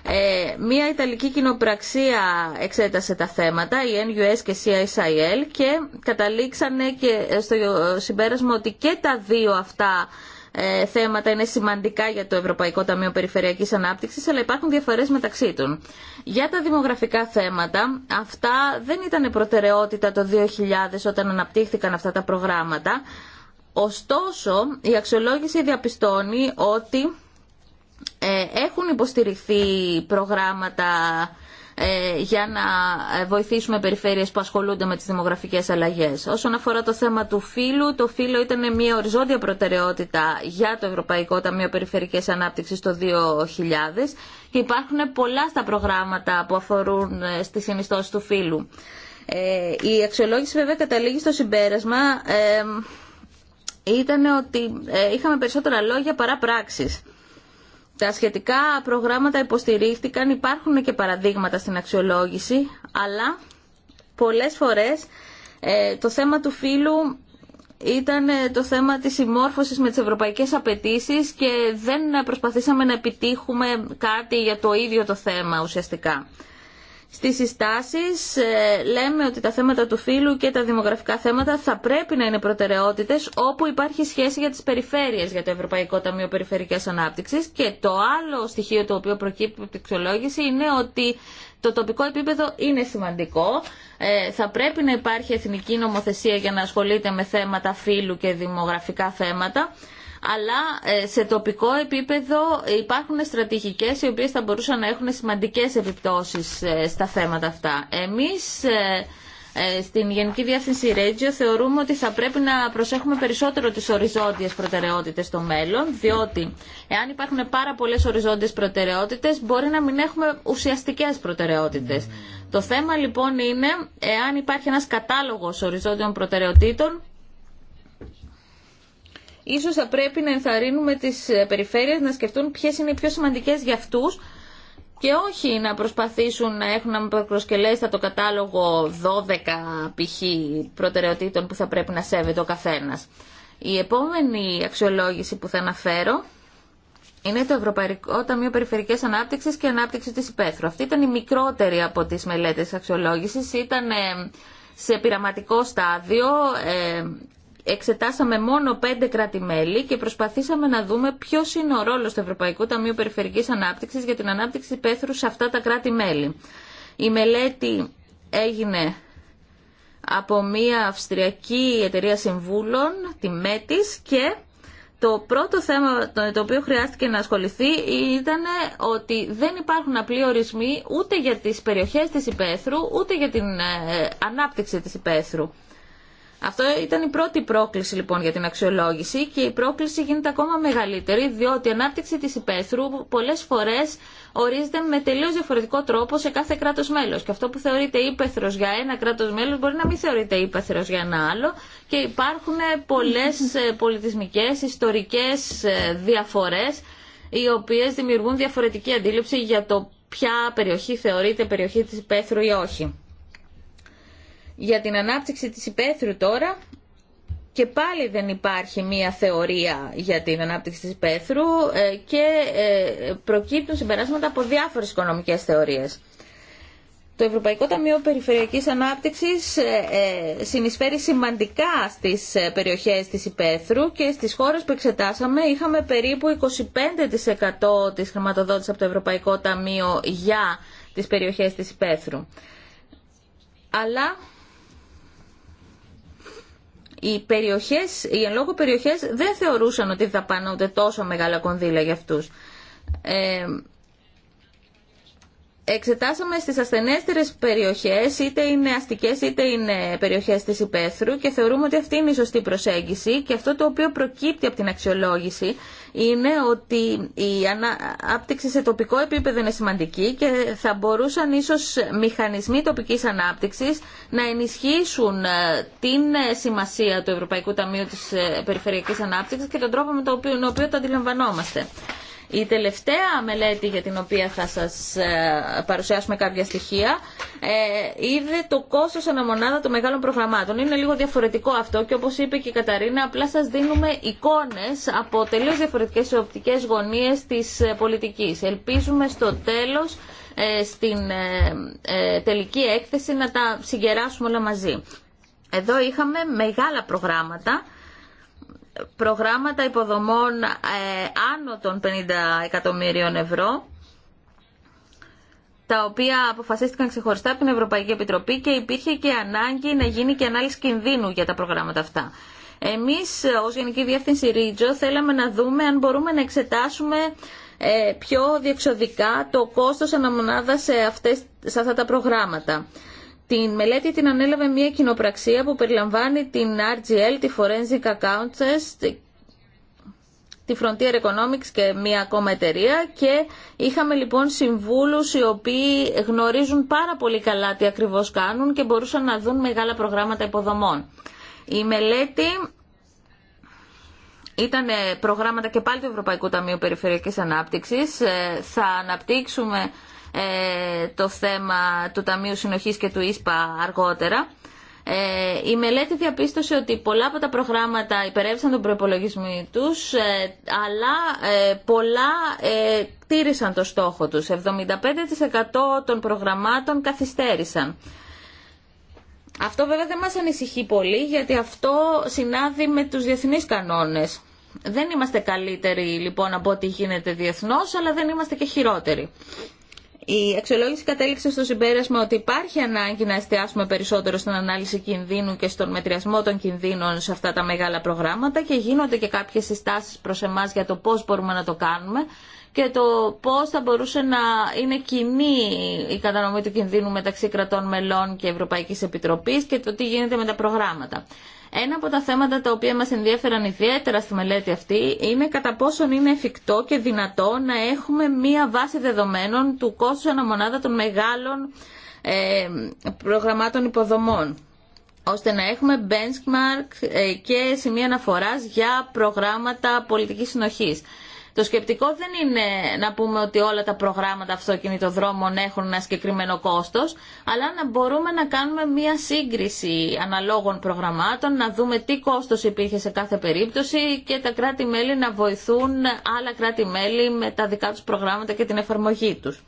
Ε, μία Ιταλική κοινοπραξία εξέτασε τα θέματα, η NUS και CISIL και καταλήξανε και στο συμπέρασμα ότι και τα δύο αυτά ε, θέματα είναι σημαντικά για το Ευρωπαϊκό Ταμείο Περιφερειακής Ανάπτυξης, αλλά υπάρχουν διαφορές μεταξύ των. Για τα δημογραφικά θέματα, αυτά δεν ήταν προτεραιότητα το 2000 όταν αναπτύχθηκαν αυτά τα προγράμματα. Ωστόσο, η αξιολόγηση διαπιστώνει ότι ε, έχουν υποστηριχθεί προγράμματα ε, για να ε, βοηθήσουμε περιφέρειες που ασχολούνται με τις δημογραφικές αλλαγές. Όσον αφορά το θέμα του φύλου, το φύλο ήταν μια οριζόντια προτεραιότητα για το Ευρωπαϊκό Ταμείο Περιφερικής Ανάπτυξης το 2000 και υπάρχουν πολλά στα προγράμματα που αφορούν στις συνιστώσεις του φύλου. η αξιολόγηση βέβαια καταλήγει στο συμπέρασμα ήταν ότι είχαμε περισσότερα λόγια παρά πράξεις τα σχετικά προγράμματα υποστηρίχτηκαν, υπάρχουν και παραδείγματα στην αξιολόγηση, αλλά πολλές φορές ε, το θέμα του φύλου ήταν ε, το θέμα της συμμόρφωσης με τις ευρωπαϊκές απαιτήσεις και δεν προσπαθήσαμε να επιτύχουμε κάτι για το ίδιο το θέμα ουσιαστικά. Στις συστάσεις ε, λέμε ότι τα θέματα του φύλου και τα δημογραφικά θέματα θα πρέπει να είναι προτεραιότητες όπου υπάρχει σχέση για τις περιφέρειες για το Ευρωπαϊκό Ταμείο Περιφερειακής Ανάπτυξης και το άλλο στοιχείο το οποίο προκύπτει από την αξιολόγηση είναι ότι το τοπικό επίπεδο είναι σημαντικό. Ε, θα πρέπει να υπάρχει εθνική νομοθεσία για να ασχολείται με θέματα φύλου και δημογραφικά θέματα αλλά ε, σε τοπικό επίπεδο υπάρχουν στρατηγικές οι οποίες θα μπορούσαν να έχουν σημαντικές επιπτώσεις ε, στα θέματα αυτά. Εμείς ε, στην Γενική Διεύθυνση Ρέτζιο θεωρούμε ότι θα πρέπει να προσέχουμε περισσότερο τις οριζόντιες προτεραιότητες στο μέλλον, διότι εάν υπάρχουν πάρα πολλές οριζόντιες προτεραιότητες μπορεί να μην έχουμε ουσιαστικές προτεραιότητες. Το θέμα λοιπόν είναι εάν υπάρχει ένας κατάλογος οριζόντιων προτεραιοτήτων ίσως θα πρέπει να ενθαρρύνουμε τις περιφέρειες να σκεφτούν ποιες είναι οι πιο σημαντικές για αυτούς και όχι να προσπαθήσουν να έχουν προσκελέστα το κατάλογο 12 π.χ. προτεραιοτήτων που θα πρέπει να σέβεται ο καθένας. Η επόμενη αξιολόγηση που θα αναφέρω είναι το Ευρωπαϊκό Ταμείο Περιφερειακή Ανάπτυξη και Ανάπτυξη τη Υπαίθρου. Αυτή ήταν η μικρότερη από τι μελέτε αξιολόγηση. Ήταν σε πειραματικό στάδιο. Ε, εξετάσαμε μόνο πέντε κράτη-μέλη και προσπαθήσαμε να δούμε ποιο είναι ο ρόλο του Ευρωπαϊκού Ταμείου Περιφερική Ανάπτυξη για την ανάπτυξη πέθρου σε αυτά τα κράτη-μέλη. Η μελέτη έγινε από μια αυστριακή εταιρεία συμβούλων, τη ΜΕΤΙΣ, και το πρώτο θέμα το οποίο χρειάστηκε να ασχοληθεί ήταν ότι δεν υπάρχουν απλοί ορισμοί ούτε για τις περιοχές της υπαίθρου, ούτε για την ε, ανάπτυξη της υπαίθρου. Αυτό ήταν η πρώτη πρόκληση λοιπόν για την αξιολόγηση και η πρόκληση γίνεται ακόμα μεγαλύτερη διότι η ανάπτυξη της υπαίθρου πολλές φορές ορίζεται με τελείως διαφορετικό τρόπο σε κάθε κράτος μέλος και αυτό που θεωρείται ύπεθρος για ένα κράτος μέλος μπορεί να μην θεωρείται ύπεθρος για ένα άλλο και υπάρχουν πολλές ε, πολιτισμικές, ιστορικές ε, διαφορές οι οποίες δημιουργούν διαφορετική αντίληψη για το ποια περιοχή θεωρείται περιοχή της υπαίθρου ή όχι για την ανάπτυξη της υπαίθρου τώρα και πάλι δεν υπάρχει μία θεωρία για την ανάπτυξη της υπαίθρου ε, και ε, προκύπτουν συμπεράσματα από διάφορες οικονομικές θεωρίες. Το Ευρωπαϊκό Ταμείο Περιφερειακής Ανάπτυξης ε, συνεισφέρει σημαντικά στις περιοχές της υπαίθρου και στις χώρες που εξετάσαμε είχαμε περίπου 25% της χρηματοδότησης από το Ευρωπαϊκό Ταμείο για τις περιοχές της υπαίθρου. Αλλά οι περιοχές, οι εν λόγω περιοχές δεν θεωρούσαν ότι θα δαπανούνται τόσο μεγάλα κονδύλια για αυτούς. Ε, εξετάσαμε στις ασθενέστερες περιοχές, είτε είναι αστικές είτε είναι περιοχές της υπαίθρου και θεωρούμε ότι αυτή είναι η σωστή προσέγγιση και αυτό το οποίο προκύπτει από την αξιολόγηση είναι ότι η ανάπτυξη σε τοπικό επίπεδο είναι σημαντική και θα μπορούσαν ίσως μηχανισμοί τοπικής ανάπτυξης να ενισχύσουν ε, την ε, σημασία του Ευρωπαϊκού Ταμείου της ε, Περιφερειακής Ανάπτυξης και τον τρόπο με τον οποίο το αντιλαμβανόμαστε. Η τελευταία μελέτη για την οποία θα σας ε, παρουσιάσουμε κάποια στοιχεία ε, είδε το κόστος αναμονάδα των μεγάλων προγραμμάτων. Είναι λίγο διαφορετικό αυτό και όπως είπε και η Καταρίνα απλά σας δίνουμε εικόνες από τελείως διαφορετικές οπτικές γωνίες της ε, πολιτικής. Ελπίζουμε στο τέλος στην τελική έκθεση να τα συγκεράσουμε όλα μαζί. Εδώ είχαμε μεγάλα προγράμματα προγράμματα υποδομών ε, άνω των 50 εκατομμύριων ευρώ τα οποία αποφασίστηκαν ξεχωριστά από την Ευρωπαϊκή Επιτροπή και υπήρχε και ανάγκη να γίνει και ανάλυση κινδύνου για τα προγράμματα αυτά. Εμείς ως Γενική Διεύθυνση Ρίτζο θέλαμε να δούμε αν μπορούμε να εξετάσουμε ε, πιο διεξοδικά το κόστος αναμονάδα σε, αυτές, σε αυτά τα προγράμματα. Την μελέτη την ανέλαβε μια κοινοπραξία που περιλαμβάνει την RGL, τη Forensic Accounts, τη Frontier Economics και μία ακόμα εταιρεία και είχαμε λοιπόν συμβούλους οι οποίοι γνωρίζουν πάρα πολύ καλά τι ακριβώς κάνουν και μπορούσαν να δουν μεγάλα προγράμματα υποδομών. Η μελέτη ήταν προγράμματα και πάλι του Ευρωπαϊκού Ταμείου Περιφερειακής Ανάπτυξης. Ε, θα αναπτύξουμε ε, το θέμα του Ταμείου Συνοχής και του ΙΣΠΑ αργότερα. Ε, η μελέτη διαπίστωσε ότι πολλά από τα προγράμματα υπερέβησαν τον προπολογισμό τους, ε, αλλά πολλά τήρησαν το στόχο τους. 75% των προγραμμάτων καθυστέρησαν. Αυτό βέβαια δεν μας ανησυχεί πολύ, γιατί αυτό συνάδει με τους διεθνείς κανόνες. Δεν είμαστε καλύτεροι λοιπόν από ό,τι γίνεται διεθνώς, αλλά δεν είμαστε και χειρότεροι. Η αξιολόγηση κατέληξε στο συμπέρασμα ότι υπάρχει ανάγκη να εστιάσουμε περισσότερο στην ανάλυση κινδύνου και στον μετριασμό των κινδύνων σε αυτά τα μεγάλα προγράμματα και γίνονται και κάποιες συστάσεις προς εμάς για το πώς μπορούμε να το κάνουμε και το πώς θα μπορούσε να είναι κοινή η κατανομή του κινδύνου μεταξύ κρατών μελών και Ευρωπαϊκής Επιτροπής και το τι γίνεται με τα προγράμματα. Ένα από τα θέματα τα οποία μας ενδιαφέραν ιδιαίτερα στη μελέτη αυτή είναι κατά πόσον είναι εφικτό και δυνατό να έχουμε μία βάση δεδομένων του κόστου αναμονάδα των μεγάλων ε, προγραμμάτων υποδομών ώστε να έχουμε benchmark ε, και σημεία αναφοράς για προγράμματα πολιτικής συνοχής. Το σκεπτικό δεν είναι να πούμε ότι όλα τα προγράμματα αυτοκινητοδρόμων έχουν ένα συγκεκριμένο κόστος, αλλά να μπορούμε να κάνουμε μία σύγκριση αναλόγων προγραμμάτων, να δούμε τι κόστος υπήρχε σε κάθε περίπτωση και τα κράτη-μέλη να βοηθούν άλλα κράτη-μέλη με τα δικά του προγράμματα και την εφαρμογή τους.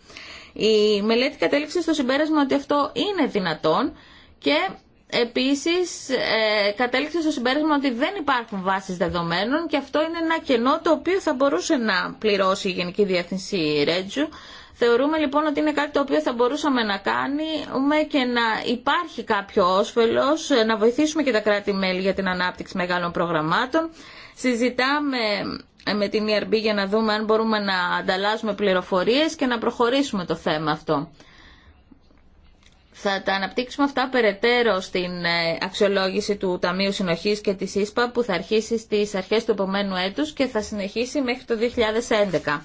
Η μελέτη κατέληξε στο συμπέρασμα ότι αυτό είναι δυνατόν και επίσης ε, κατέληξε στο συμπέρασμα ότι δεν υπάρχουν βάσεις δεδομένων και αυτό είναι ένα κενό το οποίο θα μπορούσε να πληρώσει η Γενική Διεύθυνση Ρέτζου. Θεωρούμε λοιπόν ότι είναι κάτι το οποίο θα μπορούσαμε να κάνουμε και να υπάρχει κάποιο όσφελος, ε, να βοηθήσουμε και τα κράτη-μέλη για την ανάπτυξη μεγάλων προγραμμάτων. Συζητάμε ε, με την ERB για να δούμε αν μπορούμε να ανταλλάσσουμε πληροφορίες και να προχωρήσουμε το θέμα αυτό. Θα τα αναπτύξουμε αυτά περαιτέρω στην ε, αξιολόγηση του Ταμείου Συνοχής και της ΙΣΠΑ που θα αρχίσει στις αρχέ του επομένου έτους και θα συνεχίσει μέχρι το 2011.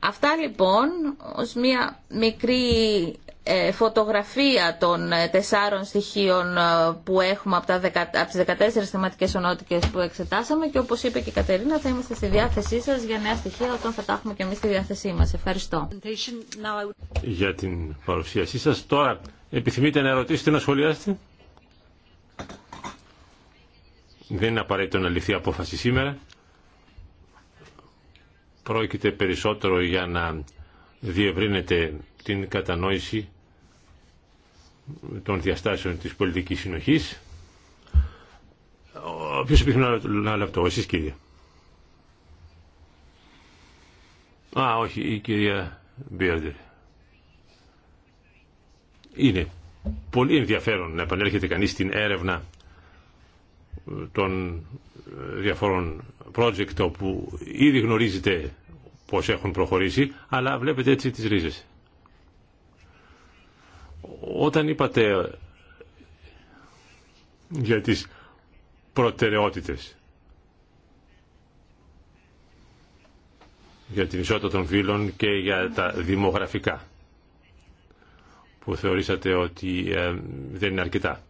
Αυτά λοιπόν ως μια μικρή ε, φωτογραφία των ε, τεσσάρων στοιχείων ε, που έχουμε από, τα από τις 14 θεματικές ονότητες που εξετάσαμε και όπως είπε και η Κατερίνα θα είμαστε στη διάθεσή σας για νέα στοιχεία όταν θα τα έχουμε και εμείς στη διάθεσή μας. Ευχαριστώ. Για την παρουσίασή σας. Τώρα επιθυμείτε να ρωτήσετε να σχολιάσετε. Δεν είναι απαραίτητο να ληφθεί απόφαση σήμερα. Πρόκειται περισσότερο για να διευρύνεται την κατανόηση των διαστάσεων της πολιτικής συνοχής. Ποιος να το λεπτό, εσείς κύριε. Α, όχι, η κυρία Μπίαρντερ. Είναι πολύ ενδιαφέρον να επανέρχεται κανείς στην έρευνα ε, των ε, διαφόρων project όπου ήδη γνωρίζετε πώς έχουν προχωρήσει, αλλά βλέπετε έτσι τις ρίζες. Όταν είπατε για τις προτεραιότητες για την ισότητα των φύλων και για τα δημογραφικά που θεωρήσατε ότι ε, δεν είναι αρκετά.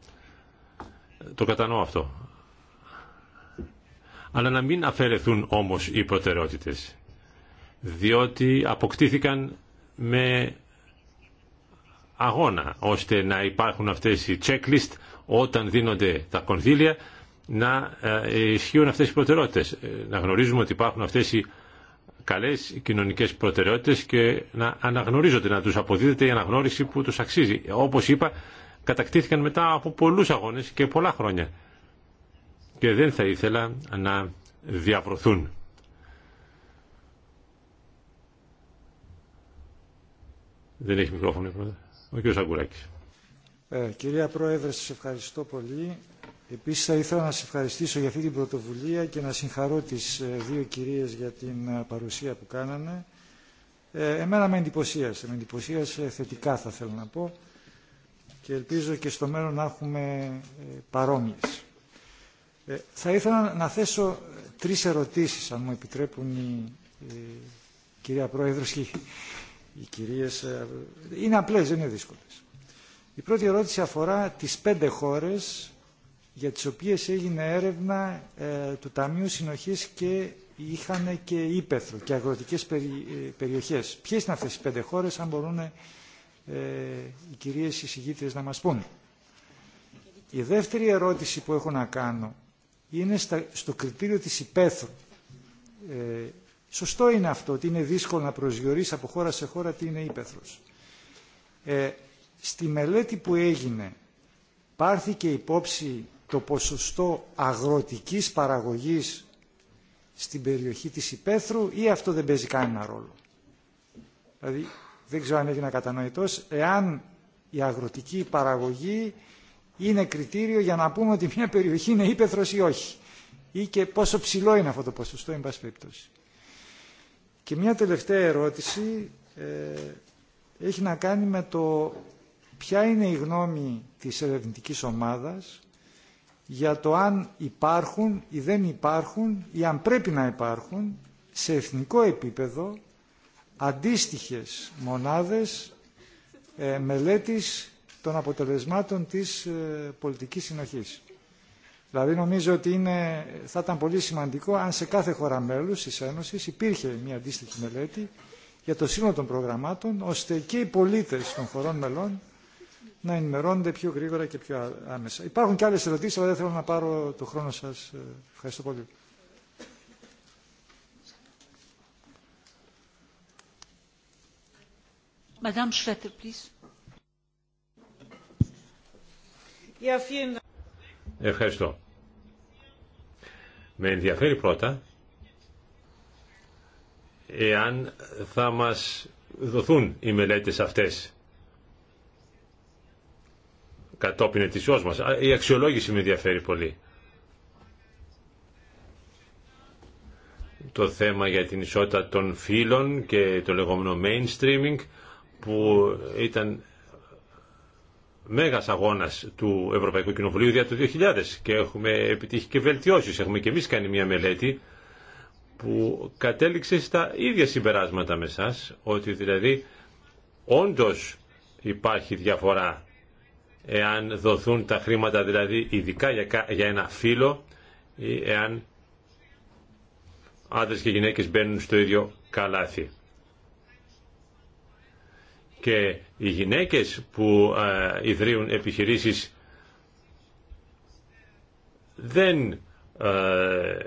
Το κατανοώ αυτό. Αλλά να μην αφαιρεθούν όμως οι προτεραιότητες διότι αποκτήθηκαν με αγώνα ώστε να υπάρχουν αυτές οι checklist όταν δίνονται τα κονδύλια να ε, ισχύουν αυτές οι προτεραιότητες. Ε, να γνωρίζουμε ότι υπάρχουν αυτές οι καλές κοινωνικές προτεραιότητες και να αναγνωρίζονται, να τους αποδίδεται η αναγνώριση που τους αξίζει. Όπως είπα, κατακτήθηκαν μετά από πολλούς αγώνες και πολλά χρόνια. Και δεν θα ήθελα να διαβρωθούν. Δεν έχει μικρόφωνο, ο κ. Ε, κυρία Πρόεδρε, σας ευχαριστώ πολύ. Επίσης θα ήθελα να σας ευχαριστήσω για αυτή την πρωτοβουλία και να συγχαρώ τις ε, δύο κυρίες για την ε, παρουσία που κάνανε. εμένα με εντυπωσίασε, με εντυπωσίασε θετικά θα θέλω να πω και ελπίζω και στο μέλλον να έχουμε παρόμοιες. θα ήθελα να θέσω τρεις ερωτήσεις, αν μου επιτρέπουν η, κυρία Πρόεδρος οι κυρίες... Ε, είναι απλές, δεν είναι δύσκολες. Η πρώτη ερώτηση αφορά τις πέντε χώρες για τις οποίες έγινε έρευνα ε, του Ταμείου Συνοχής και είχαν και ύπεθρο και αγροτικές ε, περιοχές. Ποιες είναι αυτές οι πέντε χώρες, αν μπορούν οι κυρίες εισηγήτριες να μας πούν. Η δεύτερη ερώτηση που έχω να κάνω είναι στο κριτήριο της υπαίθρου. Σωστό είναι αυτό ότι είναι δύσκολο να προσδιορίσει από χώρα σε χώρα τι είναι ύπεθρος. Ε, στη μελέτη που έγινε πάρθηκε υπόψη το ποσοστό αγροτικής παραγωγής στην περιοχή της ύπεθρου ή αυτό δεν παίζει κανένα ρόλο. Δηλαδή δεν ξέρω αν έγινε ακατανοητός εάν η αγροτική παραγωγή εγινα κατανοητο εαν η κριτήριο για να πούμε ότι μια περιοχή είναι ύπεθρος ή όχι ή και πόσο ψηλό είναι αυτό το ποσοστό εν πάση περιπτώσει. Και μια τελευταία ερώτηση ε, έχει να κάνει με το ποια είναι η γνώμη της ερευνητικής ομάδας για το αν υπάρχουν ή δεν υπάρχουν ή αν πρέπει να υπάρχουν σε εθνικό επίπεδο αντίστοιχες μονάδες ε, μελέτης των αποτελεσμάτων της ε, πολιτικής συνοχής. Δηλαδή νομίζω ότι είναι, θα ήταν πολύ σημαντικό αν σε κάθε χώρα μέλους της Ένωσης υπήρχε μια αντίστοιχη μελέτη για το σύνολο των προγραμμάτων, ώστε και οι πολίτες των χωρών μελών να ενημερώνονται πιο γρήγορα και πιο άμεσα. Υπάρχουν και άλλες ερωτήσεις, αλλά δεν θέλω να πάρω το χρόνο σας. Ε, ευχαριστώ πολύ. Ευχαριστώ. Με ενδιαφέρει πρώτα εάν θα μας δοθούν οι μελέτες αυτές κατόπιν ετησιός μας. Η αξιολόγηση με ενδιαφέρει πολύ. Το θέμα για την ισότητα των φύλων και το λεγόμενο mainstreaming που ήταν Μέγα αγώνας του Ευρωπαϊκού Κοινοβουλίου για το 2000 και έχουμε επιτύχει και βελτιώσεις. Έχουμε και εμεί κάνει μια μελέτη που κατέληξε στα ίδια συμπεράσματα με εσά, ότι δηλαδή όντως υπάρχει διαφορά εάν δοθούν τα χρήματα δηλαδή ειδικά για ένα φύλλο ή εάν άντρες και γυναίκες μπαίνουν στο ίδιο καλάθι και οι γυναίκες που ε, ιδρύουν επιχειρήσεις δεν ε,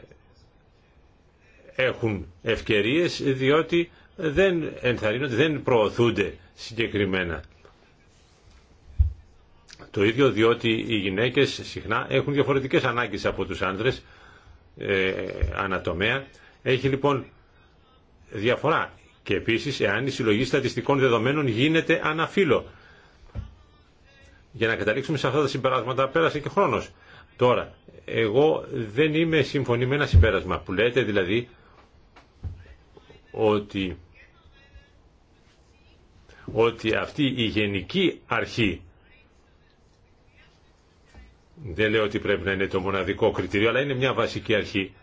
έχουν ευκαιρίες διότι δεν ενθαρρύνονται, δεν προωθούνται συγκεκριμένα. Το ίδιο διότι οι γυναίκες συχνά έχουν διαφορετικές ανάγκες από τους άντρες ε, ανατομέα. Έχει λοιπόν διαφορά και επίσης εάν η συλλογή στατιστικών δεδομένων γίνεται αναφύλο Για να καταλήξουμε σε αυτά τα συμπεράσματα πέρασε και χρόνος. Τώρα, εγώ δεν είμαι συμφωνή με ένα συμπέρασμα που λέτε δηλαδή ότι, ότι αυτή η γενική αρχή δεν λέω ότι πρέπει να είναι το μοναδικό κριτήριο αλλά είναι μια βασική αρχή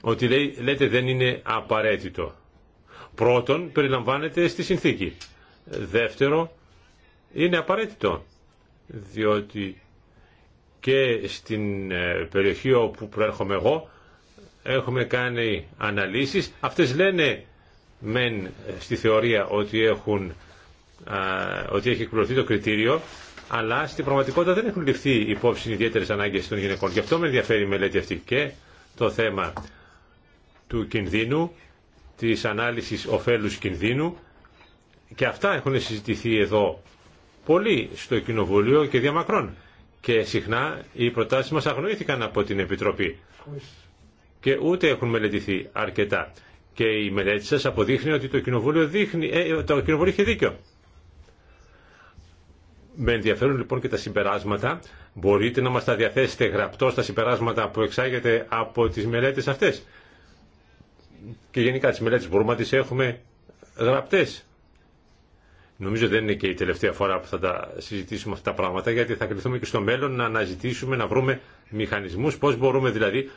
ότι λέει, λέτε δεν είναι απαραίτητο. Πρώτον, περιλαμβάνεται στη συνθήκη. Δεύτερο, είναι απαραίτητο, διότι και στην ε, περιοχή όπου προέρχομαι εγώ έχουμε κάνει αναλύσεις. Αυτές λένε μεν στη θεωρία ότι, έχουν, ότι έχει εκπληρωθεί το κριτήριο, αλλά στην πραγματικότητα δεν έχουν ληφθεί υπόψη ιδιαίτερε ανάγκε των γυναικών. Γι' αυτό με ενδιαφέρει η μελέτη αυτή και το θέμα του κινδύνου, της ανάλυσης ωφέλους κινδύνου και αυτά έχουν συζητηθεί εδώ πολύ στο Κοινοβούλιο και διαμακρών. Και συχνά οι προτάσεις μας αγνοήθηκαν από την Επιτροπή και ούτε έχουν μελετηθεί αρκετά. Και η μελέτη σας αποδείχνει ότι το Κοινοβούλιο, δείχνει, ε, το κοινοβούλιο είχε δίκιο. Με ενδιαφέρουν λοιπόν και τα συμπεράσματα. Μπορείτε να μας τα διαθέσετε γραπτό στα συμπεράσματα που εξάγεται από τις μελέτες αυτές και γενικά τις μελέτες μπορούμε να τις έχουμε γραπτές. Νομίζω δεν είναι και η τελευταία φορά που θα τα συζητήσουμε αυτά τα πράγματα γιατί θα κληθούμε και στο μέλλον να αναζητήσουμε, να βρούμε μηχανισμούς, πώς μπορούμε δηλαδή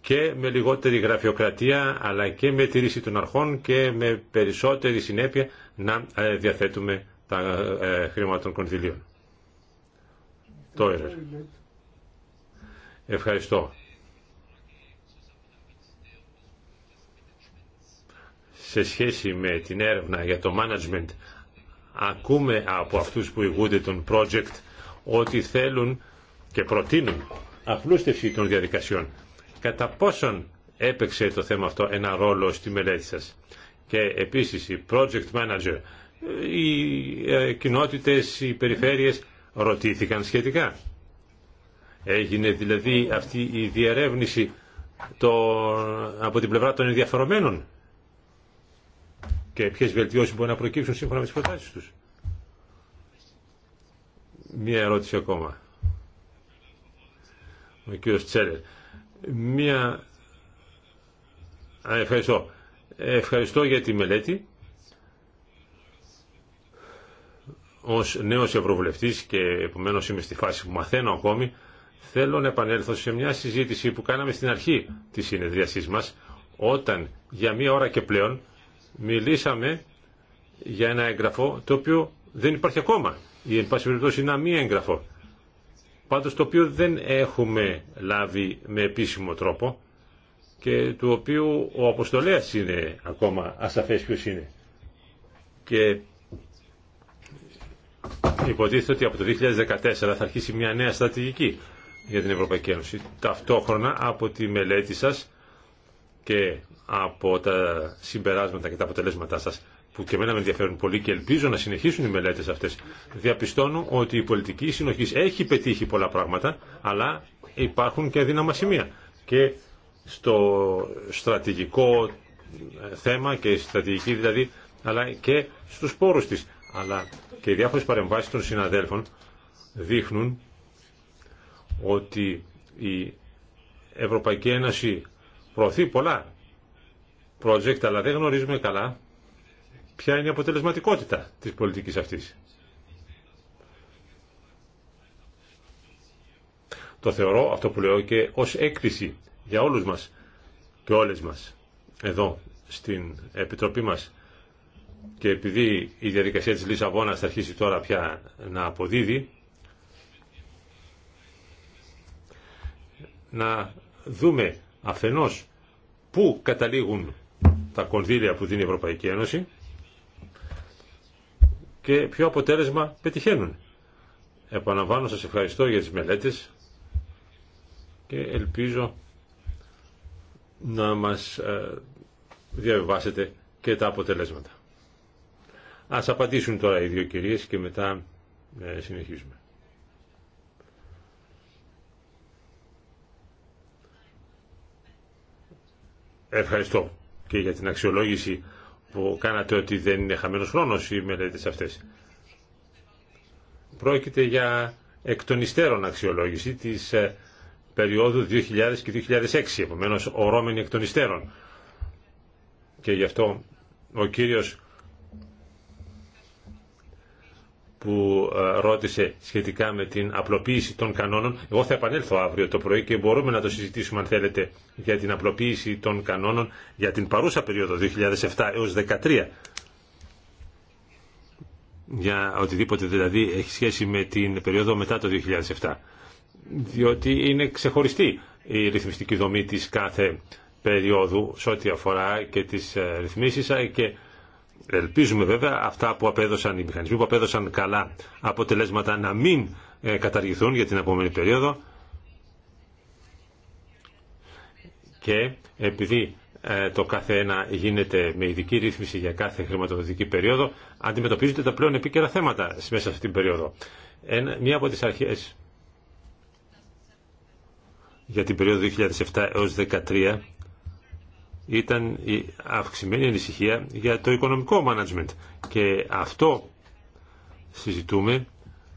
και με λιγότερη γραφειοκρατία αλλά και με τη ρίση των αρχών και με περισσότερη συνέπεια να ε, διαθέτουμε τα ε, χρήματα των κονδυλίων. Ευχαριστώ. σε σχέση με την έρευνα για το management ακούμε από αυτούς που ηγούνται τον project ότι θέλουν και προτείνουν απλούστευση των διαδικασιών. Κατά πόσον έπαιξε το θέμα αυτό ένα ρόλο στη μελέτη σας. Και επίσης οι project manager, οι ε, κοινότητες, οι περιφέρειες ρωτήθηκαν σχετικά. Έγινε δηλαδή αυτή η διερεύνηση το, από την πλευρά των ενδιαφερομένων και ποιε βελτιώσει μπορεί να προκύψουν σύμφωνα με τις προτάσει τους. Μία ερώτηση ακόμα. Ο κύριο Τσέλερ. Μία... Α, ευχαριστώ. Ευχαριστώ για τη μελέτη. Ω νέο Ευρωβουλευτή και επομένω είμαι στη φάση που μαθαίνω ακόμη, θέλω να επανέλθω σε μια συζήτηση που κάναμε στην αρχή της συνεδρίασής μας, όταν για μία ώρα και πλέον μιλήσαμε για ένα έγγραφο το οποίο δεν υπάρχει ακόμα ή εν πάση περιπτώσει είναι ένα έγγραφο πάντως το οποίο δεν έχουμε λάβει με επίσημο τρόπο και του οποίου ο αποστολέας είναι ακόμα ασαφές ποιος είναι και υποτίθεται ότι από το 2014 θα αρχίσει μια νέα στρατηγική για την Ευρωπαϊκή Ένωση ταυτόχρονα από τη μελέτη σας και από τα συμπεράσματα και τα αποτελέσματά σας που και εμένα με ενδιαφέρουν πολύ και ελπίζω να συνεχίσουν οι μελέτες αυτές. Διαπιστώνω ότι η πολιτική συνοχής έχει πετύχει πολλά πράγματα, αλλά υπάρχουν και αδύναμα σημεία. Και στο στρατηγικό ε, θέμα και στρατηγική δηλαδή, αλλά και στους πόρους της. Αλλά και οι διάφορες παρεμβάσεις των συναδέλφων δείχνουν ότι η Ευρωπαϊκή Ένωση προωθεί πολλά project, αλλά δεν γνωρίζουμε καλά ποια είναι η αποτελεσματικότητα της πολιτικής αυτής. Το θεωρώ αυτό που λέω και ως έκκληση για όλους μας και όλες μας εδώ στην Επιτροπή μας και επειδή η διαδικασία της Λισαβόνας θα αρχίσει τώρα πια να αποδίδει να δούμε αφενός πού καταλήγουν τα κονδύλια που δίνει η Ευρωπαϊκή Ένωση και ποιο αποτέλεσμα πετυχαίνουν. Επαναλαμβάνω, σας ευχαριστώ για τις μελέτες και ελπίζω να μας ε, διαβιβάσετε και τα αποτελέσματα. Ας απαντήσουν τώρα οι δύο κυρίες και μετά ε, συνεχίζουμε. Ευχαριστώ και για την αξιολόγηση που κάνατε ότι δεν είναι χαμένος χρόνος οι μελέτες αυτές. Πρόκειται για εκ των υστέρων αξιολόγηση της ε, περίοδου 2000 και 2006, επομένως ορώμενη εκ των υστέρων. Και γι' αυτό ο κύριος που ε, ρώτησε σχετικά με την απλοποίηση των κανόνων. Εγώ θα επανέλθω αύριο το πρωί και μπορούμε να το συζητήσουμε αν θέλετε για την απλοποίηση των κανόνων για την παρούσα περίοδο 2007 έως 2013. Για οτιδήποτε δηλαδή έχει σχέση με την περίοδο μετά το 2007. Διότι είναι ξεχωριστή η ρυθμιστική δομή της κάθε περίοδου σε ό,τι αφορά και τις ε, ρυθμίσεις ε, και Ελπίζουμε βέβαια αυτά που απέδωσαν οι μηχανισμοί που απέδωσαν καλά αποτελέσματα να μην ε, καταργηθούν για την επόμενη περίοδο και επειδή ε, το κάθε ένα γίνεται με ειδική ρύθμιση για κάθε χρηματοδοτική περίοδο αντιμετωπίζονται τα πλέον επίκαιρα θέματα μέσα σε αυτή την περίοδο. Μία από τις αρχές για την περίοδο 2007 έως 2013 ήταν η αυξημένη ανησυχία για το οικονομικό management. Και αυτό συζητούμε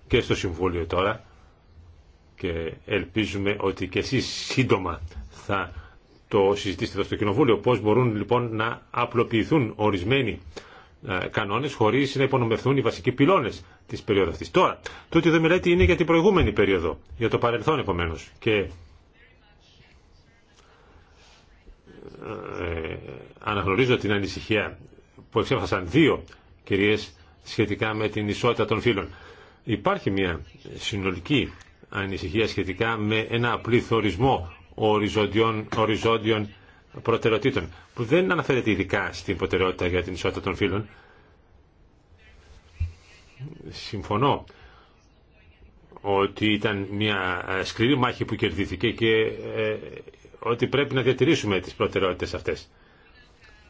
και στο Συμβούλιο τώρα και ελπίζουμε ότι και εσείς σύντομα θα το συζητήσετε εδώ στο Κοινοβούλιο. Πώς μπορούν λοιπόν να απλοποιηθούν ορισμένοι ε, κανόνες χωρίς να υπονομευθούν οι βασικοί πυλώνες της περίοδου αυτής. Τώρα, τούτη εδώ μελέτη είναι για την προηγούμενη περίοδο, για το παρελθόν επομένως. Και Ε, αναγνωρίζω την ανησυχία που εξέφασαν δύο κυρίες σχετικά με την ισότητα των φύλων. Υπάρχει μια συνολική ανησυχία σχετικά με ένα πληθωρισμό οριζόντιων, οριζόντιων προτεραιοτήτων που δεν αναφέρεται ειδικά στην προτεραιότητα για την ισότητα των φύλων. Συμφωνώ ότι ήταν μια ε, σκληρή μάχη που κερδίθηκε και ε, ότι πρέπει να διατηρήσουμε τις προτεραιότητες αυτές.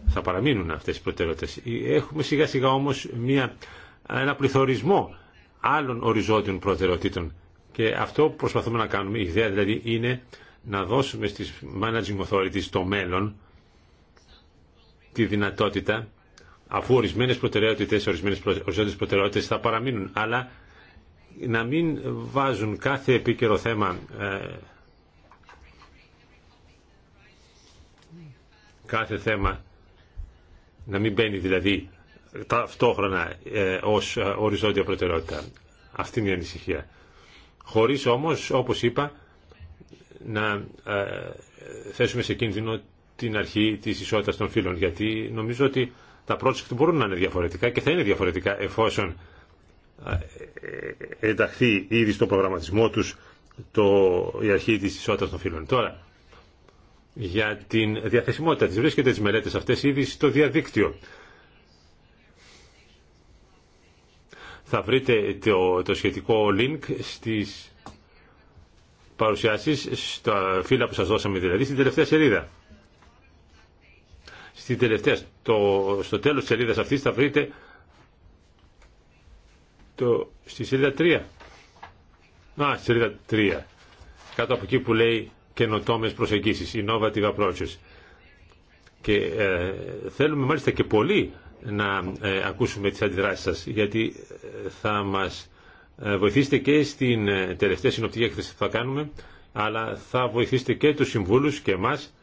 Θα παραμείνουν αυτές οι προτεραιότητες. Ε, έχουμε σιγά σιγά όμως μια, ένα πληθωρισμό άλλων οριζόντιων προτεραιοτήτων. Και αυτό που προσπαθούμε να κάνουμε, η ιδέα δηλαδή είναι να δώσουμε στις managing authorities το μέλλον τη δυνατότητα αφού ορισμένε προτεραιότητε, ορισμένε οριζόντιε προτεραιότητε θα παραμείνουν. Αλλά να μην βάζουν κάθε επίκαιρο θέμα ε, κάθε θέμα να μην μπαίνει δηλαδή ταυτόχρονα ε, ως ε, οριζόντια προτεραιότητα. Αυτή είναι η ανησυχία. Χωρίς όμως, όπως είπα, να ε, θέσουμε σε κίνδυνο την αρχή της ισότητας των φύλων, γιατί νομίζω ότι τα project μπορούν να είναι διαφορετικά και θα είναι διαφορετικά εφόσον ε, ενταχθεί ήδη στο προγραμματισμό τους το, η αρχή της ισότητας των φύλων. Τώρα, για την διαθεσιμότητα της. Βρίσκεται τις μελέτες αυτές ήδη στο διαδίκτυο. Θα βρείτε το, το σχετικό link στις παρουσιάσεις, στα φύλλα που σας δώσαμε δηλαδή, στην τελευταία σελίδα. Στη τελευταία, στο, στο τέλος της σελίδας αυτής θα βρείτε το, στη σελίδα 3. Α, στη σελίδα 3. Κάτω από εκεί που λέει καινοτόμε προσεγγίσεις, innovative approaches. Και ε, θέλουμε μάλιστα και πολύ να ε, ακούσουμε τις αντιδράσεις σας, γιατί ε, θα μας βοηθήσετε και στην τελευταία συνοπτική έκθεση που θα κάνουμε, αλλά θα βοηθήσετε και τους συμβούλους και μας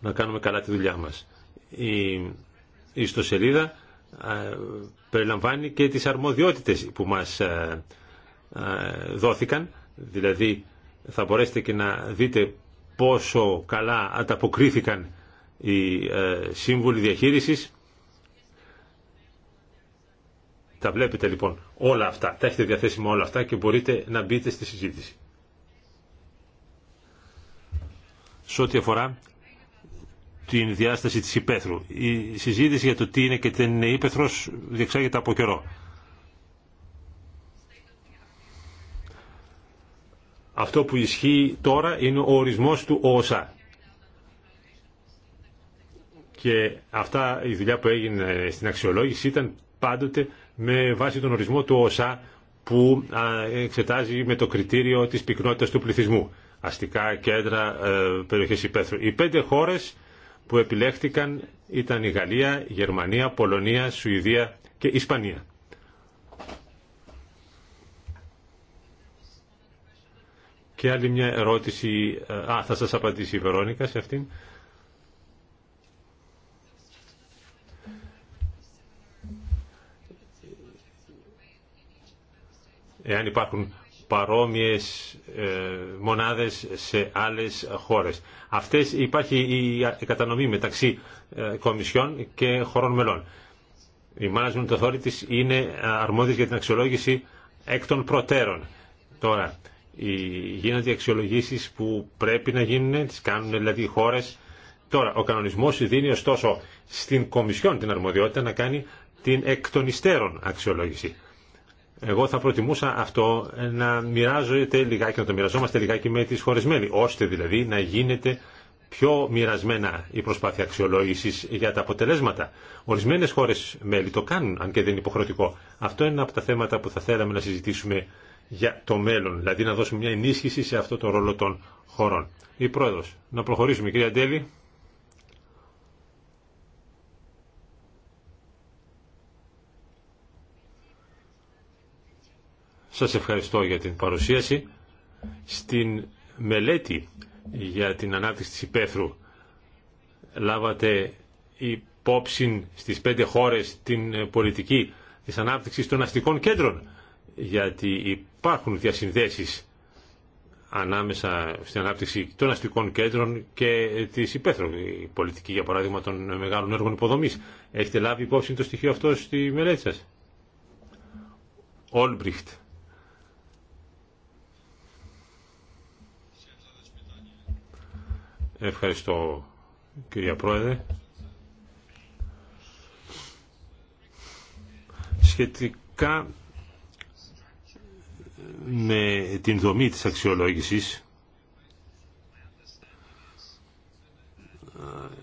να κάνουμε καλά τη δουλειά μας. Η ιστοσελίδα περιλαμβάνει και τις αρμοδιότητες που μας δόθηκαν Δηλαδή θα μπορέσετε και να δείτε πόσο καλά ανταποκρίθηκαν οι ε, σύμβουλοι διαχείρισης. Τα βλέπετε λοιπόν όλα αυτά, τα έχετε διαθέσιμα όλα αυτά και μπορείτε να μπείτε στη συζήτηση. Σε ό,τι αφορά την διάσταση της υπαίθρου. Η συζήτηση για το τι είναι και τι είναι υπαίθρος διεξάγεται από καιρό. Αυτό που ισχύει τώρα είναι ο ορισμός του ΟΣΑ. Και αυτά η δουλειά που έγινε στην αξιολόγηση ήταν πάντοτε με βάση τον ορισμό του ΟΣΑ που εξετάζει με το κριτήριο της πυκνότητας του πληθυσμού. Αστικά κέντρα, ε, περιοχές υπαίθρου. Οι πέντε χώρες που επιλέχτηκαν ήταν η Γαλλία, η Γερμανία, Πολωνία, Σουηδία και Ισπανία. Και άλλη μια ερώτηση, ε, α, θα σας απαντήσει η Βερόνικα σε αυτήν. Εάν υπάρχουν παρόμοιες ε, μονάδες σε άλλες χώρες. Αυτές υπάρχει η κατανομή μεταξύ ε, κομισιών και χωρών μελών. Η Management authority είναι αρμόδιες για την αξιολόγηση εκ των προτέρων. Τώρα, οι γίνονται αξιολογήσεις που πρέπει να γίνουν, τις κάνουν δηλαδή οι χώρες. Τώρα, ο κανονισμός δίνει ωστόσο στην Κομισιόν την αρμοδιότητα να κάνει την εκ των υστέρων αξιολόγηση. Εγώ θα προτιμούσα αυτό να μοιράζεται λιγάκι, να το μοιραζόμαστε λιγάκι με τις χώρες μέλη, ώστε δηλαδή να γίνεται πιο μοιρασμένα η προσπάθεια αξιολόγηση για τα αποτελέσματα. Ορισμένε χώρε μέλη το κάνουν, αν και δεν είναι υποχρεωτικό. Αυτό είναι ένα από τα θέματα που θα θέλαμε να συζητήσουμε για το μέλλον, δηλαδή να δώσουμε μια ενίσχυση σε αυτό το ρόλο των χωρών. Η Πρόεδρος, να προχωρήσουμε. Κυρία Ντέλη. Σας ευχαριστώ για την παρουσίαση. Στην μελέτη για την ανάπτυξη της υπαίθρου λάβατε υπόψη στις πέντε χώρες την πολιτική της ανάπτυξης των αστικών κέντρων γιατί υπάρχουν διασυνδέσεις ανάμεσα στην ανάπτυξη των αστικών κέντρων και της υπαίθρου. Η πολιτική, για παράδειγμα, των μεγάλων έργων υποδομής. Έχετε λάβει υπόψη το στοιχείο αυτό στη μελέτη σας. Όλμπριχτ. Ευχαριστώ, κυρία Πρόεδρε. Σχετικά με την δομή της αξιολόγησης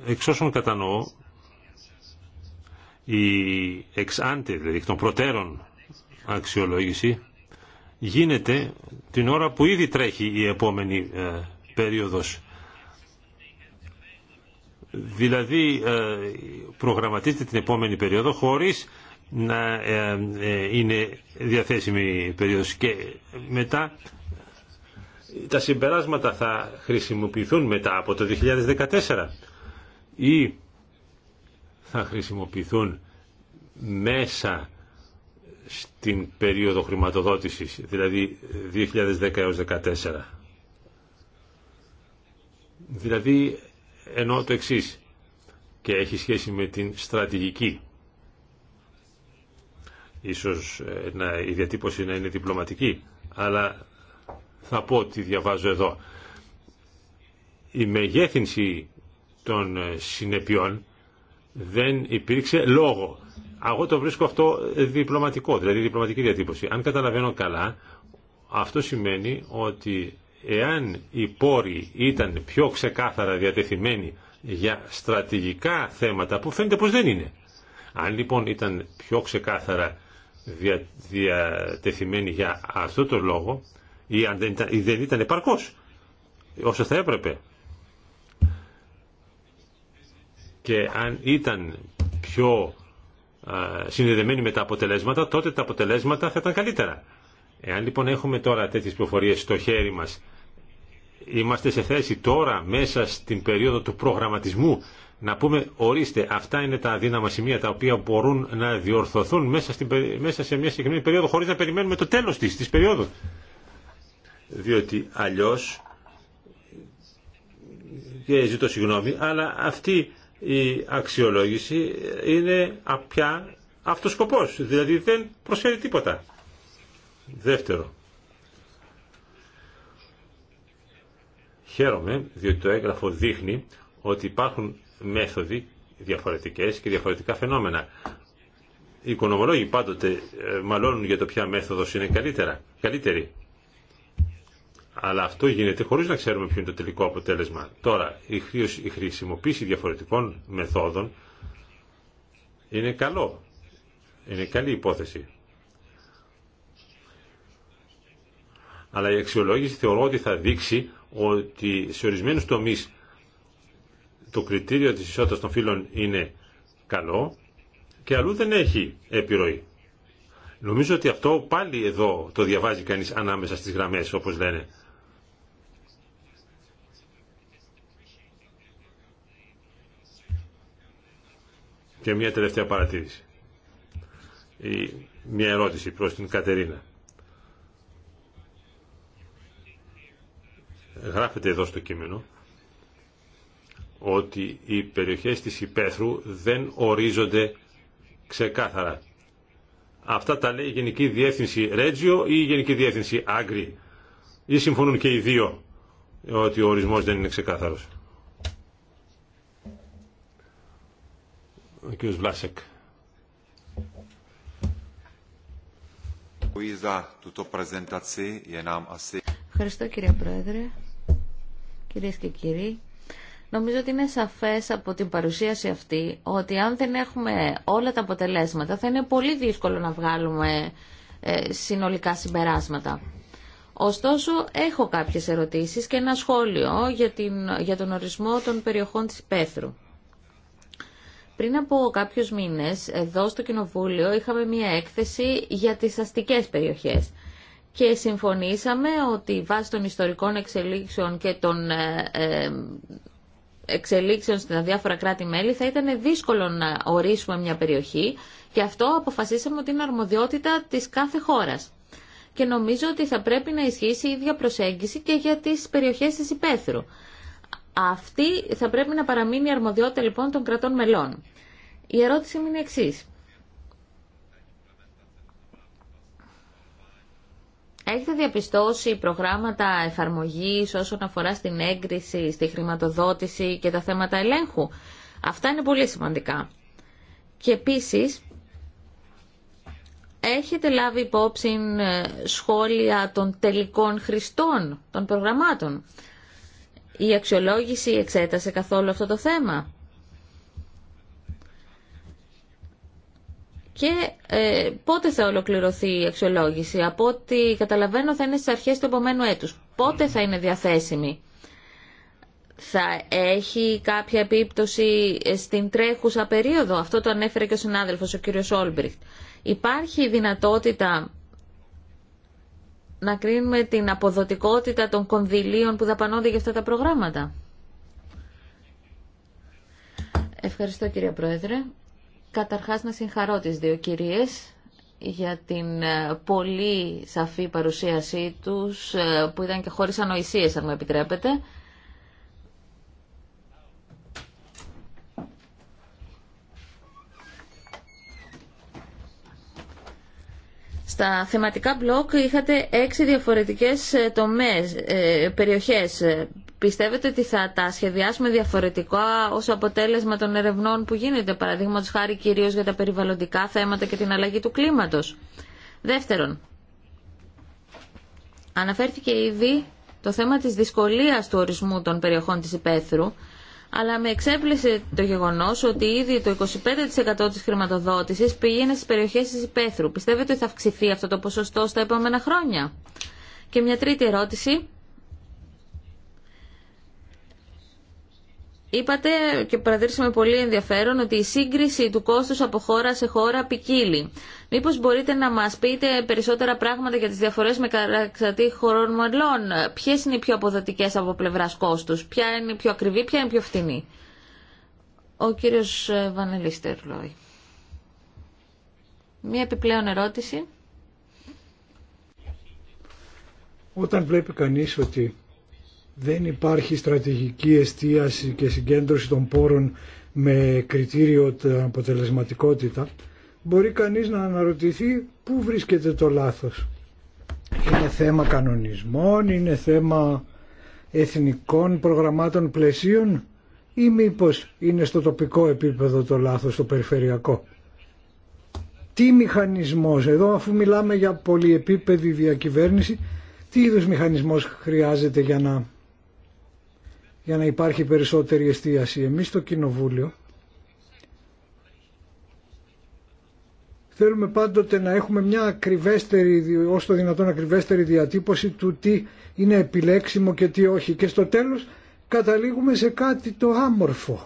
εξ όσων κατανοώ η άντε, δηλαδή των προτέρων αξιολόγηση γίνεται την ώρα που ήδη τρέχει η επόμενη ε, περίοδος δηλαδή ε, προγραμματίζεται την επόμενη περίοδο χωρίς να ε, ε, είναι διαθέσιμη η περίοδος και μετά τα συμπεράσματα θα χρησιμοποιηθούν μετά από το 2014 ή θα χρησιμοποιηθούν μέσα στην περίοδο χρηματοδότησης, δηλαδή 2010 έως 2014. Δηλαδή εννοώ το εξής και έχει σχέση με την στρατηγική Ίσως ε, η διατύπωση να είναι διπλωματική, αλλά θα πω τι διαβάζω εδώ. Η μεγέθυνση των ε, συνεπειών δεν υπήρξε λόγο. Εγώ το βρίσκω αυτό διπλωματικό, δηλαδή διπλωματική διατύπωση. Αν καταλαβαίνω καλά, αυτό σημαίνει ότι εάν οι πόροι ήταν πιο ξεκάθαρα διατεθειμένοι για στρατηγικά θέματα που φαίνεται πως δεν είναι. Αν λοιπόν ήταν πιο ξεκάθαρα διατεθειμένη για αυτό το λόγο ή αν δεν ήταν, ή δεν ήταν επαρκώς όσο θα έπρεπε και αν ήταν πιο συνδεδεμένη με τα αποτελέσματα τότε τα αποτελέσματα θα ήταν καλύτερα εάν λοιπόν έχουμε τώρα τέτοιες πληροφορίες στο χέρι μας είμαστε σε θέση τώρα μέσα στην περίοδο του προγραμματισμού να πούμε ορίστε αυτά είναι τα αδύναμα σημεία τα οποία μπορούν να διορθωθούν μέσα, στην, μέσα σε μια συγκεκριμένη περίοδο χωρίς να περιμένουμε το τέλος της, της περίοδου. Διότι αλλιώς, και ζητώ συγγνώμη, αλλά αυτή η αξιολόγηση είναι πια αυτός δηλαδή δεν προσφέρει τίποτα. Δεύτερο. Χαίρομαι διότι το έγγραφο δείχνει ότι υπάρχουν μέθοδοι διαφορετικές και διαφορετικά φαινόμενα. Οι οικονομολόγοι πάντοτε ε, μαλώνουν για το ποια μέθοδος είναι καλύτερα, καλύτερη. Αλλά αυτό γίνεται χωρίς να ξέρουμε ποιο είναι το τελικό αποτέλεσμα. Τώρα, η χρησιμοποίηση διαφορετικών μεθόδων είναι καλό. Είναι καλή υπόθεση. Αλλά η αξιολόγηση θεωρώ ότι θα δείξει ότι σε ορισμένου τομεί το κριτήριο της ισότητας των φίλων είναι καλό και αλλού δεν έχει επιρροή. Νομίζω ότι αυτό πάλι εδώ το διαβάζει κανείς ανάμεσα στις γραμμές όπως λένε. Και μια τελευταία παρατήρηση. Ή μια ερώτηση προς την Κατερίνα. Γράφεται εδώ στο κείμενο ότι οι περιοχές της υπαίθρου δεν ορίζονται ξεκάθαρα. Αυτά τα λέει η Γενική Διεύθυνση Ρέτζιο ή η Γενική Διεύθυνση Άγκρι Ή συμφωνούν και οι δύο ότι ο ορισμός δεν είναι ξεκάθαρος. Ο κ. Βλάσεκ. Ευχαριστώ κύριε Πρόεδρε, κυρίες και κύριοι. Νομίζω ότι είναι σαφές από την παρουσίαση αυτή ότι αν δεν έχουμε όλα τα αποτελέσματα θα είναι πολύ δύσκολο να βγάλουμε ε, συνολικά συμπεράσματα. Ωστόσο, έχω κάποιες ερωτήσεις και ένα σχόλιο για, την, για τον ορισμό των περιοχών της Πέθρου. Πριν από κάποιους μήνες, εδώ στο Κοινοβούλιο είχαμε μία έκθεση για τις αστικές περιοχές και συμφωνήσαμε ότι βάσει των ιστορικών εξελίξεων και των ε, ε, εξελίξεων στα διάφορα κράτη-μέλη θα ήταν δύσκολο να ορίσουμε μια περιοχή και αυτό αποφασίσαμε ότι είναι αρμοδιότητα της κάθε χώρας. Και νομίζω ότι θα πρέπει να ισχύσει η ίδια προσέγγιση και για τις περιοχές της υπαίθρου. Αυτή θα πρέπει να παραμείνει η αρμοδιότητα λοιπόν των κρατών μελών. Η ερώτηση μου είναι εξή. Έχετε διαπιστώσει προγράμματα εφαρμογής όσον αφορά στην έγκριση, στη χρηματοδότηση και τα θέματα ελέγχου. Αυτά είναι πολύ σημαντικά. Και επίσης, έχετε λάβει υπόψη ε, σχόλια των τελικών χρηστών των προγραμμάτων. Η αξιολόγηση εξέτασε καθόλου αυτό το θέμα. Και ε, πότε θα ολοκληρωθεί η αξιολόγηση. Από ό,τι καταλαβαίνω θα είναι στις αρχές του επόμενου έτους. Πότε θα είναι διαθέσιμη. Θα έχει κάποια επίπτωση στην τρέχουσα περίοδο. Αυτό το ανέφερε και ο συνάδελφος, ο κύριος Όλμπριχτ. Υπάρχει δυνατότητα να κρίνουμε την αποδοτικότητα των κονδυλίων που δαπανώνται για αυτά τα προγράμματα. Ευχαριστώ κύριε Πρόεδρε. Καταρχάς να συγχαρώ τις δύο κυρίες για την ε, πολύ σαφή παρουσίασή τους ε, που ήταν και χωρίς ανοησίες αν μου επιτρέπετε. Στα θεματικά μπλοκ είχατε έξι διαφορετικές ε, τομές, περιοχές Πιστεύετε ότι θα τα σχεδιάσουμε διαφορετικά ω αποτέλεσμα των ερευνών που γίνεται, παραδείγματο χάρη κυρίω για τα περιβαλλοντικά θέματα και την αλλαγή του κλίματο. Δεύτερον, αναφέρθηκε ήδη το θέμα της δυσκολίας του ορισμού των περιοχών της υπαίθρου, αλλά με εξέπλησε το γεγονός ότι ήδη το 25% της χρηματοδότησης πήγαινε στις περιοχές της υπαίθρου. Πιστεύετε ότι θα αυξηθεί αυτό το ποσοστό στα επόμενα χρόνια. Και μια τρίτη ερώτηση Είπατε και παρατήρησαμε πολύ ενδιαφέρον ότι η σύγκριση του κόστους από χώρα σε χώρα ποικίλει. Μήπως μπορείτε να μας πείτε περισσότερα πράγματα για τις διαφορές με καταξατή χωρών μελών. Ποιες είναι οι πιο αποδοτικές από πλευράς κόστους, ποια είναι η πιο ακριβή, ποια είναι η πιο φθηνή. Ο κύριος ε, Βανελίστερ Λόι. Μία επιπλέον ερώτηση. Όταν βλέπει κανείς ότι δεν υπάρχει στρατηγική εστίαση και συγκέντρωση των πόρων με κριτήριο αποτελεσματικότητα, μπορεί κανείς να αναρωτηθεί πού βρίσκεται το λάθος. Είναι θέμα κανονισμών, είναι θέμα εθνικών προγραμμάτων πλαισίων ή μήπω είναι στο τοπικό επίπεδο το λάθος, στο περιφερειακό. Τι μηχανισμός, εδώ αφού μιλάμε για πολυεπίπεδη διακυβέρνηση, τι είδους μηχανισμός χρειάζεται για να για να υπάρχει περισσότερη εστίαση. Εμείς στο Κοινοβούλιο θέλουμε πάντοτε να έχουμε μια ακριβέστερη, όσο το δυνατόν ακριβέστερη διατύπωση του τι είναι επιλέξιμο και τι όχι. Και στο τέλος καταλήγουμε σε κάτι το άμορφο.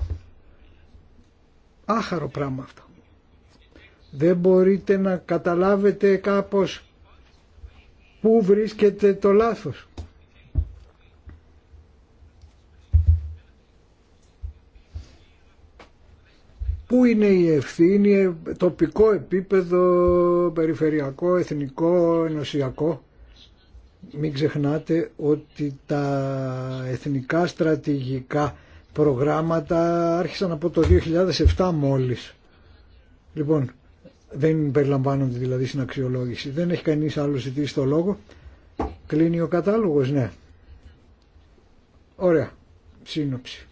Άχαρο πράγμα αυτό. Δεν μπορείτε να καταλάβετε κάπως πού βρίσκεται το λάθος. Πού είναι η ευθύνη, ε, τοπικό επίπεδο, περιφερειακό, εθνικό, ενωσιακό. Μην ξεχνάτε ότι τα εθνικά στρατηγικά προγράμματα άρχισαν από το 2007 μόλις. Λοιπόν, δεν περιλαμβάνονται δηλαδή στην αξιολόγηση. Δεν έχει κανείς άλλο ζητήσει το λόγο. Κλείνει ο κατάλογος, ναι. Ωραία. Σύνοψη.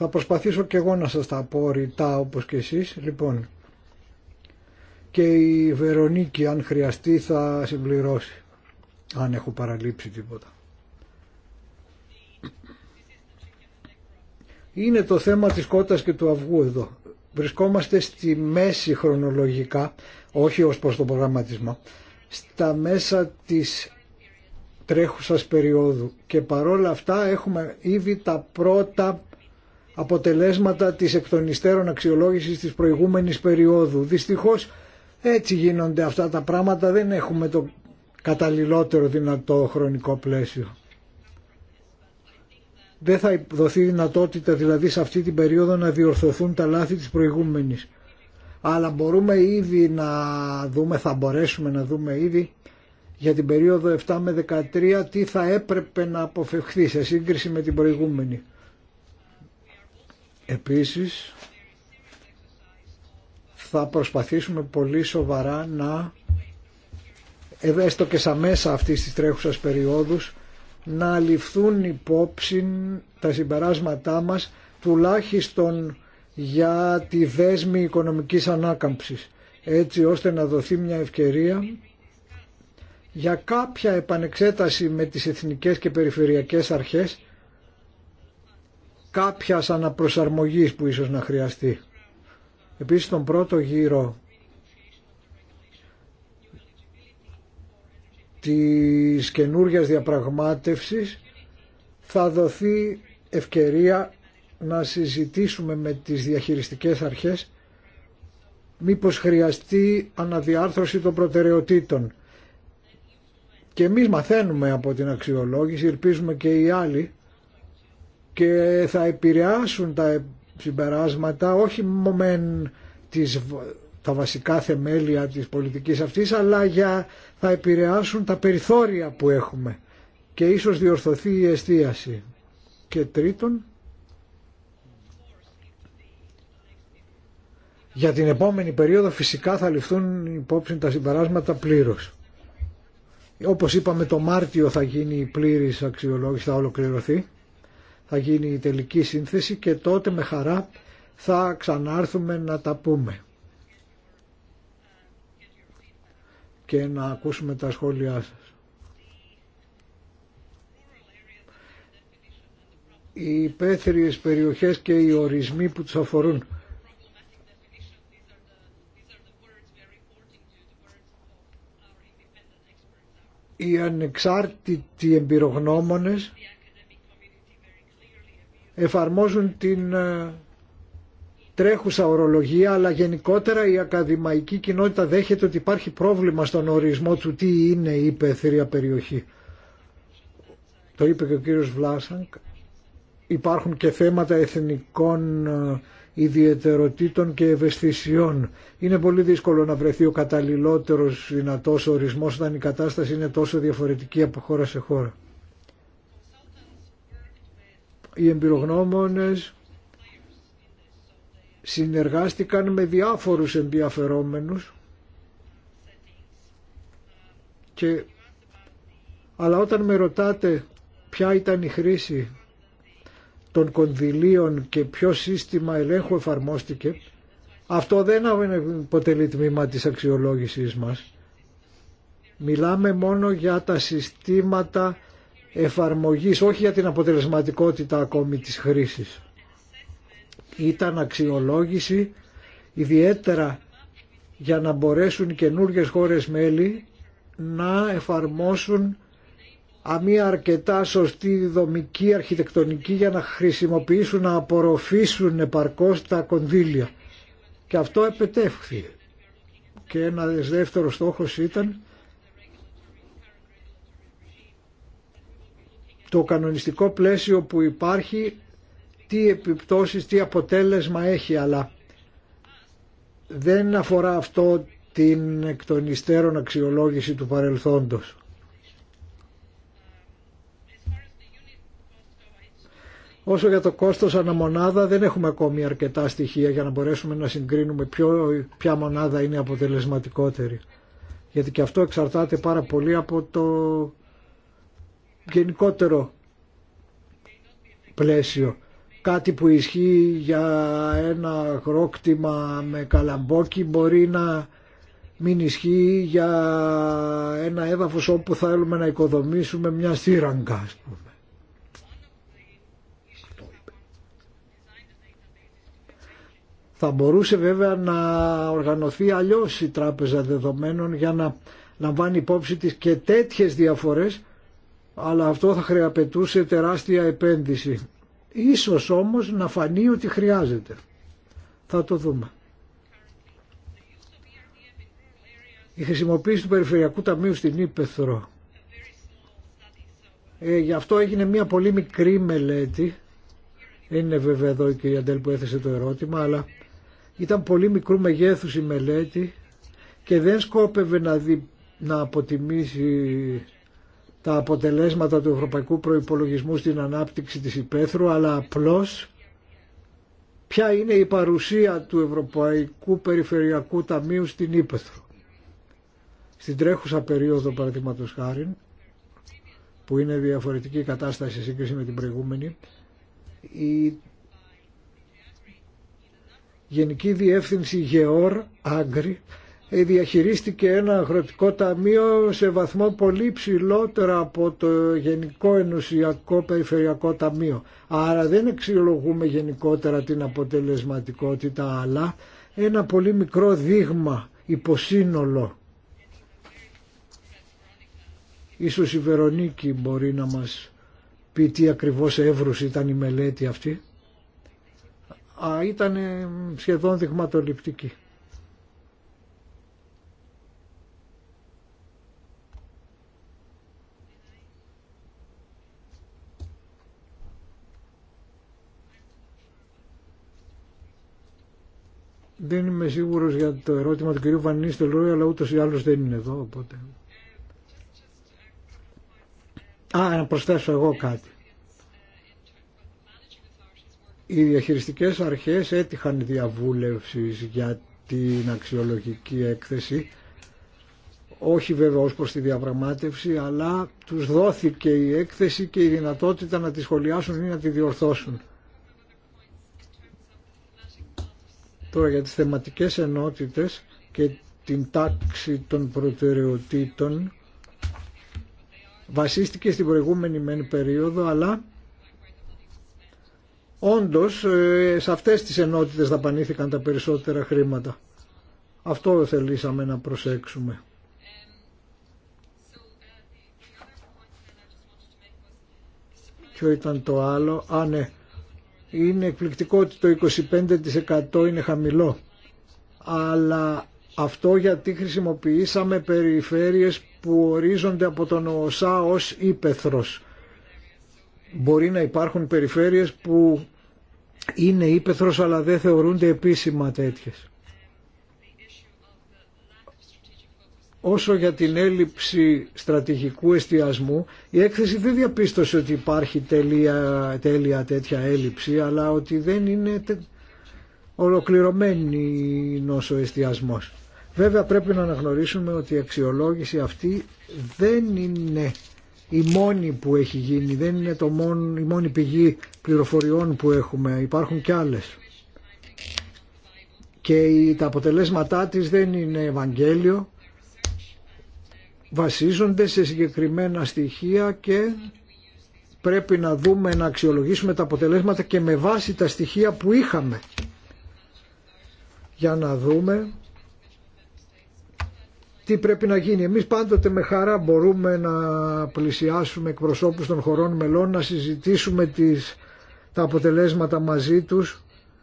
Θα προσπαθήσω και εγώ να σας τα πω ρητά όπως και εσείς. Λοιπόν, και η Βερονίκη αν χρειαστεί θα συμπληρώσει, αν έχω παραλείψει τίποτα. Είναι το θέμα της κότας και του αυγού εδώ. Βρισκόμαστε στη μέση χρονολογικά, όχι ως προς το προγραμματισμό, στα μέσα της τρέχουσας περίοδου και παρόλα αυτά έχουμε ήδη τα πρώτα αποτελέσματα της εκτονιστέρων αξιολόγησης της προηγούμενης περίοδου. Δυστυχώς έτσι γίνονται αυτά τα πράγματα, δεν έχουμε το καταλληλότερο δυνατό χρονικό πλαίσιο. Δεν θα δοθεί δυνατότητα δηλαδή σε αυτή την περίοδο να διορθωθούν τα λάθη της προηγούμενης. Αλλά μπορούμε ήδη να δούμε, θα μπορέσουμε να δούμε ήδη για την περίοδο 7 με 13 τι θα έπρεπε να αποφευχθεί σε σύγκριση με την προηγούμενη. Επίσης θα προσπαθήσουμε πολύ σοβαρά να έστω και στα μέσα αυτής της τρέχουσας περίοδους να ληφθούν υπόψη τα συμπεράσματά μας τουλάχιστον για τη δέσμη οικονομικής ανάκαμψης έτσι ώστε να δοθεί μια ευκαιρία για κάποια επανεξέταση με τις εθνικές και περιφερειακές αρχές κάποιας αναπροσαρμογής που ίσως να χρειαστεί. Επίσης τον πρώτο γύρο της καινούργιας διαπραγμάτευσης θα δοθεί ευκαιρία να συζητήσουμε με τις διαχειριστικές αρχές μήπως χρειαστεί αναδιάρθρωση των προτεραιοτήτων. Και εμείς μαθαίνουμε από την αξιολόγηση, ελπίζουμε και οι άλλοι και θα επηρεάσουν τα συμπεράσματα όχι μομεν τις, τα βασικά θεμέλια της πολιτικής αυτής αλλά για, θα επηρεάσουν τα περιθώρια που έχουμε και ίσως διορθωθεί η εστίαση. Και τρίτον, για την επόμενη περίοδο φυσικά θα ληφθούν υπόψη τα συμπεράσματα πλήρως. Όπως είπαμε το Μάρτιο θα γίνει η πλήρης αξιολόγηση, θα ολοκληρωθεί θα γίνει η τελική σύνθεση και τότε με χαρά θα ξανάρθουμε να τα πούμε. και να ακούσουμε τα σχόλιά σας. Οι υπαίθριες περιοχές και οι ορισμοί που τους αφορούν. Οι ανεξάρτητοι εμπειρογνώμονες εφαρμόζουν την ε, τρέχουσα ορολογία, αλλά γενικότερα η ακαδημαϊκή κοινότητα δέχεται ότι υπάρχει πρόβλημα στον ορισμό του τι είναι η υπεθύρια περιοχή. Το είπε και ο κύριος Βλάσανκ. Υπάρχουν και θέματα εθνικών ε, ιδιαιτεροτήτων και ευαισθησιών. Είναι πολύ δύσκολο να βρεθεί ο καταλληλότερος δυνατός ορισμός όταν η κατάσταση είναι τόσο διαφορετική από χώρα σε χώρα οι εμπειρογνώμονες συνεργάστηκαν με διάφορους ενδιαφερόμενους και αλλά όταν με ρωτάτε ποια ήταν η χρήση των κονδυλίων και ποιο σύστημα ελέγχου εφαρμόστηκε, αυτό δεν αποτελεί τμήμα της αξιολόγησής μας. Μιλάμε μόνο για τα συστήματα εφαρμογής, όχι για την αποτελεσματικότητα ακόμη της χρήσης. Ήταν αξιολόγηση ιδιαίτερα για να μπορέσουν οι καινούργιες χώρες μέλη να εφαρμόσουν αμία αρκετά σωστή δομική αρχιτεκτονική για να χρησιμοποιήσουν, να απορροφήσουν επαρκώς τα κονδύλια. Και αυτό επετεύχθη. Και ένα δεύτερο στόχος ήταν το κανονιστικό πλαίσιο που υπάρχει τι επιπτώσεις, τι αποτέλεσμα έχει, αλλά δεν αφορά αυτό την εκ των υστέρων αξιολόγηση του παρελθόντος. Όσο για το κόστος αναμονάδα δεν έχουμε ακόμη αρκετά στοιχεία για να μπορέσουμε να συγκρίνουμε ποια μονάδα είναι αποτελεσματικότερη. Γιατί και αυτό εξαρτάται πάρα πολύ από το γενικότερο πλαίσιο. Κάτι που ισχύει για ένα χρόκτημα με καλαμπόκι μπορεί να μην ισχύει για ένα έδαφος όπου θέλουμε να οικοδομήσουμε μια σύραγγα πούμε. Θα μπορούσε βέβαια να οργανωθεί αλλιώς η τράπεζα δεδομένων για να λαμβάνει υπόψη της και τέτοιες διαφορές αλλά αυτό θα χρειαπετούσε τεράστια επένδυση. Ίσως όμως να φανεί ότι χρειάζεται. Θα το δούμε. Η χρησιμοποίηση του Περιφερειακού Ταμείου στην Ήπεθρο. Ε, γι' αυτό έγινε μια πολύ μικρή μελέτη. είναι βέβαια εδώ η κυρία Ντέλ που έθεσε το ερώτημα, αλλά ήταν πολύ μικρού μεγέθους η μελέτη και δεν σκόπευε να, δει, να αποτιμήσει τα αποτελέσματα του ευρωπαϊκού προϋπολογισμού στην ανάπτυξη της υπαίθρου, αλλά απλώς ποια είναι η παρουσία του Ευρωπαϊκού Περιφερειακού Ταμείου στην Ήπεθρο. Στην τρέχουσα περίοδο παραδείγματο χάρη, που είναι διαφορετική κατάσταση σε σύγκριση με την προηγούμενη, η Γενική Διεύθυνση Γεώρ Άγκρη ε, διαχειρίστηκε ένα αγροτικό ταμείο σε βαθμό πολύ ψηλότερα από το Γενικό Ενωσιακό Περιφερειακό Ταμείο. Άρα δεν εξυλογούμε γενικότερα την αποτελεσματικότητα, αλλά ένα πολύ μικρό δείγμα υποσύνολο. Ίσως η Βερονίκη μπορεί να μας πει τι ακριβώς εύρους ήταν η μελέτη αυτή. ήταν σχεδόν δειγματοληπτική. Δεν είμαι σίγουρος για το ερώτημα του κυρίου Βανίστελ Ρόι, αλλά ούτως ή άλλως δεν είναι εδώ, οπότε... Α, να προσθέσω εγώ κάτι. Οι διαχειριστικές αρχές έτυχαν διαβούλευσης για την αξιολογική έκθεση, όχι βέβαια ως προς τη διαπραγμάτευση, αλλά τους δόθηκε η έκθεση και η δυνατότητα να τη σχολιάσουν ή να τη διορθώσουν. Τώρα για τις θεματικές ενότητες και την τάξη των προτεραιοτήτων βασίστηκε στην προηγούμενη μεν περίοδο αλλά όντως ε, σε αυτές τις ενότητες δαπανήθηκαν τα περισσότερα χρήματα. Αυτό θελήσαμε να προσέξουμε. Ποιο ήταν το άλλο. Α, ναι. Είναι εκπληκτικό ότι το 25% είναι χαμηλό. Αλλά αυτό γιατί χρησιμοποιήσαμε περιφέρειες που ορίζονται από τον ΟΣΑ ως ύπεθρος. Μπορεί να υπάρχουν περιφέρειες που είναι ύπεθρος αλλά δεν θεωρούνται επίσημα τέτοιες. Όσο για την έλλειψη στρατηγικού εστιασμού, η έκθεση δεν διαπίστωσε ότι υπάρχει τέλεια, τέλεια τέτοια έλλειψη, αλλά ότι δεν είναι ολοκληρωμένη ο εστιασμός. Βέβαια πρέπει να αναγνωρίσουμε ότι η αξιολόγηση αυτή δεν είναι η μόνη που έχει γίνει, δεν είναι το μόνο, η μόνη πηγή πληροφοριών που έχουμε, υπάρχουν κι άλλες. Και τα αποτελέσματά της δεν είναι Ευαγγέλιο, βασίζονται σε συγκεκριμένα στοιχεία και πρέπει να δούμε να αξιολογήσουμε τα αποτελέσματα και με βάση τα στοιχεία που είχαμε για να δούμε τι πρέπει να γίνει. Εμείς πάντοτε με χαρά μπορούμε να πλησιάσουμε εκπροσώπους των χωρών μελών, να συζητήσουμε τις, τα αποτελέσματα μαζί τους.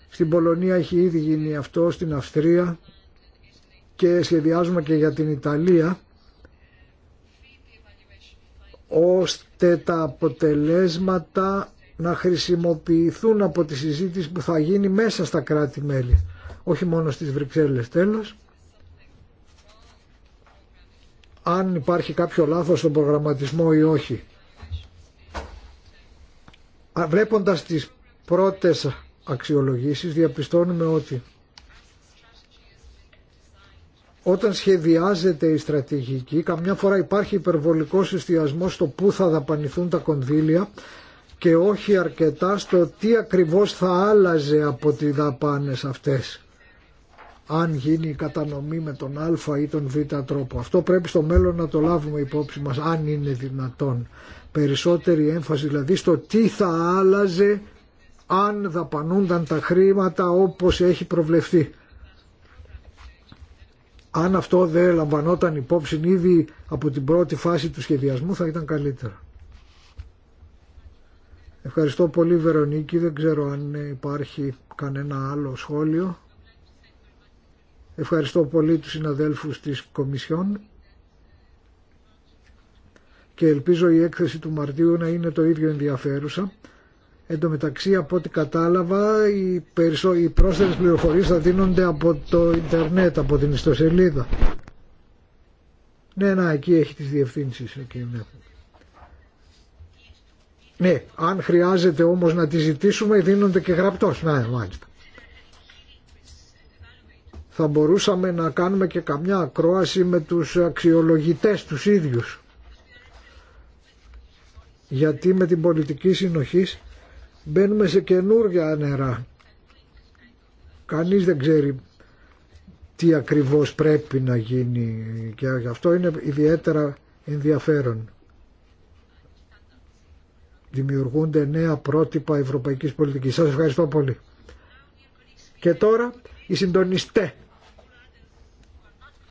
Στην Πολωνία έχει ήδη γίνει αυτό, στην Αυστρία και σχεδιάζουμε και για την Ιταλία ώστε τα αποτελέσματα να χρησιμοποιηθούν από τη συζήτηση που θα γίνει μέσα στα κράτη-μέλη, όχι μόνο στις Βρυξέλλες τέλος. Αν υπάρχει κάποιο λάθος στον προγραμματισμό ή όχι. Βλέποντας τις πρώτες αξιολογήσεις διαπιστώνουμε ότι όταν σχεδιάζεται η στρατηγική, καμιά φορά υπάρχει υπερβολικό εστιασμός στο πού θα δαπανηθούν τα κονδύλια και όχι αρκετά στο τι ακριβώς θα άλλαζε από τι δαπάνες αυτές. Αν γίνει η κατανομή με τον α ή τον β τρόπο. Αυτό πρέπει στο μέλλον να το λάβουμε υπόψη μας, αν είναι δυνατόν. Περισσότερη έμφαση δηλαδή στο τι θα άλλαζε αν δαπανούνταν τα χρήματα όπως έχει προβλεφθεί. Αν αυτό δεν λαμβανόταν υπόψη ήδη από την πρώτη φάση του σχεδιασμού θα ήταν καλύτερα. Ευχαριστώ πολύ Βερονίκη, δεν ξέρω αν υπάρχει κανένα άλλο σχόλιο. Ευχαριστώ πολύ τους συναδέλφους της Κομισιόν και ελπίζω η έκθεση του Μαρτίου να είναι το ίδιο ενδιαφέρουσα Εν τω μεταξύ από ό,τι κατάλαβα οι, περισσο... οι πρόσθετες πληροφορίες θα δίνονται από το ίντερνετ, από την ιστοσελίδα. Ναι, να, εκεί έχει τις διευθύνσεις. Εκεί, ναι. ναι, αν χρειάζεται όμως να τη ζητήσουμε δίνονται και γραπτός. Να, μάλιστα. Θα μπορούσαμε να κάνουμε και καμιά ακρόαση με τους αξιολογητές τους ίδιους. Γιατί με την πολιτική συνοχής μπαίνουμε σε καινούργια νερά. Κανείς δεν ξέρει τι ακριβώς πρέπει να γίνει και αυτό είναι ιδιαίτερα ενδιαφέρον. Δημιουργούνται νέα πρότυπα ευρωπαϊκής πολιτικής. Σας ευχαριστώ πολύ. Και τώρα οι συντονιστέ